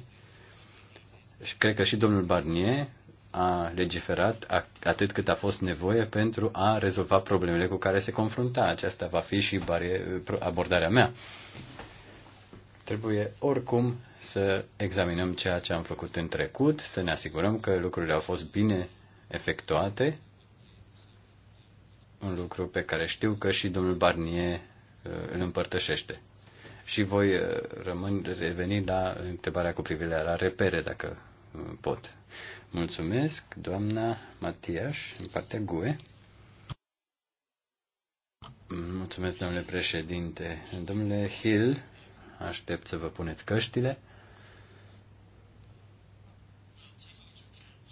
Și cred că și domnul Barnier a legiferat atât cât a fost nevoie pentru a rezolva problemele cu care se confrunta. Aceasta va fi și abordarea mea. Trebuie oricum să examinăm ceea ce am făcut în trecut, să ne asigurăm că lucrurile au fost bine efectuate, un lucru pe care știu că și domnul Barnier uh, îl împărtășește. Și voi uh, rămân, reveni la întrebarea cu privire la repere, dacă uh, pot. Mulțumesc, doamna Matias, în partea GUE. Mulțumesc, domnule președinte. Domnule Hill, aștept să vă puneți căștile.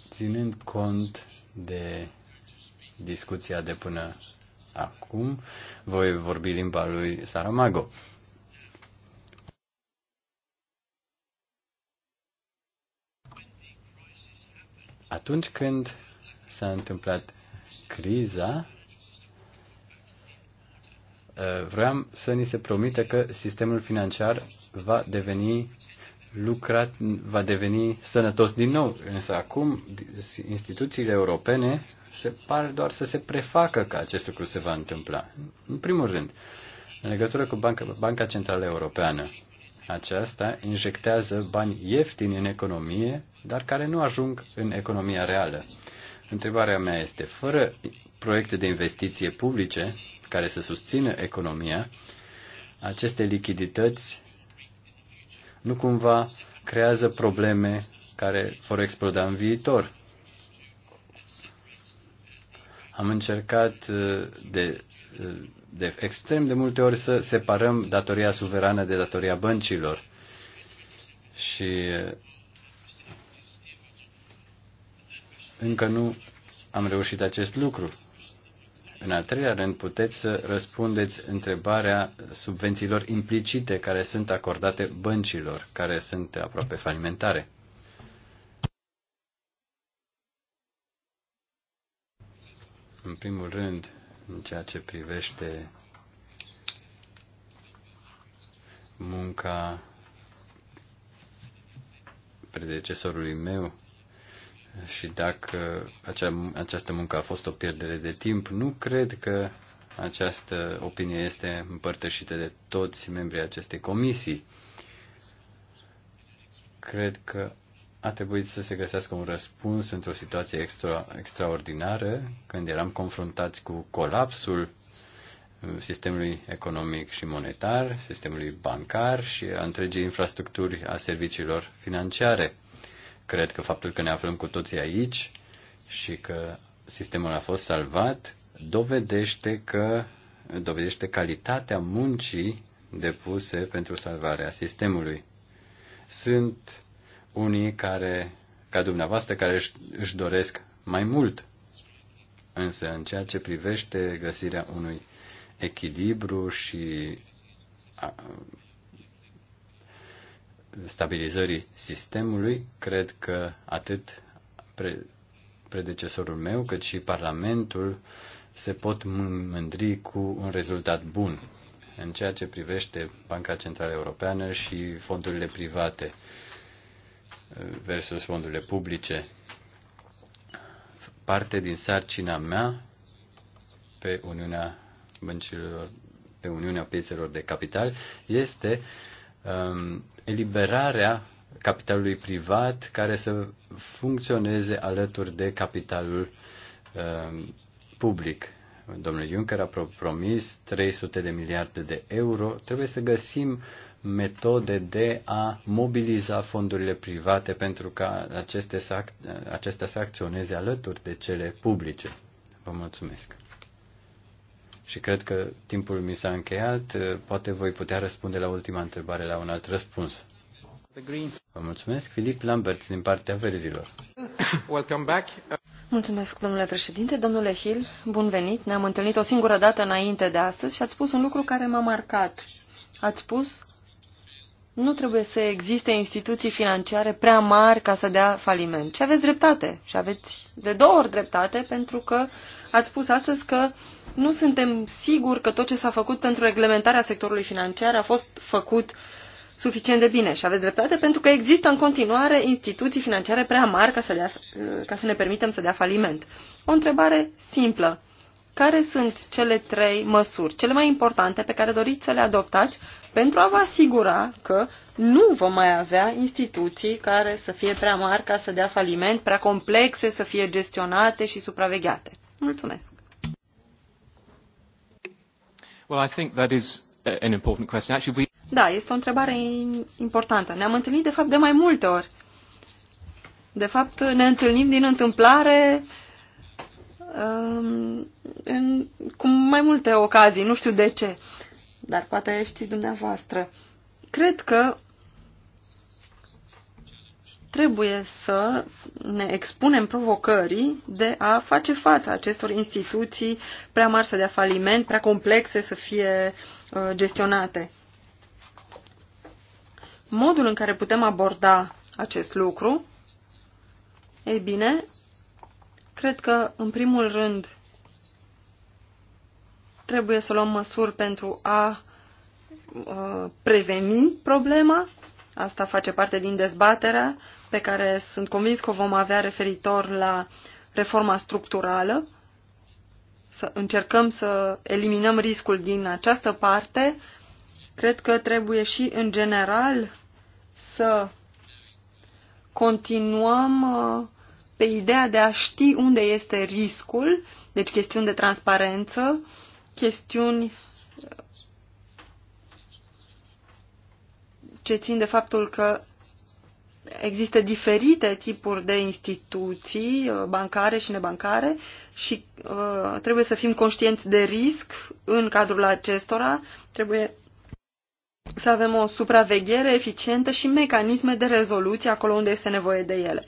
Ținând cont de discuția de până acum, voi vorbi limba lui Saramago. Atunci când s-a întâmplat criza, uh, vreau să ni se promite că sistemul financiar va deveni lucrat, va deveni sănătos din nou. Însă acum instituțiile europene se pare doar să se prefacă că acest lucru se va întâmpla. În primul rând, în legătură cu Banca, Banca Centrală Europeană, aceasta injectează bani ieftini în economie, dar care nu ajung în economia reală. Întrebarea mea este, fără proiecte de investiție publice care să susțină economia, aceste lichidități nu cumva creează probleme care vor exploda în viitor. Am încercat uh, de uh, de extrem de multe ori să separăm datoria suverană de datoria băncilor. Și încă nu am reușit acest lucru. În al treilea rând, puteți să răspundeți întrebarea subvențiilor implicite care sunt acordate băncilor, care sunt aproape falimentare. În primul rând, în ceea ce privește munca predecesorului meu și dacă acea, această muncă a fost o pierdere de timp, nu cred că această opinie este împărtășită de toți membrii acestei comisii. Cred că a trebuit să se găsească un răspuns într-o situație extra, extraordinară, când eram confruntați cu colapsul sistemului economic și monetar, sistemului bancar și a întregii infrastructuri a serviciilor financiare. Cred că faptul că ne aflăm cu toții aici și că sistemul a fost salvat dovedește că dovedește calitatea muncii depuse pentru salvarea sistemului. Sunt unii care, ca dumneavoastră, care își, își doresc mai mult. Însă, în ceea ce privește găsirea unui echilibru și a, stabilizării sistemului, cred că atât pre, predecesorul meu, cât și Parlamentul se pot mândri cu un rezultat bun în ceea ce privește Banca Centrală Europeană și fondurile private versus fondurile publice. Parte din sarcina mea pe Uniunea Băncilor, pe Uniunea Piețelor de Capital este um, eliberarea capitalului privat care să funcționeze alături de capitalul um, public. Domnul Juncker a promis 300 de miliarde de euro. Trebuie să găsim metode de a mobiliza fondurile private pentru ca aceste să, acestea să acționeze alături de cele publice. Vă mulțumesc. Și cred că timpul mi s-a încheiat. Poate voi putea răspunde la ultima întrebare la un alt răspuns. Vă mulțumesc, Filip Lambert, din partea verzilor. Welcome back. Mulțumesc, domnule președinte. Domnule Hill, bun venit. Ne-am întâlnit o singură dată înainte de astăzi și ați spus un lucru care m-a marcat. Ați spus nu trebuie să existe instituții financiare prea mari ca să dea faliment. Și aveți dreptate. Și aveți de două ori dreptate pentru că ați spus astăzi că nu suntem siguri că tot ce s-a făcut pentru reglementarea sectorului financiar a fost făcut suficient de bine. Și aveți dreptate pentru că există în continuare instituții financiare prea mari ca să, dea, ca să ne permitem să dea faliment. O întrebare simplă. Care sunt cele trei măsuri, cele mai importante pe care doriți să le adoptați pentru a vă asigura că nu vom mai avea instituții care să fie prea mari ca să dea faliment, prea complexe să fie gestionate și supravegheate. Mulțumesc. Well, I think that is uh, an important question. Actually, we... Da, este o întrebare importantă. Ne-am întâlnit, de fapt, de mai multe ori. De fapt, ne întâlnim din întâmplare um, în, cu mai multe ocazii, nu știu de ce dar poate știți dumneavoastră. Cred că trebuie să ne expunem provocării de a face față acestor instituții prea mari să dea faliment, prea complexe să fie uh, gestionate. Modul în care putem aborda acest lucru, ei bine, cred că, în primul rând, Trebuie să luăm măsuri pentru a uh, preveni problema. Asta face parte din dezbaterea pe care sunt convins că o vom avea referitor la reforma structurală. Să încercăm să eliminăm riscul din această parte. Cred că trebuie și în general să continuăm uh, pe ideea de a ști unde este riscul, deci chestiuni de transparență, chestiuni ce țin de faptul că există diferite tipuri de instituții uh, bancare și nebancare și uh, trebuie să fim conștienți de risc în cadrul acestora, trebuie să avem o supraveghere eficientă și mecanisme de rezoluție acolo unde este nevoie de ele.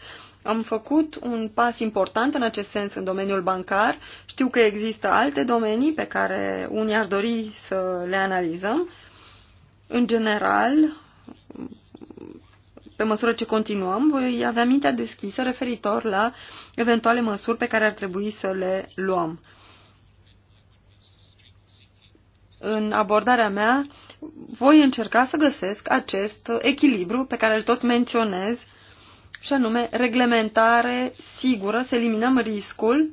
Am făcut un pas important în acest sens în domeniul bancar. Știu că există alte domenii pe care unii ar dori să le analizăm. În general, pe măsură ce continuăm, voi avea mintea deschisă referitor la eventuale măsuri pe care ar trebui să le luăm. În abordarea mea, voi încerca să găsesc acest echilibru pe care îl tot menționez și anume reglementare sigură, să eliminăm riscul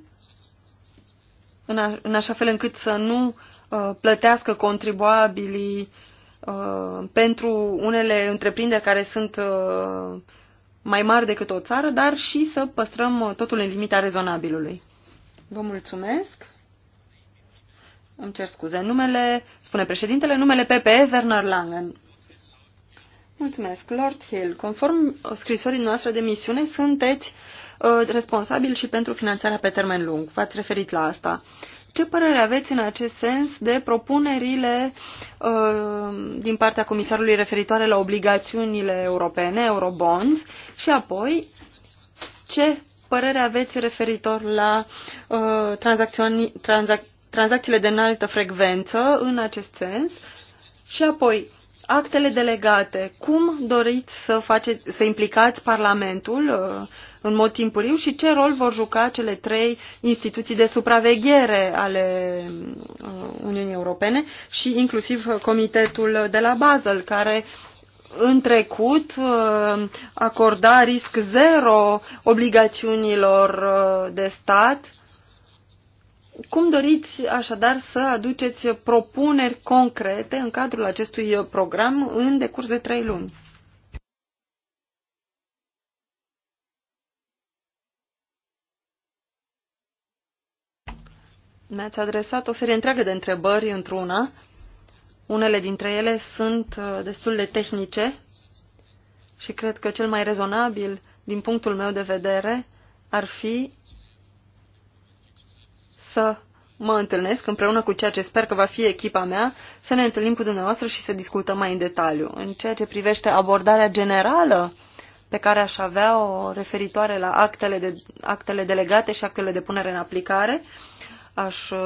în, a, în așa fel încât să nu uh, plătească contribuabilii uh, pentru unele întreprinderi care sunt uh, mai mari decât o țară, dar și să păstrăm totul în limita rezonabilului. Vă mulțumesc. Îmi cer scuze. Numele, spune președintele, numele PPE Werner Langen. Mulțumesc. Lord Hill, conform scrisorii noastre de misiune, sunteți uh, responsabil și pentru finanțarea pe termen lung. V-ați referit la asta. Ce părere aveți în acest sens de propunerile uh, din partea comisarului referitoare la obligațiunile europene, eurobonds, și apoi ce părere aveți referitor la uh, tranzacțiile de înaltă frecvență în acest sens? Și apoi, Actele delegate. Cum doriți să, face, să implicați Parlamentul uh, în mod timpuriu și ce rol vor juca cele trei instituții de supraveghere ale uh, Uniunii Europene și inclusiv Comitetul de la Basel, care în trecut uh, acorda risc zero obligațiunilor de stat cum doriți așadar să aduceți propuneri concrete în cadrul acestui program în decurs de trei luni? Mi-ați adresat o serie întreagă de întrebări într-una. Unele dintre ele sunt uh, destul de tehnice și cred că cel mai rezonabil din punctul meu de vedere ar fi să mă întâlnesc împreună cu ceea ce sper că va fi echipa mea, să ne întâlnim cu dumneavoastră și să discutăm mai în detaliu. În ceea ce privește abordarea generală pe care aș avea o referitoare la actele, de, actele delegate și actele de punere în aplicare, aș uh,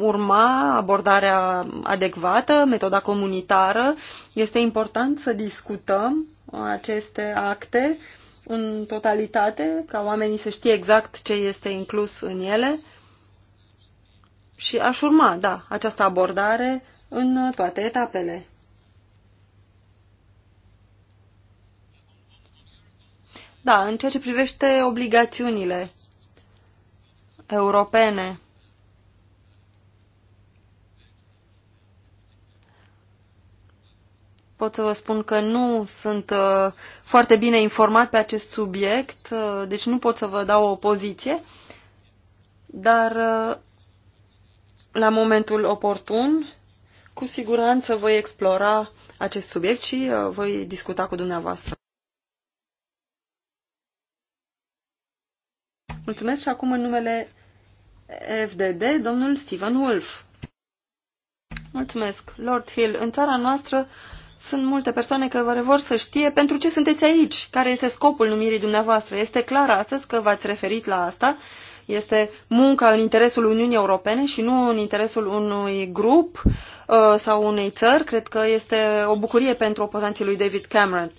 urma abordarea adecvată, metoda comunitară. Este important să discutăm aceste acte în totalitate, ca oamenii să știe exact ce este inclus în ele și aș urma, da, această abordare în toate etapele. Da, în ceea ce privește obligațiunile europene, pot să vă spun că nu sunt uh, foarte bine informat pe acest subiect, uh, deci nu pot să vă dau o poziție, dar uh, la momentul oportun. Cu siguranță voi explora acest subiect și uh, voi discuta cu dumneavoastră. Mulțumesc și acum în numele FDD, domnul Steven Wolf. Mulțumesc, Lord Hill. În țara noastră sunt multe persoane care vor să știe pentru ce sunteți aici, care este scopul numirii dumneavoastră. Este clar astăzi că v-ați referit la asta este munca în interesul Uniunii Europene și nu în interesul unui grup uh, sau unei țări. Cred că este o bucurie pentru opozanții lui David Cameron.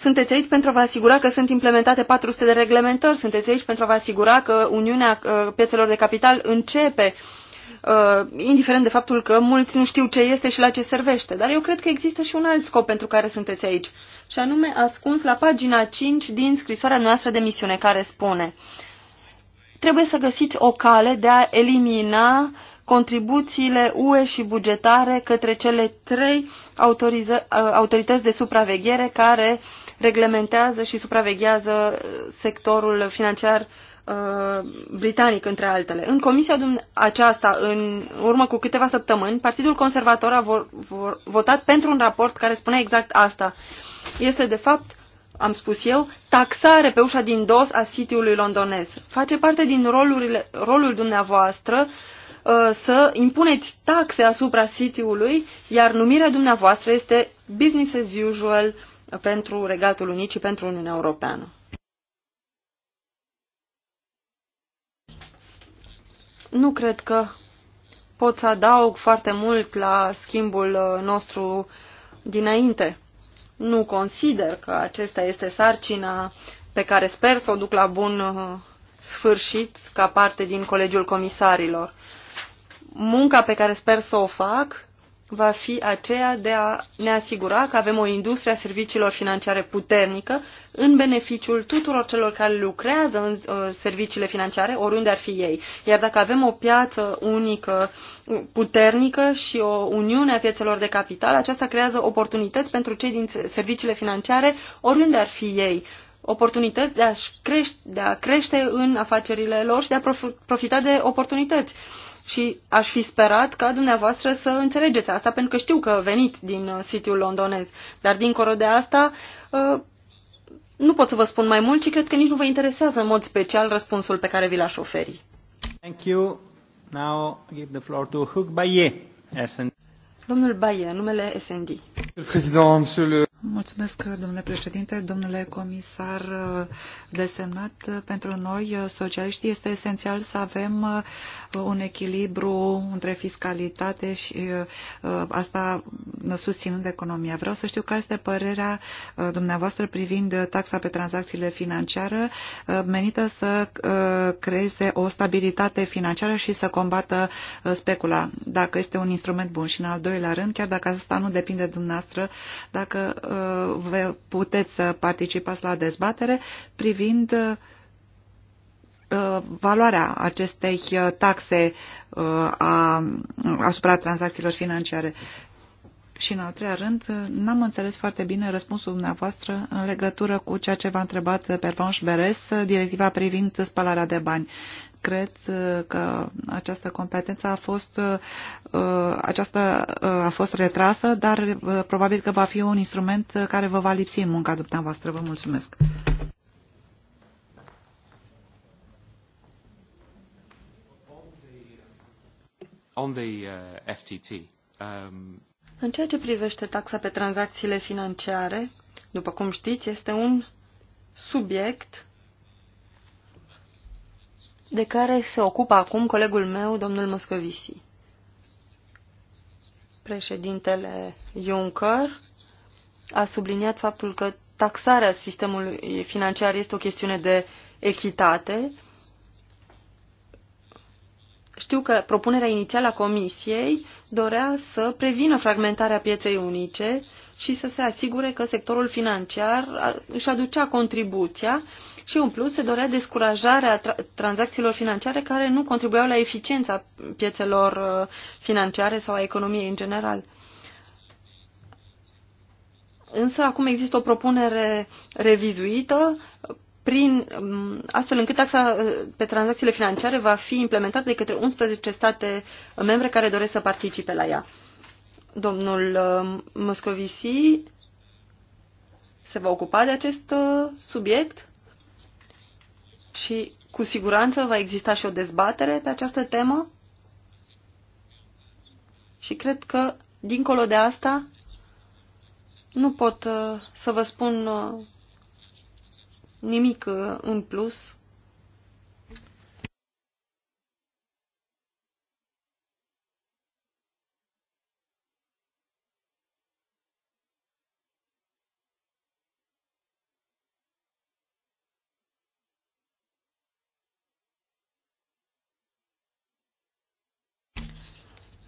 Sunteți aici pentru a vă asigura că sunt implementate 400 de reglementări, sunteți aici pentru a vă asigura că Uniunea uh, Piețelor de Capital începe uh, indiferent de faptul că mulți nu știu ce este și la ce servește. Dar eu cred că există și un alt scop pentru care sunteți aici, și anume ascuns la pagina 5 din scrisoarea noastră de misiune, care spune Trebuie să găsiți o cale de a elimina contribuțiile UE și bugetare către cele trei uh, autorități de supraveghere care reglementează și supraveghează uh, sectorul financiar uh, britanic, între altele. În comisia aceasta, în urmă cu câteva săptămâni, Partidul Conservator a vor, vor, votat pentru un raport care spune exact asta. Este, de fapt, am spus eu, taxare pe ușa din dos a sitiului londonez. Face parte din rolurile, rolul dumneavoastră uh, să impuneți taxe asupra sitiului, iar numirea dumneavoastră este business as usual pentru Regatul Unit și pentru Uniunea Europeană. Nu cred că pot să adaug foarte mult la schimbul uh, nostru dinainte. Nu consider că acesta este sarcina pe care sper să o duc la bun uh, sfârșit ca parte din Colegiul Comisarilor. Munca pe care sper să o fac va fi aceea de a ne asigura că avem o industrie a serviciilor financiare puternică în beneficiul tuturor celor care lucrează în uh, serviciile financiare, oriunde ar fi ei. Iar dacă avem o piață unică uh, puternică și o uniune a piețelor de capital, aceasta creează oportunități pentru cei din serviciile financiare, oriunde ar fi ei oportunități de a, crește, de a crește în afacerile lor și de a profita de oportunități. Și aș fi sperat ca dumneavoastră să înțelegeți asta, pentru că știu că veniți din uh, sitiul londonez. Dar dincolo de asta, uh, nu pot să vă spun mai mult ci cred că nici nu vă interesează în mod special răspunsul pe care vi l-aș oferi. Thank you. Now give the floor to Hugh Baye, SND. Domnul Baie, numele SND. Mulțumesc, domnule președinte, domnule comisar uh, desemnat. Uh, pentru noi, uh, socialiști, este esențial să avem un echilibru între fiscalitate și asta susținând economia. Vreau să știu care este părerea dumneavoastră privind taxa pe tranzacțiile financiare menită să creeze o stabilitate financiară și să combată specula, dacă este un instrument bun. Și în al doilea rând, chiar dacă asta nu depinde de dumneavoastră, dacă Uh, puteți să participați la dezbatere privind uh, valoarea acestei uh, taxe asupra tranzacțiilor financiare. Și în al treia rând, n-am înțeles foarte bine răspunsul dumneavoastră în legătură cu ceea ce v-a întrebat pe Vanș Beres, directiva privind spălarea de bani cred uh, că această competență a fost, uh, uh, aceasta a fost retrasă, dar probabil că va fi un instrument care vă va lipsi în munca dumneavoastră. Vă mulțumesc! On the uh, FTT, um... În ceea ce privește taxa pe tranzacțiile financiare, după cum știți, este un subiect de care se ocupă acum colegul meu, domnul Moscovici. Președintele Juncker a subliniat faptul că taxarea sistemului financiar este o chestiune de echitate. Știu că propunerea inițială a Comisiei dorea să prevină fragmentarea pieței unice și să se asigure că sectorul financiar își aducea contribuția și în plus se dorea descurajarea tra tranzacțiilor financiare care nu contribuiau la eficiența piețelor uh, financiare sau a economiei în general. Însă acum există o propunere revizuită prin, um, astfel încât taxa uh, pe tranzacțiile financiare va fi implementată de către 11 state membre care doresc să participe la ea. Domnul uh, Moscovici se va ocupa de acest uh, subiect și cu siguranță va exista și o dezbatere pe această temă. Și cred că, dincolo de asta, nu pot uh, să vă spun nimic în plus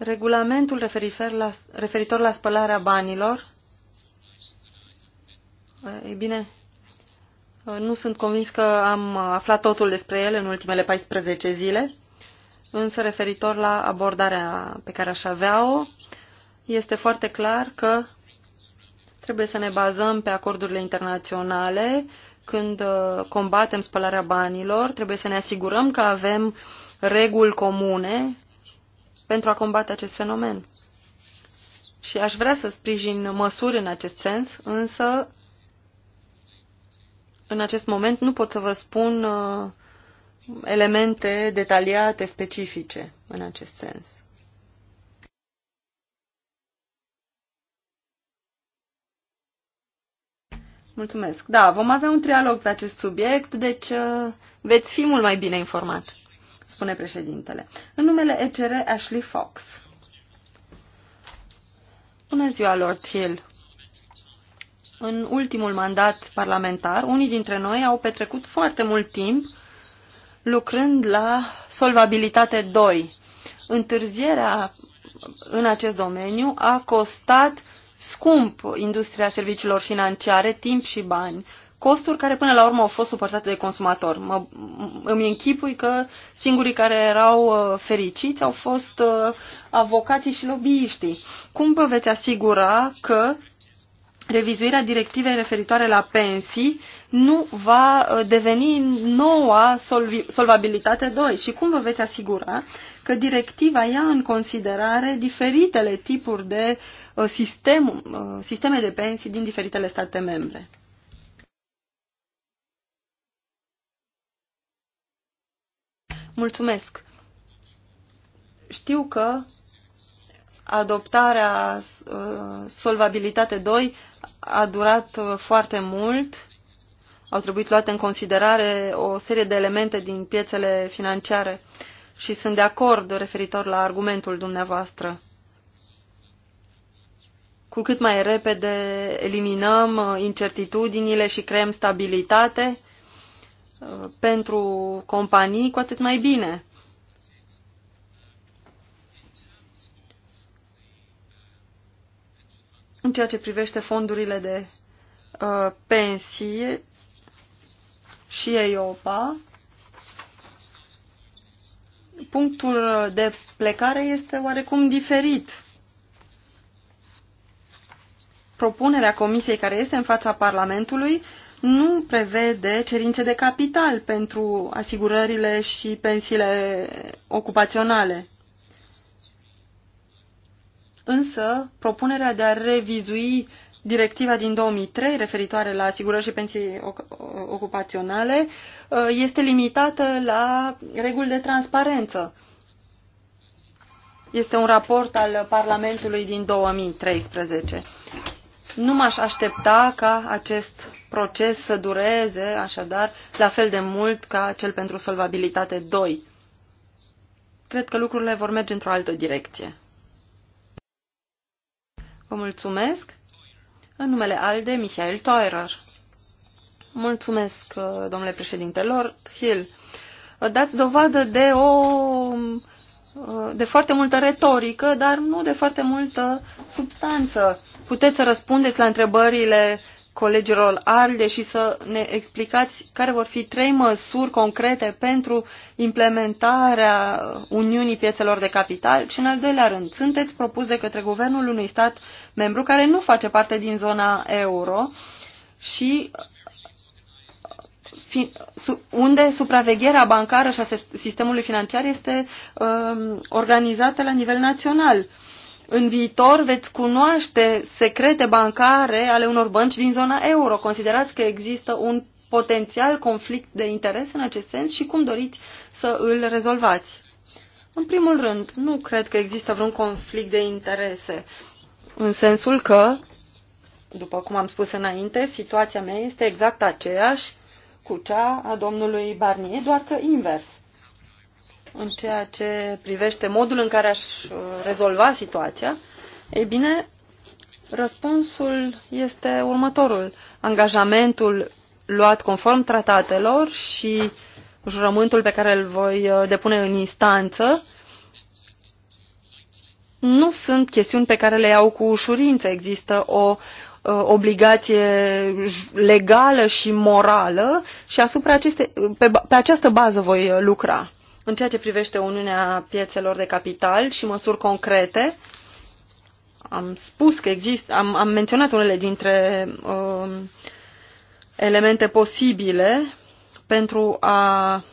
Regulamentul referitor la, referitor la spălarea banilor, ei bine, nu sunt convins că am aflat totul despre el în ultimele 14 zile, însă referitor la abordarea pe care aș avea-o, este foarte clar că trebuie să ne bazăm pe acordurile internaționale când uh, combatem spălarea banilor, trebuie să ne asigurăm că avem reguli comune pentru a combate acest fenomen. Și aș vrea să sprijin măsuri în acest sens, însă în acest moment nu pot să vă spun uh, elemente detaliate, specifice în acest sens. Mulțumesc. Da, vom avea un trialog pe acest subiect, deci uh, veți fi mult mai bine informat spune președintele. În numele ECR, Ashley Fox. Bună ziua, Lord Hill! În ultimul mandat parlamentar, unii dintre noi au petrecut foarte mult timp lucrând la solvabilitate 2. Întârzierea în acest domeniu a costat scump industria serviciilor financiare, timp și bani costuri care până la urmă au fost suportate de consumator. Mă, îmi închipui că singurii care erau uh, fericiți au fost uh, avocații și lobbyiștii. Cum vă veți asigura că revizuirea directivei referitoare la pensii nu va uh, deveni noua solvabilitate 2 și cum vă veți asigura că directiva ia în considerare diferitele tipuri de sistem, sisteme de pensii din diferitele state membre. Mulțumesc! Știu că adoptarea uh, Solvabilitate 2 a durat uh, foarte mult. Au trebuit luate în considerare o serie de elemente din piețele financiare și sunt de acord referitor la argumentul dumneavoastră. Cu cât mai repede eliminăm uh, incertitudinile și creăm stabilitate, pentru companii, cu atât mai bine. În ceea ce privește fondurile de uh, pensie și EIOPA, punctul de plecare este oarecum diferit. Propunerea comisiei care este în fața Parlamentului uh, nu prevede cerințe de capital pentru asigurările și pensiile ocupaționale. Însă, propunerea de a revizui directiva din 2003 referitoare la asigurări și pensii ocupaționale ă, este limitată la reguli de transparență. Este un raport al Parlamentului din 2013. Nu m-aș aștepta ca acest proces să dureze, așadar, la fel de mult ca cel pentru solvabilitate 2. Cred că lucrurile vor merge într-o altă direcție. Vă mulțumesc. În numele ALDE, Michael Teurer. Mulțumesc, uh, domnule președinte Lord Hill. Uh, dați dovadă de o uh, de foarte multă retorică, dar nu de foarte multă substanță. Puteți să răspundeți la întrebările colegilor ALDE și să ne explicați care vor fi trei măsuri concrete pentru implementarea Uniunii Piețelor de Capital și, în al doilea rând, sunteți propus de către guvernul unui stat membru care nu face parte din zona euro și uh, unde supravegherea bancară și a sistemului financiar este um, organizată la nivel național. Uh, în viitor veți cunoaște secrete bancare ale unor bănci din zona euro. Considerați că există un potențial conflict de interes în acest sens și cum doriți să îl rezolvați? În primul rând, nu cred că există vreun conflict de interese, în sensul că, după cum am spus înainte, situația mea este exact aceeași cu cea a domnului Barnier, doar că invers în ceea ce privește modul în care aș uh, rezolva situația, ei bine, răspunsul este următorul. Angajamentul luat conform tratatelor și jurământul pe care îl voi uh, depune în instanță nu sunt chestiuni pe care le iau cu ușurință. Există o uh, obligație legală și morală și asupra aceste, pe, pe această bază voi lucra în ceea ce privește Uniunea Piețelor de Capital și măsuri concrete. Am spus că există, am, am menționat unele dintre uh, elemente posibile pentru a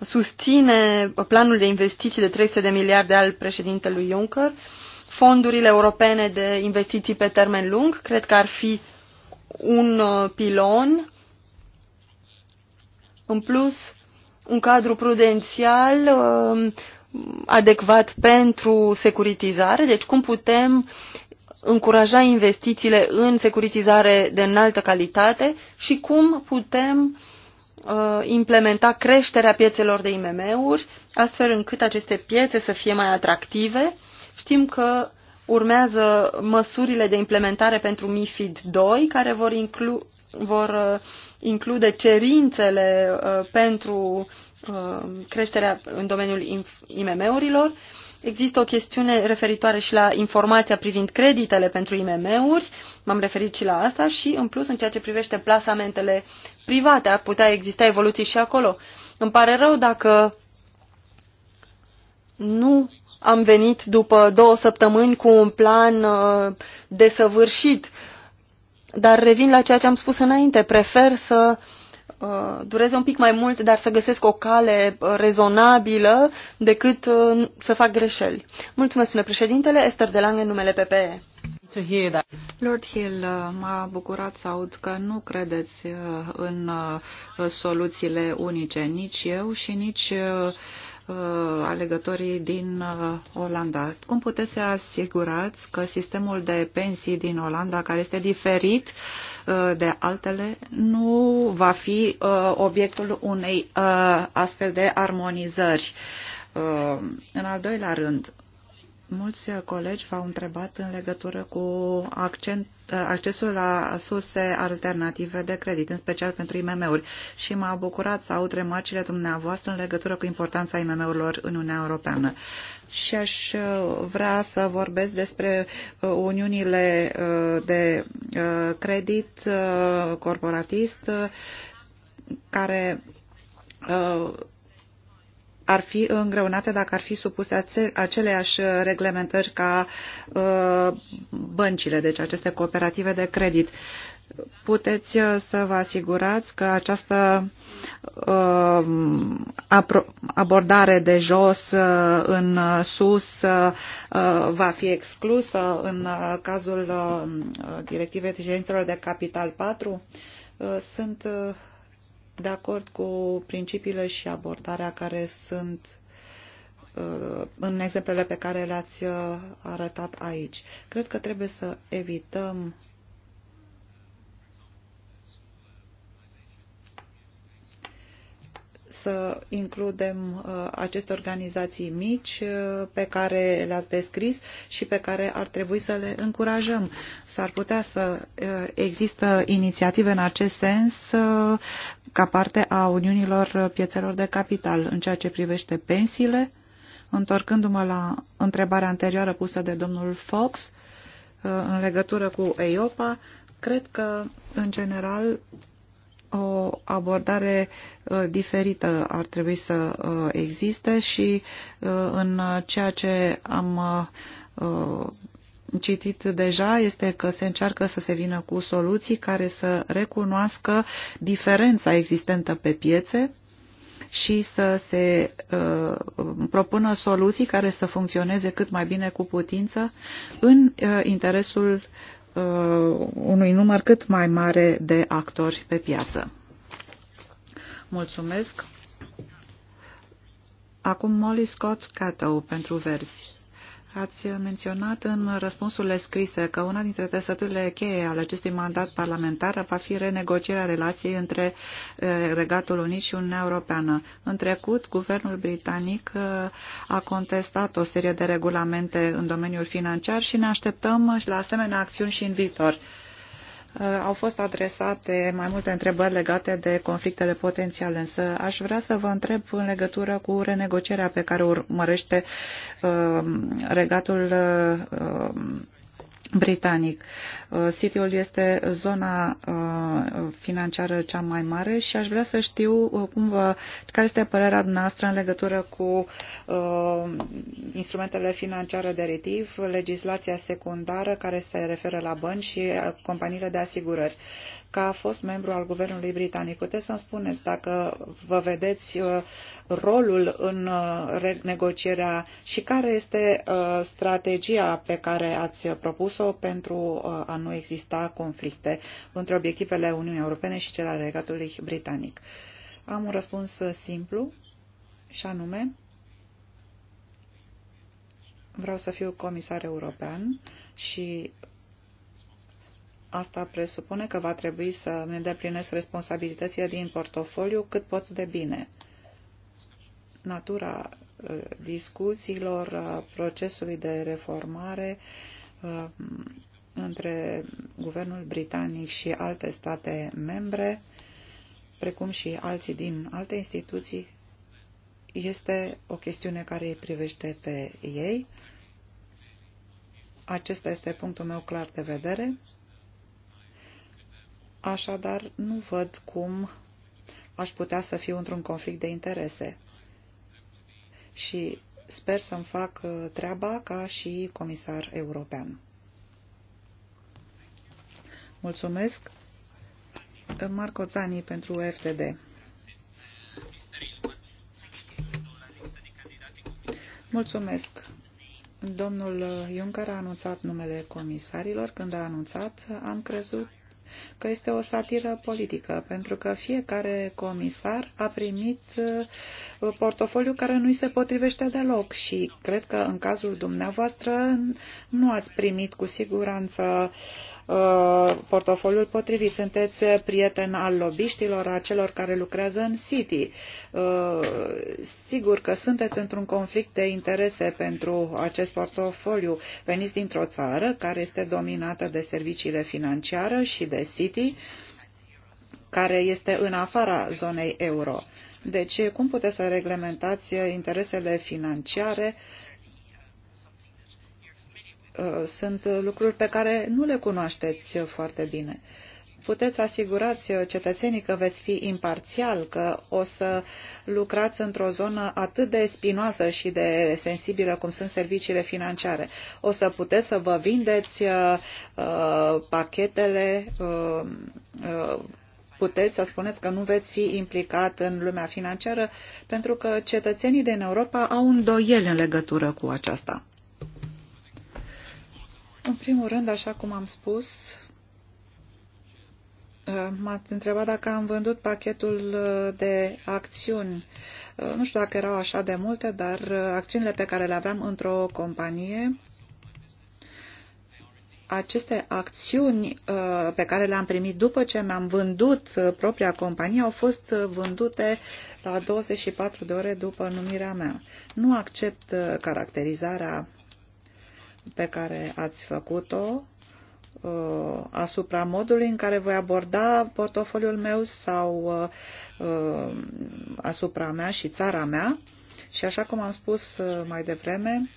susține planul de investiții de 300 de miliarde al președintelui Juncker, fondurile europene de investiții pe termen lung, cred că ar fi un uh, pilon. În plus, un cadru prudențial um, adecvat pentru securitizare, deci cum putem încuraja investițiile în securitizare de înaltă calitate și cum putem uh, implementa creșterea piețelor de IMM-uri, astfel încât aceste piețe să fie mai atractive. Știm că urmează măsurile de implementare pentru MIFID 2, care vor inclu vor uh, include cerințele uh, pentru uh, creșterea în domeniul IMM-urilor. Există o chestiune referitoare și la informația privind creditele pentru IMM-uri, m-am referit și la asta și, în plus, în ceea ce privește plasamentele private, ar putea exista evoluții și acolo. Îmi pare rău dacă nu am venit după două săptămâni cu un plan uh, desăvârșit. Uh, dar revin la ceea ce am spus înainte. Prefer să uh, dureze un pic mai mult, dar să găsesc o cale uh, rezonabilă decât uh, să fac greșeli. Mulțumesc, spune președintele. Esther de Lange, numele PPE. Lord Hill, m-a bucurat să aud că nu credeți în soluțiile unice, nici eu și nici Uh, alegătorii din uh, Olanda. Cum puteți să asigurați că sistemul de pensii din Olanda, care este diferit uh, de altele, nu va fi obiectul unei astfel de armonizări? În al doilea rând, Mulți colegi v-au întrebat în legătură cu accent, accesul la surse alternative de credit, în special pentru IMM-uri. Și m-a bucurat să aud remarcile dumneavoastră în legătură cu importanța IMM-urilor în Uniunea Europeană. Și aș uh, vrea să vorbesc despre uh, uniunile uh, de credit corporatist care ar fi îngreunate dacă ar fi supuse aceleași reglementări ca uh, băncile, deci aceste cooperative de credit. Puteți uh, să vă asigurați că această uh, abordare de jos în sus va fi exclusă în cazul directivei eficiențelor de capital 4? Sunt de acord cu principiile și abordarea care sunt uh, în exemplele pe care le-ați uh, arătat aici. Cred că trebuie să evităm să includem uh, aceste organizații mici uh, pe care le-ați descris și pe care ar trebui să le încurajăm. S-ar putea să uh, există inițiative în acest sens ca parte a Uniunilor Piețelor de Capital în ceea ce privește pensiile. Întorcându-mă la întrebarea anterioară pusă de domnul Fox în legătură cu EIOPA, cred că, în general, o abordare uh, diferită ar trebui să uh, existe și uh, în ceea ce am citit deja este că se încearcă să se vină cu soluții care să recunoască diferența existentă pe piețe și să se propună soluții care să funcționeze cât mai bine cu putință în interesul Uh, unui număr cât mai mare de actori pe piață. Mulțumesc. Acum Molly Scott Cato pentru versi. Ați menționat în răspunsurile scrise că una dintre trăsăturile cheie ale acestui mandat parlamentar va fi renegocierea relației între Regatul Unit și Uniunea Europeană. În trecut, guvernul britanic a contestat o serie de regulamente în domeniul financiar și ne așteptăm la asemenea acțiuni și în viitor. Uh, au fost adresate mai multe întrebări legate de conflictele potențiale, însă aș vrea să vă întreb în legătură cu renegocierea pe care urmărește uh, Regatul uh, britanic. Uh, City-ul este zona uh, financiară cea mai mare și aș vrea să știu uh, cum vă, care este părerea noastră în legătură cu instrumentele financiare deritiv, legislația secundară care se referă la bănci și companiile de asigurări ca fost membru al guvernului britanic. Puteți să-mi spuneți dacă vă vedeți uh, rolul în uh, negocierea și care este uh, strategia pe care ați propus-o pentru a nu exista conflicte între obiectivele Uniunii Europene și cele ale legatului britanic. Am un răspuns simplu și anume vreau să fiu comisar european și Asta presupune că va trebui să îmi îndeplinesc responsabilitățile din portofoliu cât pot de bine. Natura uh, discuțiilor, uh, procesului de reformare uh, între guvernul britanic și alte state membre, precum și alții din alte instituții, este o chestiune care îi privește pe ei. Acesta este punctul meu clar de vedere. Așadar, nu văd cum aș putea să fiu într-un conflict de interese. Și sper să-mi fac uh, treaba ca și comisar european. Mulțumesc. Marco Zani pentru FTD. Mulțumesc. Domnul Juncker a anunțat numele comisarilor. Când a anunțat, am crezut că este o satiră politică, pentru că fiecare comisar a primit uh, portofoliu care nu îi se potrivește deloc și cred că în cazul dumneavoastră nu ați primit cu siguranță uh, Uh, portofoliul potrivit. Sunteți prieten al lobiștilor, a celor care lucrează în City. Uh, sigur că sunteți într-un conflict de interese pentru acest portofoliu. Veniți dintr-o țară care este dominată de serviciile financiare și de City, care este în afara zonei euro. Deci, cum puteți să reglementați interesele financiare uh, Uh, sunt lucruri pe care nu le cunoașteți foarte bine. Puteți asigurați uh, cetățenii că veți fi imparțial, că o să lucrați într-o zonă atât de spinoasă și de sensibilă cum sunt serviciile financiare. O să puteți să vă vindeți uh, uh pachetele, uh, uh, puteți să spuneți că nu veți fi implicat în lumea financiară, pentru că cetățenii din Europa au îndoieli în legătură cu aceasta. În primul rând, așa cum am spus, uh, M-ați întrebat dacă am vândut pachetul uh, de acțiuni. Uh, nu știu dacă erau așa de multe, dar acțiunile pe care le aveam într-o companie, aceste acțiuni pe care le-am primit după ce mi-am vândut propria companie au fost vândute la 24 de ore după numirea mea. Nu accept caracterizarea pe care ați făcut-o uh, asupra modului în care voi aborda portofoliul meu sau uh, uh, asupra mea și țara mea. Și așa cum am spus mai devreme,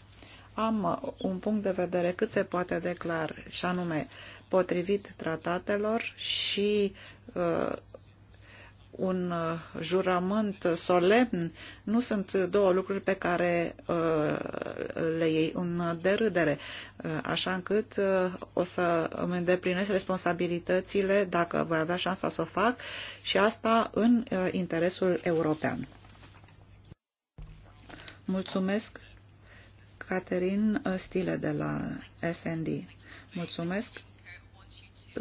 am un punct de vedere cât se poate de clar, și anume potrivit tratatelor și un uh, jurământ solemn nu sunt două lucruri pe care uh, le iei în derâdere, uh, așa încât o să îmi îndeplinesc responsabilitățile dacă voi avea șansa să o fac și asta în interesul european. Mulțumesc, Caterin Stile de la SND. Mulțumesc.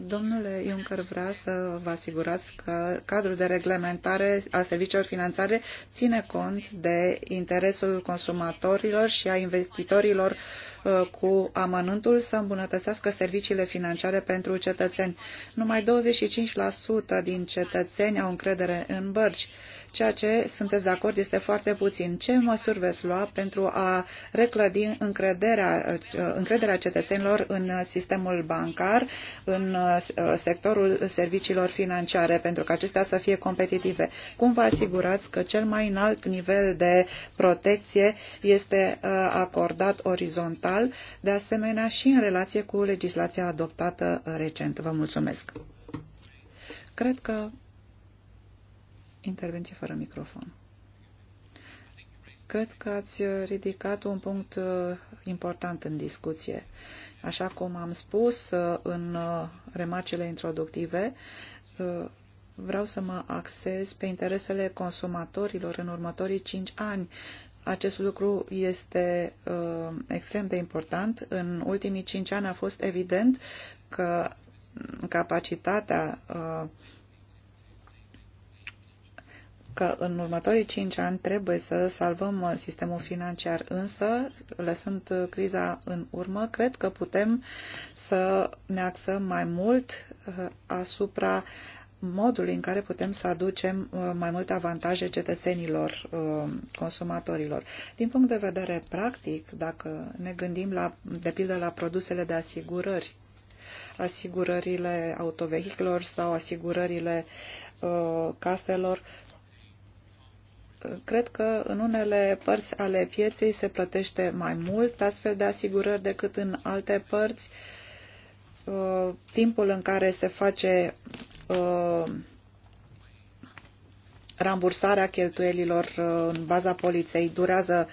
Domnule Juncker, vrea să vă asigurați că cadrul de reglementare a serviciilor financiare ține cont de interesul consumatorilor și a investitorilor uh, cu amănântul să îmbunătățească serviciile financiare pentru cetățeni. Numai 25% din cetățeni au încredere în bărci Ceea ce sunteți de acord este foarte puțin. Ce măsuri veți lua pentru a reclădi încrederea, încrederea cetățenilor în sistemul bancar, în uh, sectorul serviciilor financiare, pentru că acestea să fie competitive? Cum vă asigurați că cel mai înalt nivel de protecție este uh, acordat orizontal, de asemenea și în relație cu legislația adoptată recent? Vă mulțumesc! Cred că Intervenție fără microfon. Cred că ați ridicat un punct uh, important în discuție. Așa cum am spus uh, în uh, remarcele introductive, vreau să mă axez pe interesele consumatorilor în următorii cinci ani. Acest lucru este extrem de important. În ultimii cinci ani a fost evident că capacitatea uh, că în următorii cinci ani trebuie să salvăm uh, sistemul financiar, însă, lăsând uh, criza în urmă, cred că putem să ne axăm mai mult uh, asupra modului în care putem să aducem mai multe avantaje cetățenilor, consumatorilor. Din punct de vedere practic, dacă ne gândim la, de pildă la produsele de asigurări, asigurările autovehiclor sau asigurările uh, caselor Cred că în unele părți ale pieței se plătește mai mult astfel de asigurări decât în alte părți. Uh, timpul în care se face uh, rambursarea cheltuielilor uh, în baza poliței durează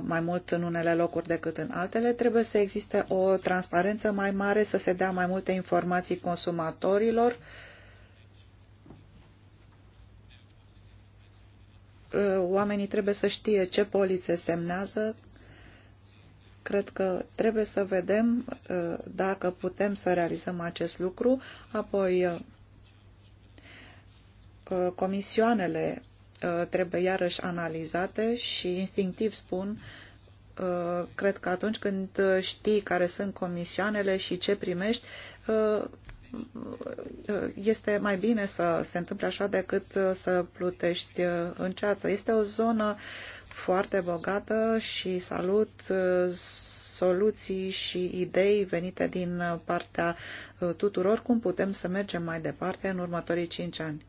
mai mult în unele locuri decât în altele, trebuie să existe o transparență mai mare, să se dea mai multe informații consumatorilor uh, Uh, oamenii trebuie să știe ce polițe semnează. Cred că trebuie să vedem uh, dacă putem să realizăm acest lucru. Apoi, uh, comisioanele trebuie iarăși analizate și instinctiv spun cred că atunci când știi care sunt comisioanele și ce primești, este mai bine să se întâmple așa decât să plutești în ceață. Este o zonă foarte bogată și salut uh, soluții și idei venite din partea uh, tuturor cum putem să mergem mai departe în următorii cinci ani.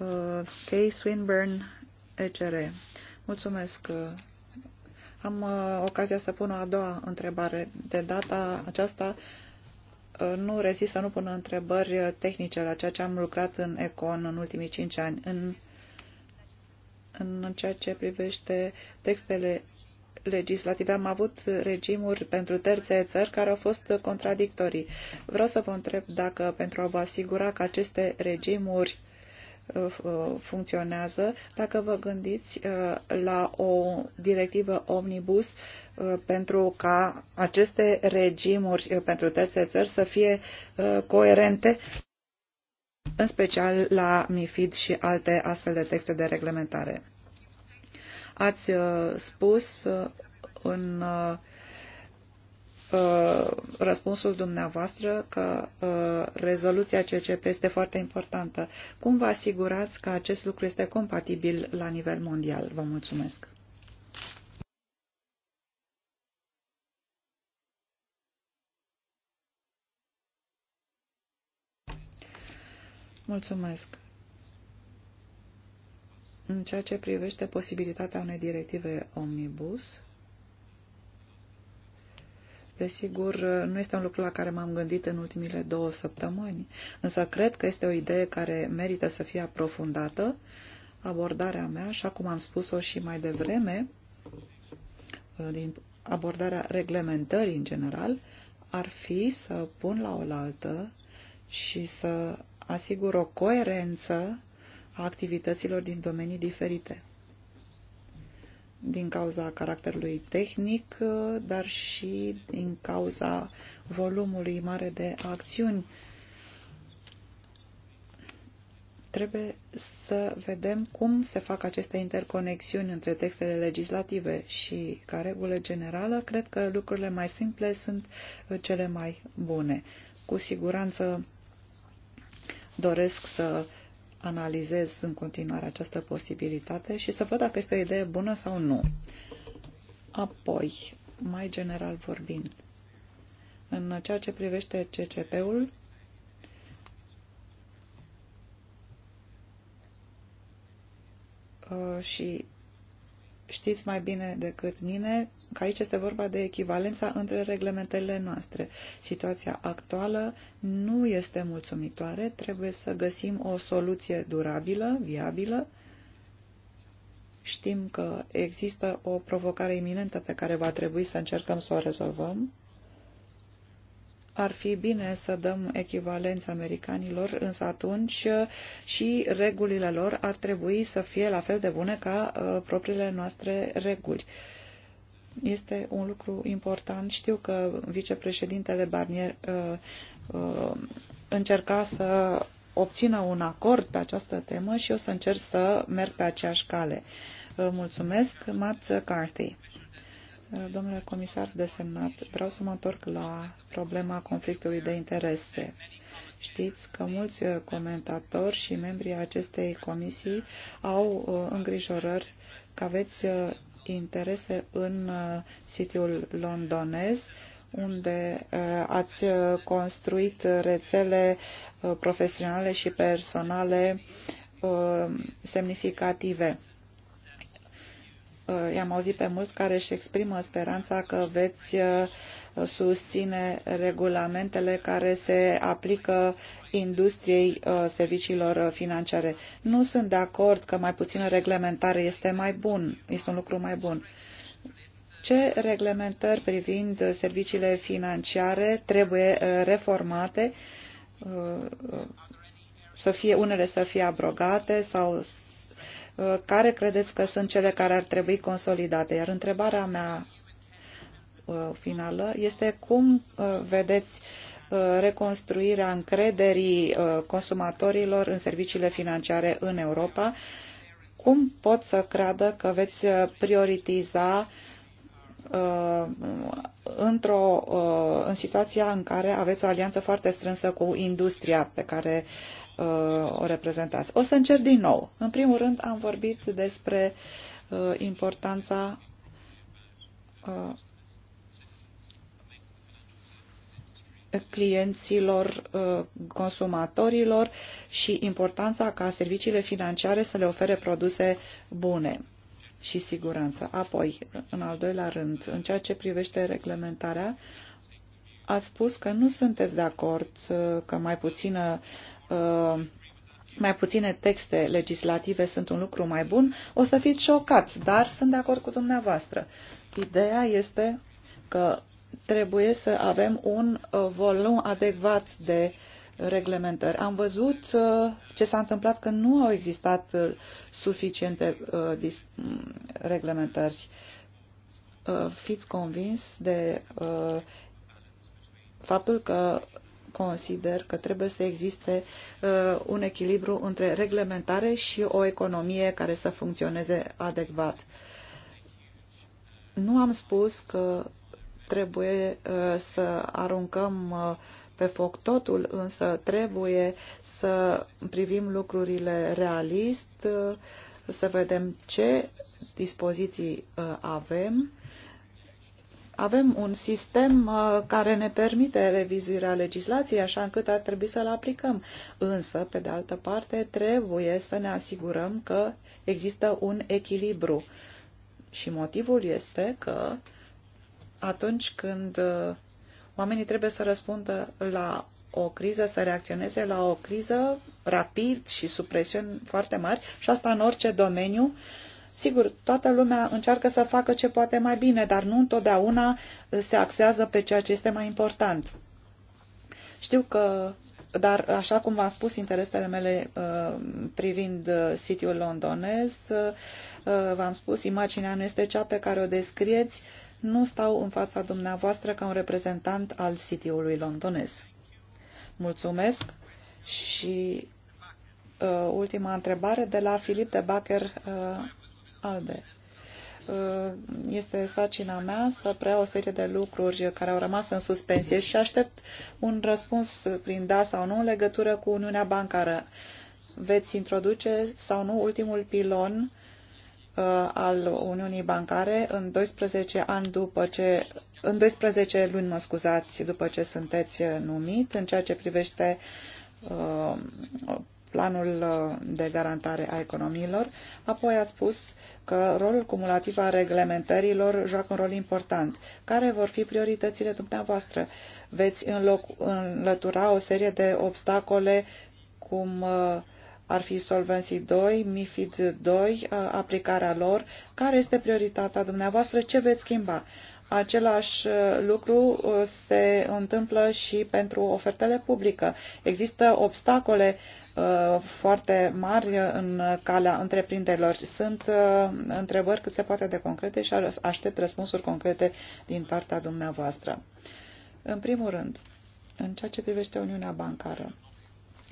Uh, Kay Swinburne, ECR. Mulțumesc. Am ocazia să pun o a doua întrebare. De data aceasta nu rezist să nu pun întrebări tehnice la ceea ce am lucrat în Econ în ultimii cinci ani. În, în ceea ce privește textele legislative, am avut regimuri pentru terțe țări care au fost contradictorii. Vreau să vă întreb dacă pentru a vă asigura că aceste regimuri funcționează. Dacă vă gândiți uh, la o directivă omnibus uh, pentru ca aceste regimuri uh, pentru terțe țări să fie coerente, în special la MIFID și alte astfel de texte de reglementare. Ați spus în uh, răspunsul dumneavoastră că uh, rezoluția CCP este foarte importantă. Cum vă asigurați că acest lucru este compatibil la nivel mondial? Vă mulțumesc. Mulțumesc. În ceea ce privește posibilitatea unei directive omnibus, Desigur, nu este un lucru la care m-am gândit în ultimile două săptămâni, însă cred că este o idee care merită să fie aprofundată. Abordarea mea, așa cum am spus-o și mai devreme, din abordarea reglementării în general, ar fi să pun la oaltă și să asigur o coerență a activităților din domenii diferite din cauza caracterului tehnic, dar și din cauza volumului mare de acțiuni. Trebuie să vedem cum se fac aceste interconexiuni între textele legislative și, ca regulă generală, cred că lucrurile mai simple sunt uh, cele mai bune. Cu siguranță doresc să uh, analizez în continuare această posibilitate și să văd dacă este o idee bună sau nu. Apoi, mai general vorbind, în ceea ce privește CCP-ul, uh, și știți mai bine decât mine că aici este vorba de echivalența între reglementele noastre. Situația actuală nu este mulțumitoare, trebuie să găsim o soluție durabilă, viabilă. Știm că există o provocare iminentă pe care va trebui să încercăm să o rezolvăm. Ar fi bine să dăm echivalența americanilor, însă atunci și regulile lor ar trebui să fie la fel de bune ca uh, propriile noastre reguli. Uh, este un lucru important. Știu că vicepreședintele Barnier uh, uh, încerca să obțină un acord pe această temă și o să încerc să merg pe aceeași cale. Uh, mulțumesc, Matt Carthy. Domnule comisar desemnat, vreau să mă întorc la problema conflictului de interese. Știți că mulți comentatori și membrii acestei comisii au îngrijorări că aveți interese în uh, sitiul londonez, unde uh, ați uh, construit rețele profesionale și personale semnificative. I-am auzit pe mulți care își exprimă speranța că veți susține regulamentele care se aplică industriei uh, serviciilor uh, financiare. Nu sunt de acord că mai puțină reglementare este mai bun, este un lucru mai bun. Ce reglementări privind serviciile financiare trebuie uh, reformate, să fie unele să fie abrogate sau care credeți că sunt cele care ar trebui consolidate? Iar întrebarea mea Uh, finală este cum uh, vedeți uh, reconstruirea încrederii consumatorilor în serviciile financiare în Europa, cum pot să creadă că veți prioritiza într-o, în situația în care aveți o alianță foarte strânsă cu industria pe care o reprezentați. O să încerc din nou. În primul rând am vorbit despre importanța clienților, uh, consumatorilor și importanța ca serviciile financiare să le ofere produse bune și siguranță. Apoi, în al doilea rând, în ceea ce privește reglementarea, ați spus că nu sunteți de acord uh, că mai puțină uh, mai puține texte legislative sunt un lucru mai bun, o să fiți șocați, dar sunt de acord cu dumneavoastră. Ideea este că trebuie să avem un uh, volum adecvat de reglementări. Am văzut uh, ce s-a întâmplat că nu au existat uh, suficiente mm, reglementări. Fiți convins de faptul că consider că trebuie să existe uh, un echilibru între reglementare și o economie care să funcționeze adecvat. Nu am spus că trebuie uh, să aruncăm uh, pe foc totul, însă trebuie să privim lucrurile realist, uh, să vedem ce dispoziții avem. Avem un sistem care ne permite revizuirea legislației, așa încât ar trebui să-l aplicăm. Însă, pe de altă parte, trebuie să ne asigurăm că există un echilibru. Și motivul este că atunci când uh, oamenii trebuie să răspundă la o criză, să reacționeze la o criză rapid și sub presiuni foarte mari și asta în orice domeniu. Sigur, toată lumea încearcă să facă ce poate mai bine, dar nu întotdeauna se axează pe ceea ce este mai important. Știu că, dar așa cum v-am spus, interesele mele uh, privind uh, sitiul londonez, uh, uh v-am spus, imaginea nu este cea pe care o descrieți, uh, nu stau în fața dumneavoastră ca un reprezentant al City-ului londonez. Mulțumesc și uh, ultima întrebare de la Filip de Bacher uh, Alde. Uh, este sacina mea să preia o serie de lucruri care au rămas în suspensie și aștept un răspuns prin da sau nu în legătură cu Uniunea Bancară. Veți introduce sau nu ultimul pilon uh, Uh, al Uniunii Bancare în 12 ani după ce în 12 luni, mă scuzați, după ce sunteți numit, în ceea ce privește uh, planul de garantare a economiilor. Apoi ați spus că rolul cumulativ al reglementărilor joacă un rol important. Care vor fi prioritățile dumneavoastră? Veți înlătura o serie de obstacole cum uh, ar fi Solvency 2, MIFID 2, uh, aplicarea lor, care este prioritatea dumneavoastră, ce veți schimba. Același uh, lucru uh, se întâmplă și pentru ofertele publică. Există obstacole foarte mari în calea întreprinderilor. Sunt întrebări cât se poate de concrete și aștept răspunsuri concrete din partea dumneavoastră. În primul rând, în ceea ce privește Uniunea Bancară,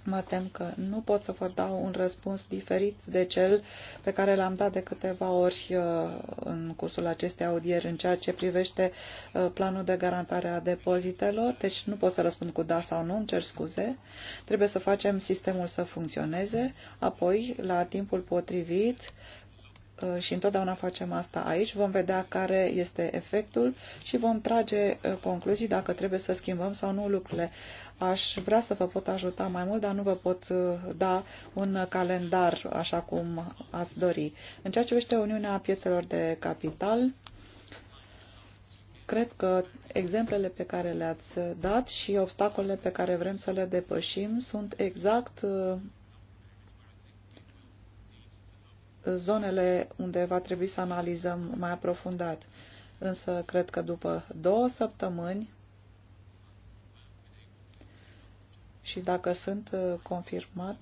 Mă tem că nu pot să vă dau un răspuns diferit de cel pe care l-am dat de câteva ori uh, în cursul acestei audieri în ceea ce privește uh, planul de garantare a depozitelor. Deci nu pot să răspund cu da sau nu, îmi cer scuze. Trebuie să facem sistemul să funcționeze, apoi, la timpul potrivit, Uh, și întotdeauna facem asta aici, vom vedea care este efectul și vom trage uh, concluzii dacă trebuie să schimbăm sau nu lucrurile. Aș vrea să vă pot ajuta mai mult, dar nu vă pot uh, da un calendar așa cum ați dori. În ceea ce vește Uniunea Piețelor de Capital, cred că exemplele pe care le-ați dat și obstacolele pe care vrem să le depășim sunt exact zonele unde va trebui să analizăm mai aprofundat. Însă cred că după două săptămâni și dacă sunt uh, confirmat,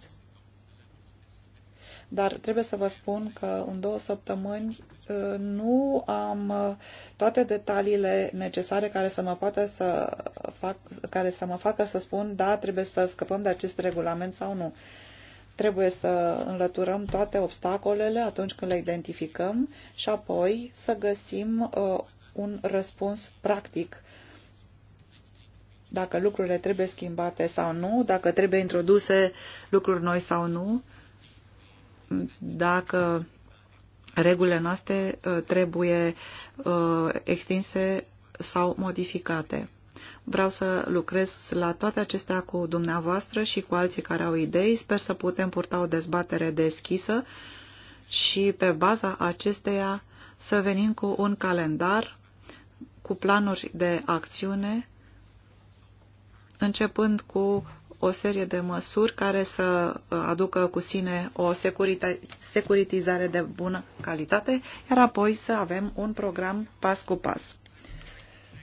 dar trebuie să vă spun că în două săptămâni uh, nu am uh, toate detaliile necesare care să mă poată să fac, care să mă facă să spun da, trebuie să scăpăm de acest regulament sau nu. Trebuie să înlăturăm toate obstacolele atunci când le identificăm și apoi să găsim uh, un răspuns practic dacă lucrurile trebuie schimbate sau nu, dacă trebuie introduse lucruri noi sau nu, dacă regulile noastre uh, trebuie uh, extinse sau modificate. Vreau să lucrez la toate acestea cu dumneavoastră și cu alții care au idei. Sper să putem purta o dezbatere deschisă și pe baza acesteia să venim cu un calendar, cu planuri de acțiune, începând cu o serie de măsuri care să uh, aducă cu sine o securitizare de bună calitate, iar apoi să avem un program pas cu pas.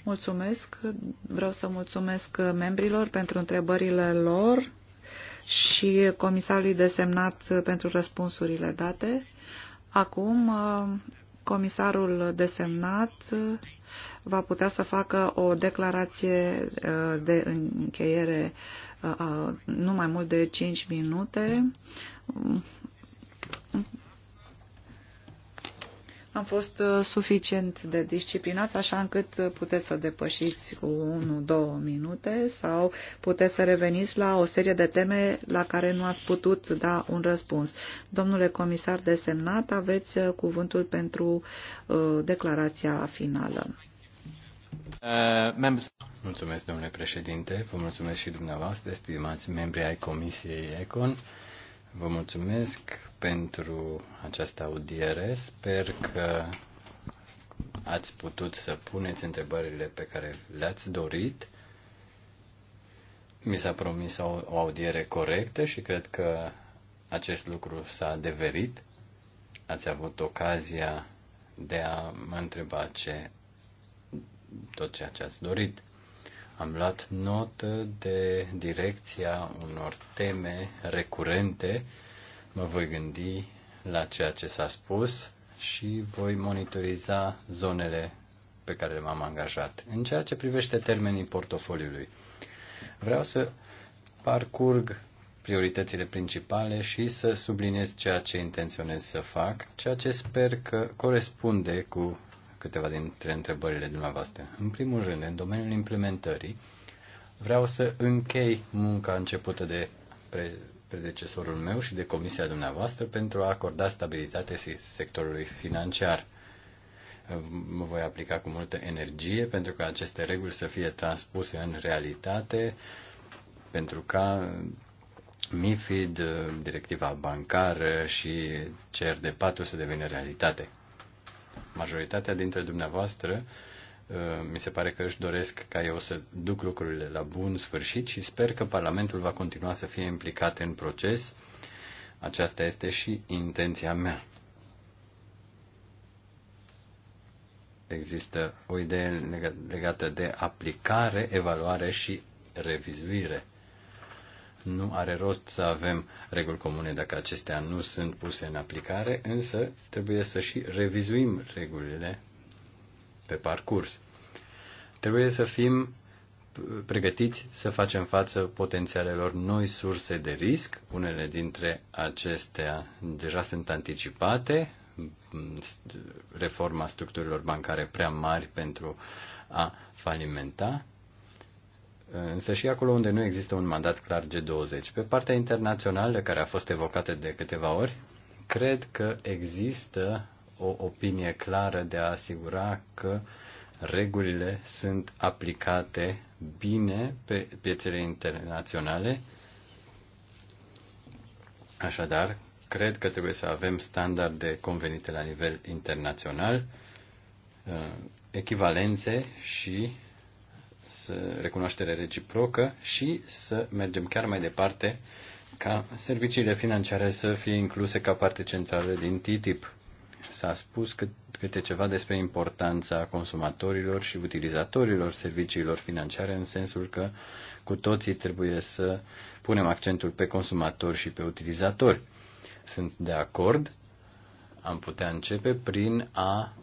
Mulțumesc. Vreau să mulțumesc membrilor pentru întrebările lor și comisarului desemnat pentru răspunsurile date. Acum, comisarul desemnat va putea să facă o declarație uh, de încheiere uh, uh, nu mai mult de 5 minute am fost uh, suficient de disciplinați, așa încât uh, puteți să depășiți cu 1-2 minute sau puteți să reveniți la o serie de teme la care nu ați putut da un răspuns. Domnule comisar desemnat, aveți uh, cuvântul pentru declarația finală. Mulțumesc, domnule președinte, vă mulțumesc și dumneavoastră, stimați membri ai Comisiei ECON. Vă mulțumesc pentru această audiere. Sper că ați putut să puneți întrebările pe care le-ați dorit. Mi s-a promis o, o audiere corectă și cred că acest lucru s-a adeverit. Ați avut ocazia de a mă întreba ce, tot ceea ce ați dorit. Am luat notă de direcția unor teme recurente. Mă voi gândi la ceea ce s-a spus și voi monitoriza zonele pe care m-am angajat. În ceea ce privește termenii portofoliului, vreau să parcurg prioritățile principale și să subliniez ceea ce intenționez să fac, ceea ce sper că corespunde cu câteva dintre întrebările dumneavoastră. În primul rând, în domeniul implementării, vreau să închei munca începută de pre- predecesorul meu și de comisia dumneavoastră pentru a acorda stabilitate sectorului financiar. Mă voi aplica cu multă energie pentru ca aceste reguli să fie transpuse în realitate, pentru ca MIFID, directiva bancară și CRD4 să devină realitate majoritatea dintre dumneavoastră uh, mi se pare că își doresc ca eu să duc lucrurile la bun sfârșit și sper că Parlamentul va continua să fie implicat în proces. Aceasta este și intenția mea. Există o idee legată de aplicare, evaluare și revizuire. Nu are rost să avem reguli comune dacă acestea nu sunt puse în aplicare, însă trebuie să și revizuim regulile pe parcurs. Trebuie să fim pregătiți să facem față potențialelor noi surse de risc. Unele dintre acestea deja sunt anticipate, reforma structurilor bancare prea mari pentru a falimenta însă și acolo unde nu există un mandat clar G20. Pe partea internațională, care a fost evocată de câteva ori, cred că există o opinie clară de a asigura că regulile sunt aplicate bine pe piețele internaționale. Așadar, cred că trebuie să avem standarde convenite la nivel internațional, echivalențe și să recunoaștere reciprocă și să mergem chiar mai departe ca serviciile financiare să fie incluse ca parte centrală din TTIP. S-a spus că, câte ceva despre importanța consumatorilor și utilizatorilor serviciilor financiare în sensul că cu toții trebuie să punem accentul pe consumatori și pe utilizatori. Sunt de acord, am putea începe prin a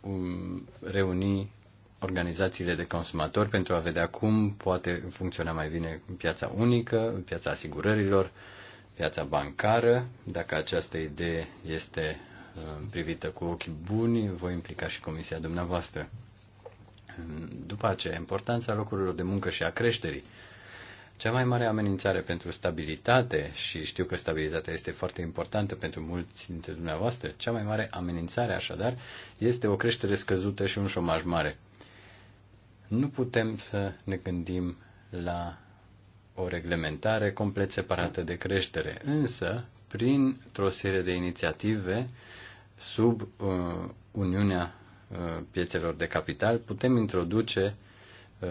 um, reuni organizațiile de consumatori pentru a vedea cum poate funcționa mai bine piața unică, piața asigurărilor, piața bancară. Dacă această idee este uh, privită cu ochi buni, voi implica și comisia dumneavoastră. După aceea, importanța locurilor de muncă și a creșterii. Cea mai mare amenințare pentru stabilitate, și știu că stabilitatea este foarte importantă pentru mulți dintre dumneavoastră, cea mai mare amenințare așadar este o creștere scăzută și un șomaj mare. Nu putem să ne gândim la o reglementare complet separată de creștere, însă, printr-o serie de inițiative sub uh, Uniunea uh, Piețelor de Capital, putem introduce uh,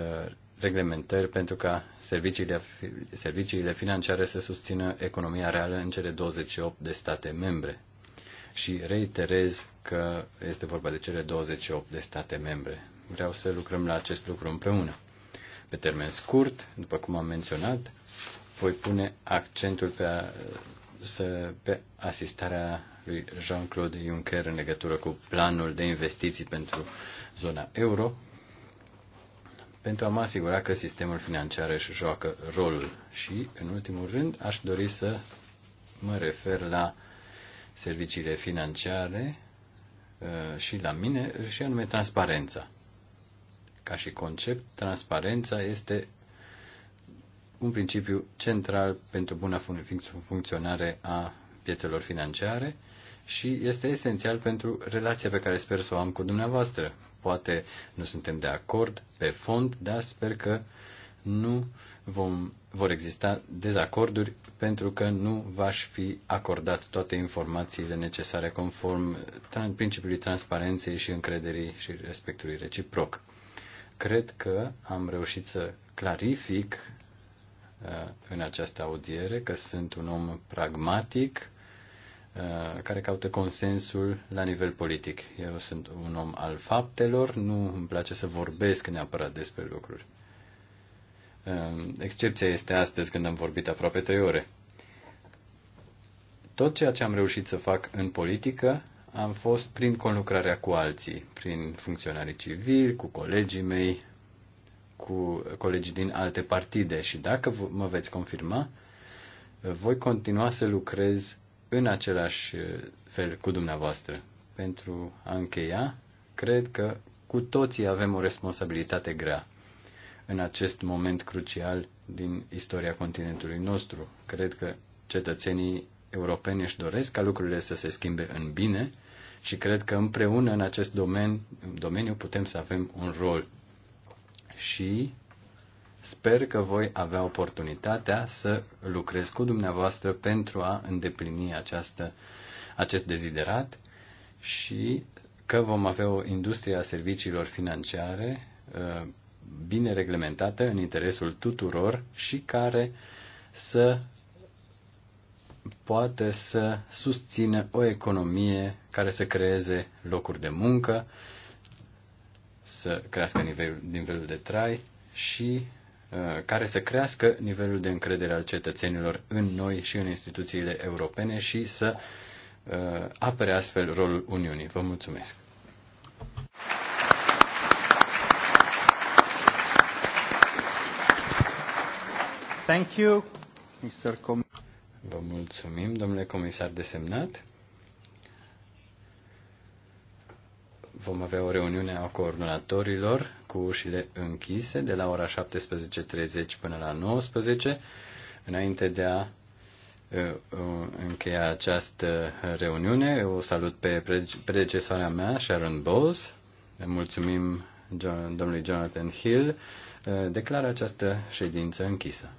reglementări pentru ca serviciile, serviciile financiare să susțină economia reală în cele 28 de state membre. Și reiterez că este vorba de cele 28 de state membre vreau să lucrăm la acest lucru împreună. Pe termen scurt, după cum am menționat, voi pune accentul pe, a, să, pe asistarea lui Jean-Claude Juncker în legătură cu planul de investiții pentru zona euro, pentru a mă asigura că sistemul financiar își joacă rolul. Și, în ultimul rând, aș dori să mă refer la serviciile financiare uh, și la mine, și anume transparența. Ca și concept, transparența este un principiu central pentru buna funcționare a piețelor financiare și este esențial pentru relația pe care sper să o am cu dumneavoastră. Poate nu suntem de acord pe fond, dar sper că nu vom, vor exista dezacorduri pentru că nu v-aș fi acordat toate informațiile necesare conform principiului transparenței și încrederii și respectului reciproc. Cred că am reușit să clarific uh, în această audiere că sunt un om pragmatic uh, care caută consensul la nivel politic. Eu sunt un om al faptelor, nu îmi place să vorbesc neapărat despre lucruri. Uh, excepția este astăzi când am vorbit aproape trei ore. Tot ceea ce am reușit să fac în politică am fost prin conlucrarea cu alții, prin funcționarii civili, cu colegii mei, cu colegii din alte partide și dacă mă veți confirma, voi continua să lucrez în același fel cu dumneavoastră. Pentru a încheia, cred că cu toții avem o responsabilitate grea în acest moment crucial din istoria continentului nostru. Cred că cetățenii europeni își doresc ca lucrurile să se schimbe în bine și cred că împreună în acest domen, domeniu putem să avem un rol. Și sper că voi avea oportunitatea să lucrez cu dumneavoastră pentru a îndeplini această, acest deziderat și că vom avea o industrie a serviciilor financiare uh, bine reglementată în interesul tuturor și care să poate să susțină o economie care să creeze locuri de muncă, să crească nivelul, nivelul de trai și uh, care să crească nivelul de încredere al cetățenilor în noi și în instituțiile europene și să uh, apere astfel rolul Uniunii. Vă mulțumesc! Thank you, Mr. Com- Vă mulțumim, domnule comisar desemnat. Vom avea o reuniune a coordonatorilor cu ușile închise de la ora 17.30 până la 19. Înainte de a uh, uh, încheia această reuniune, o salut pe predecesoarea mea, Sharon Bowles. Mulțumim domnului Jonathan Hill. Uh, declară această ședință închisă.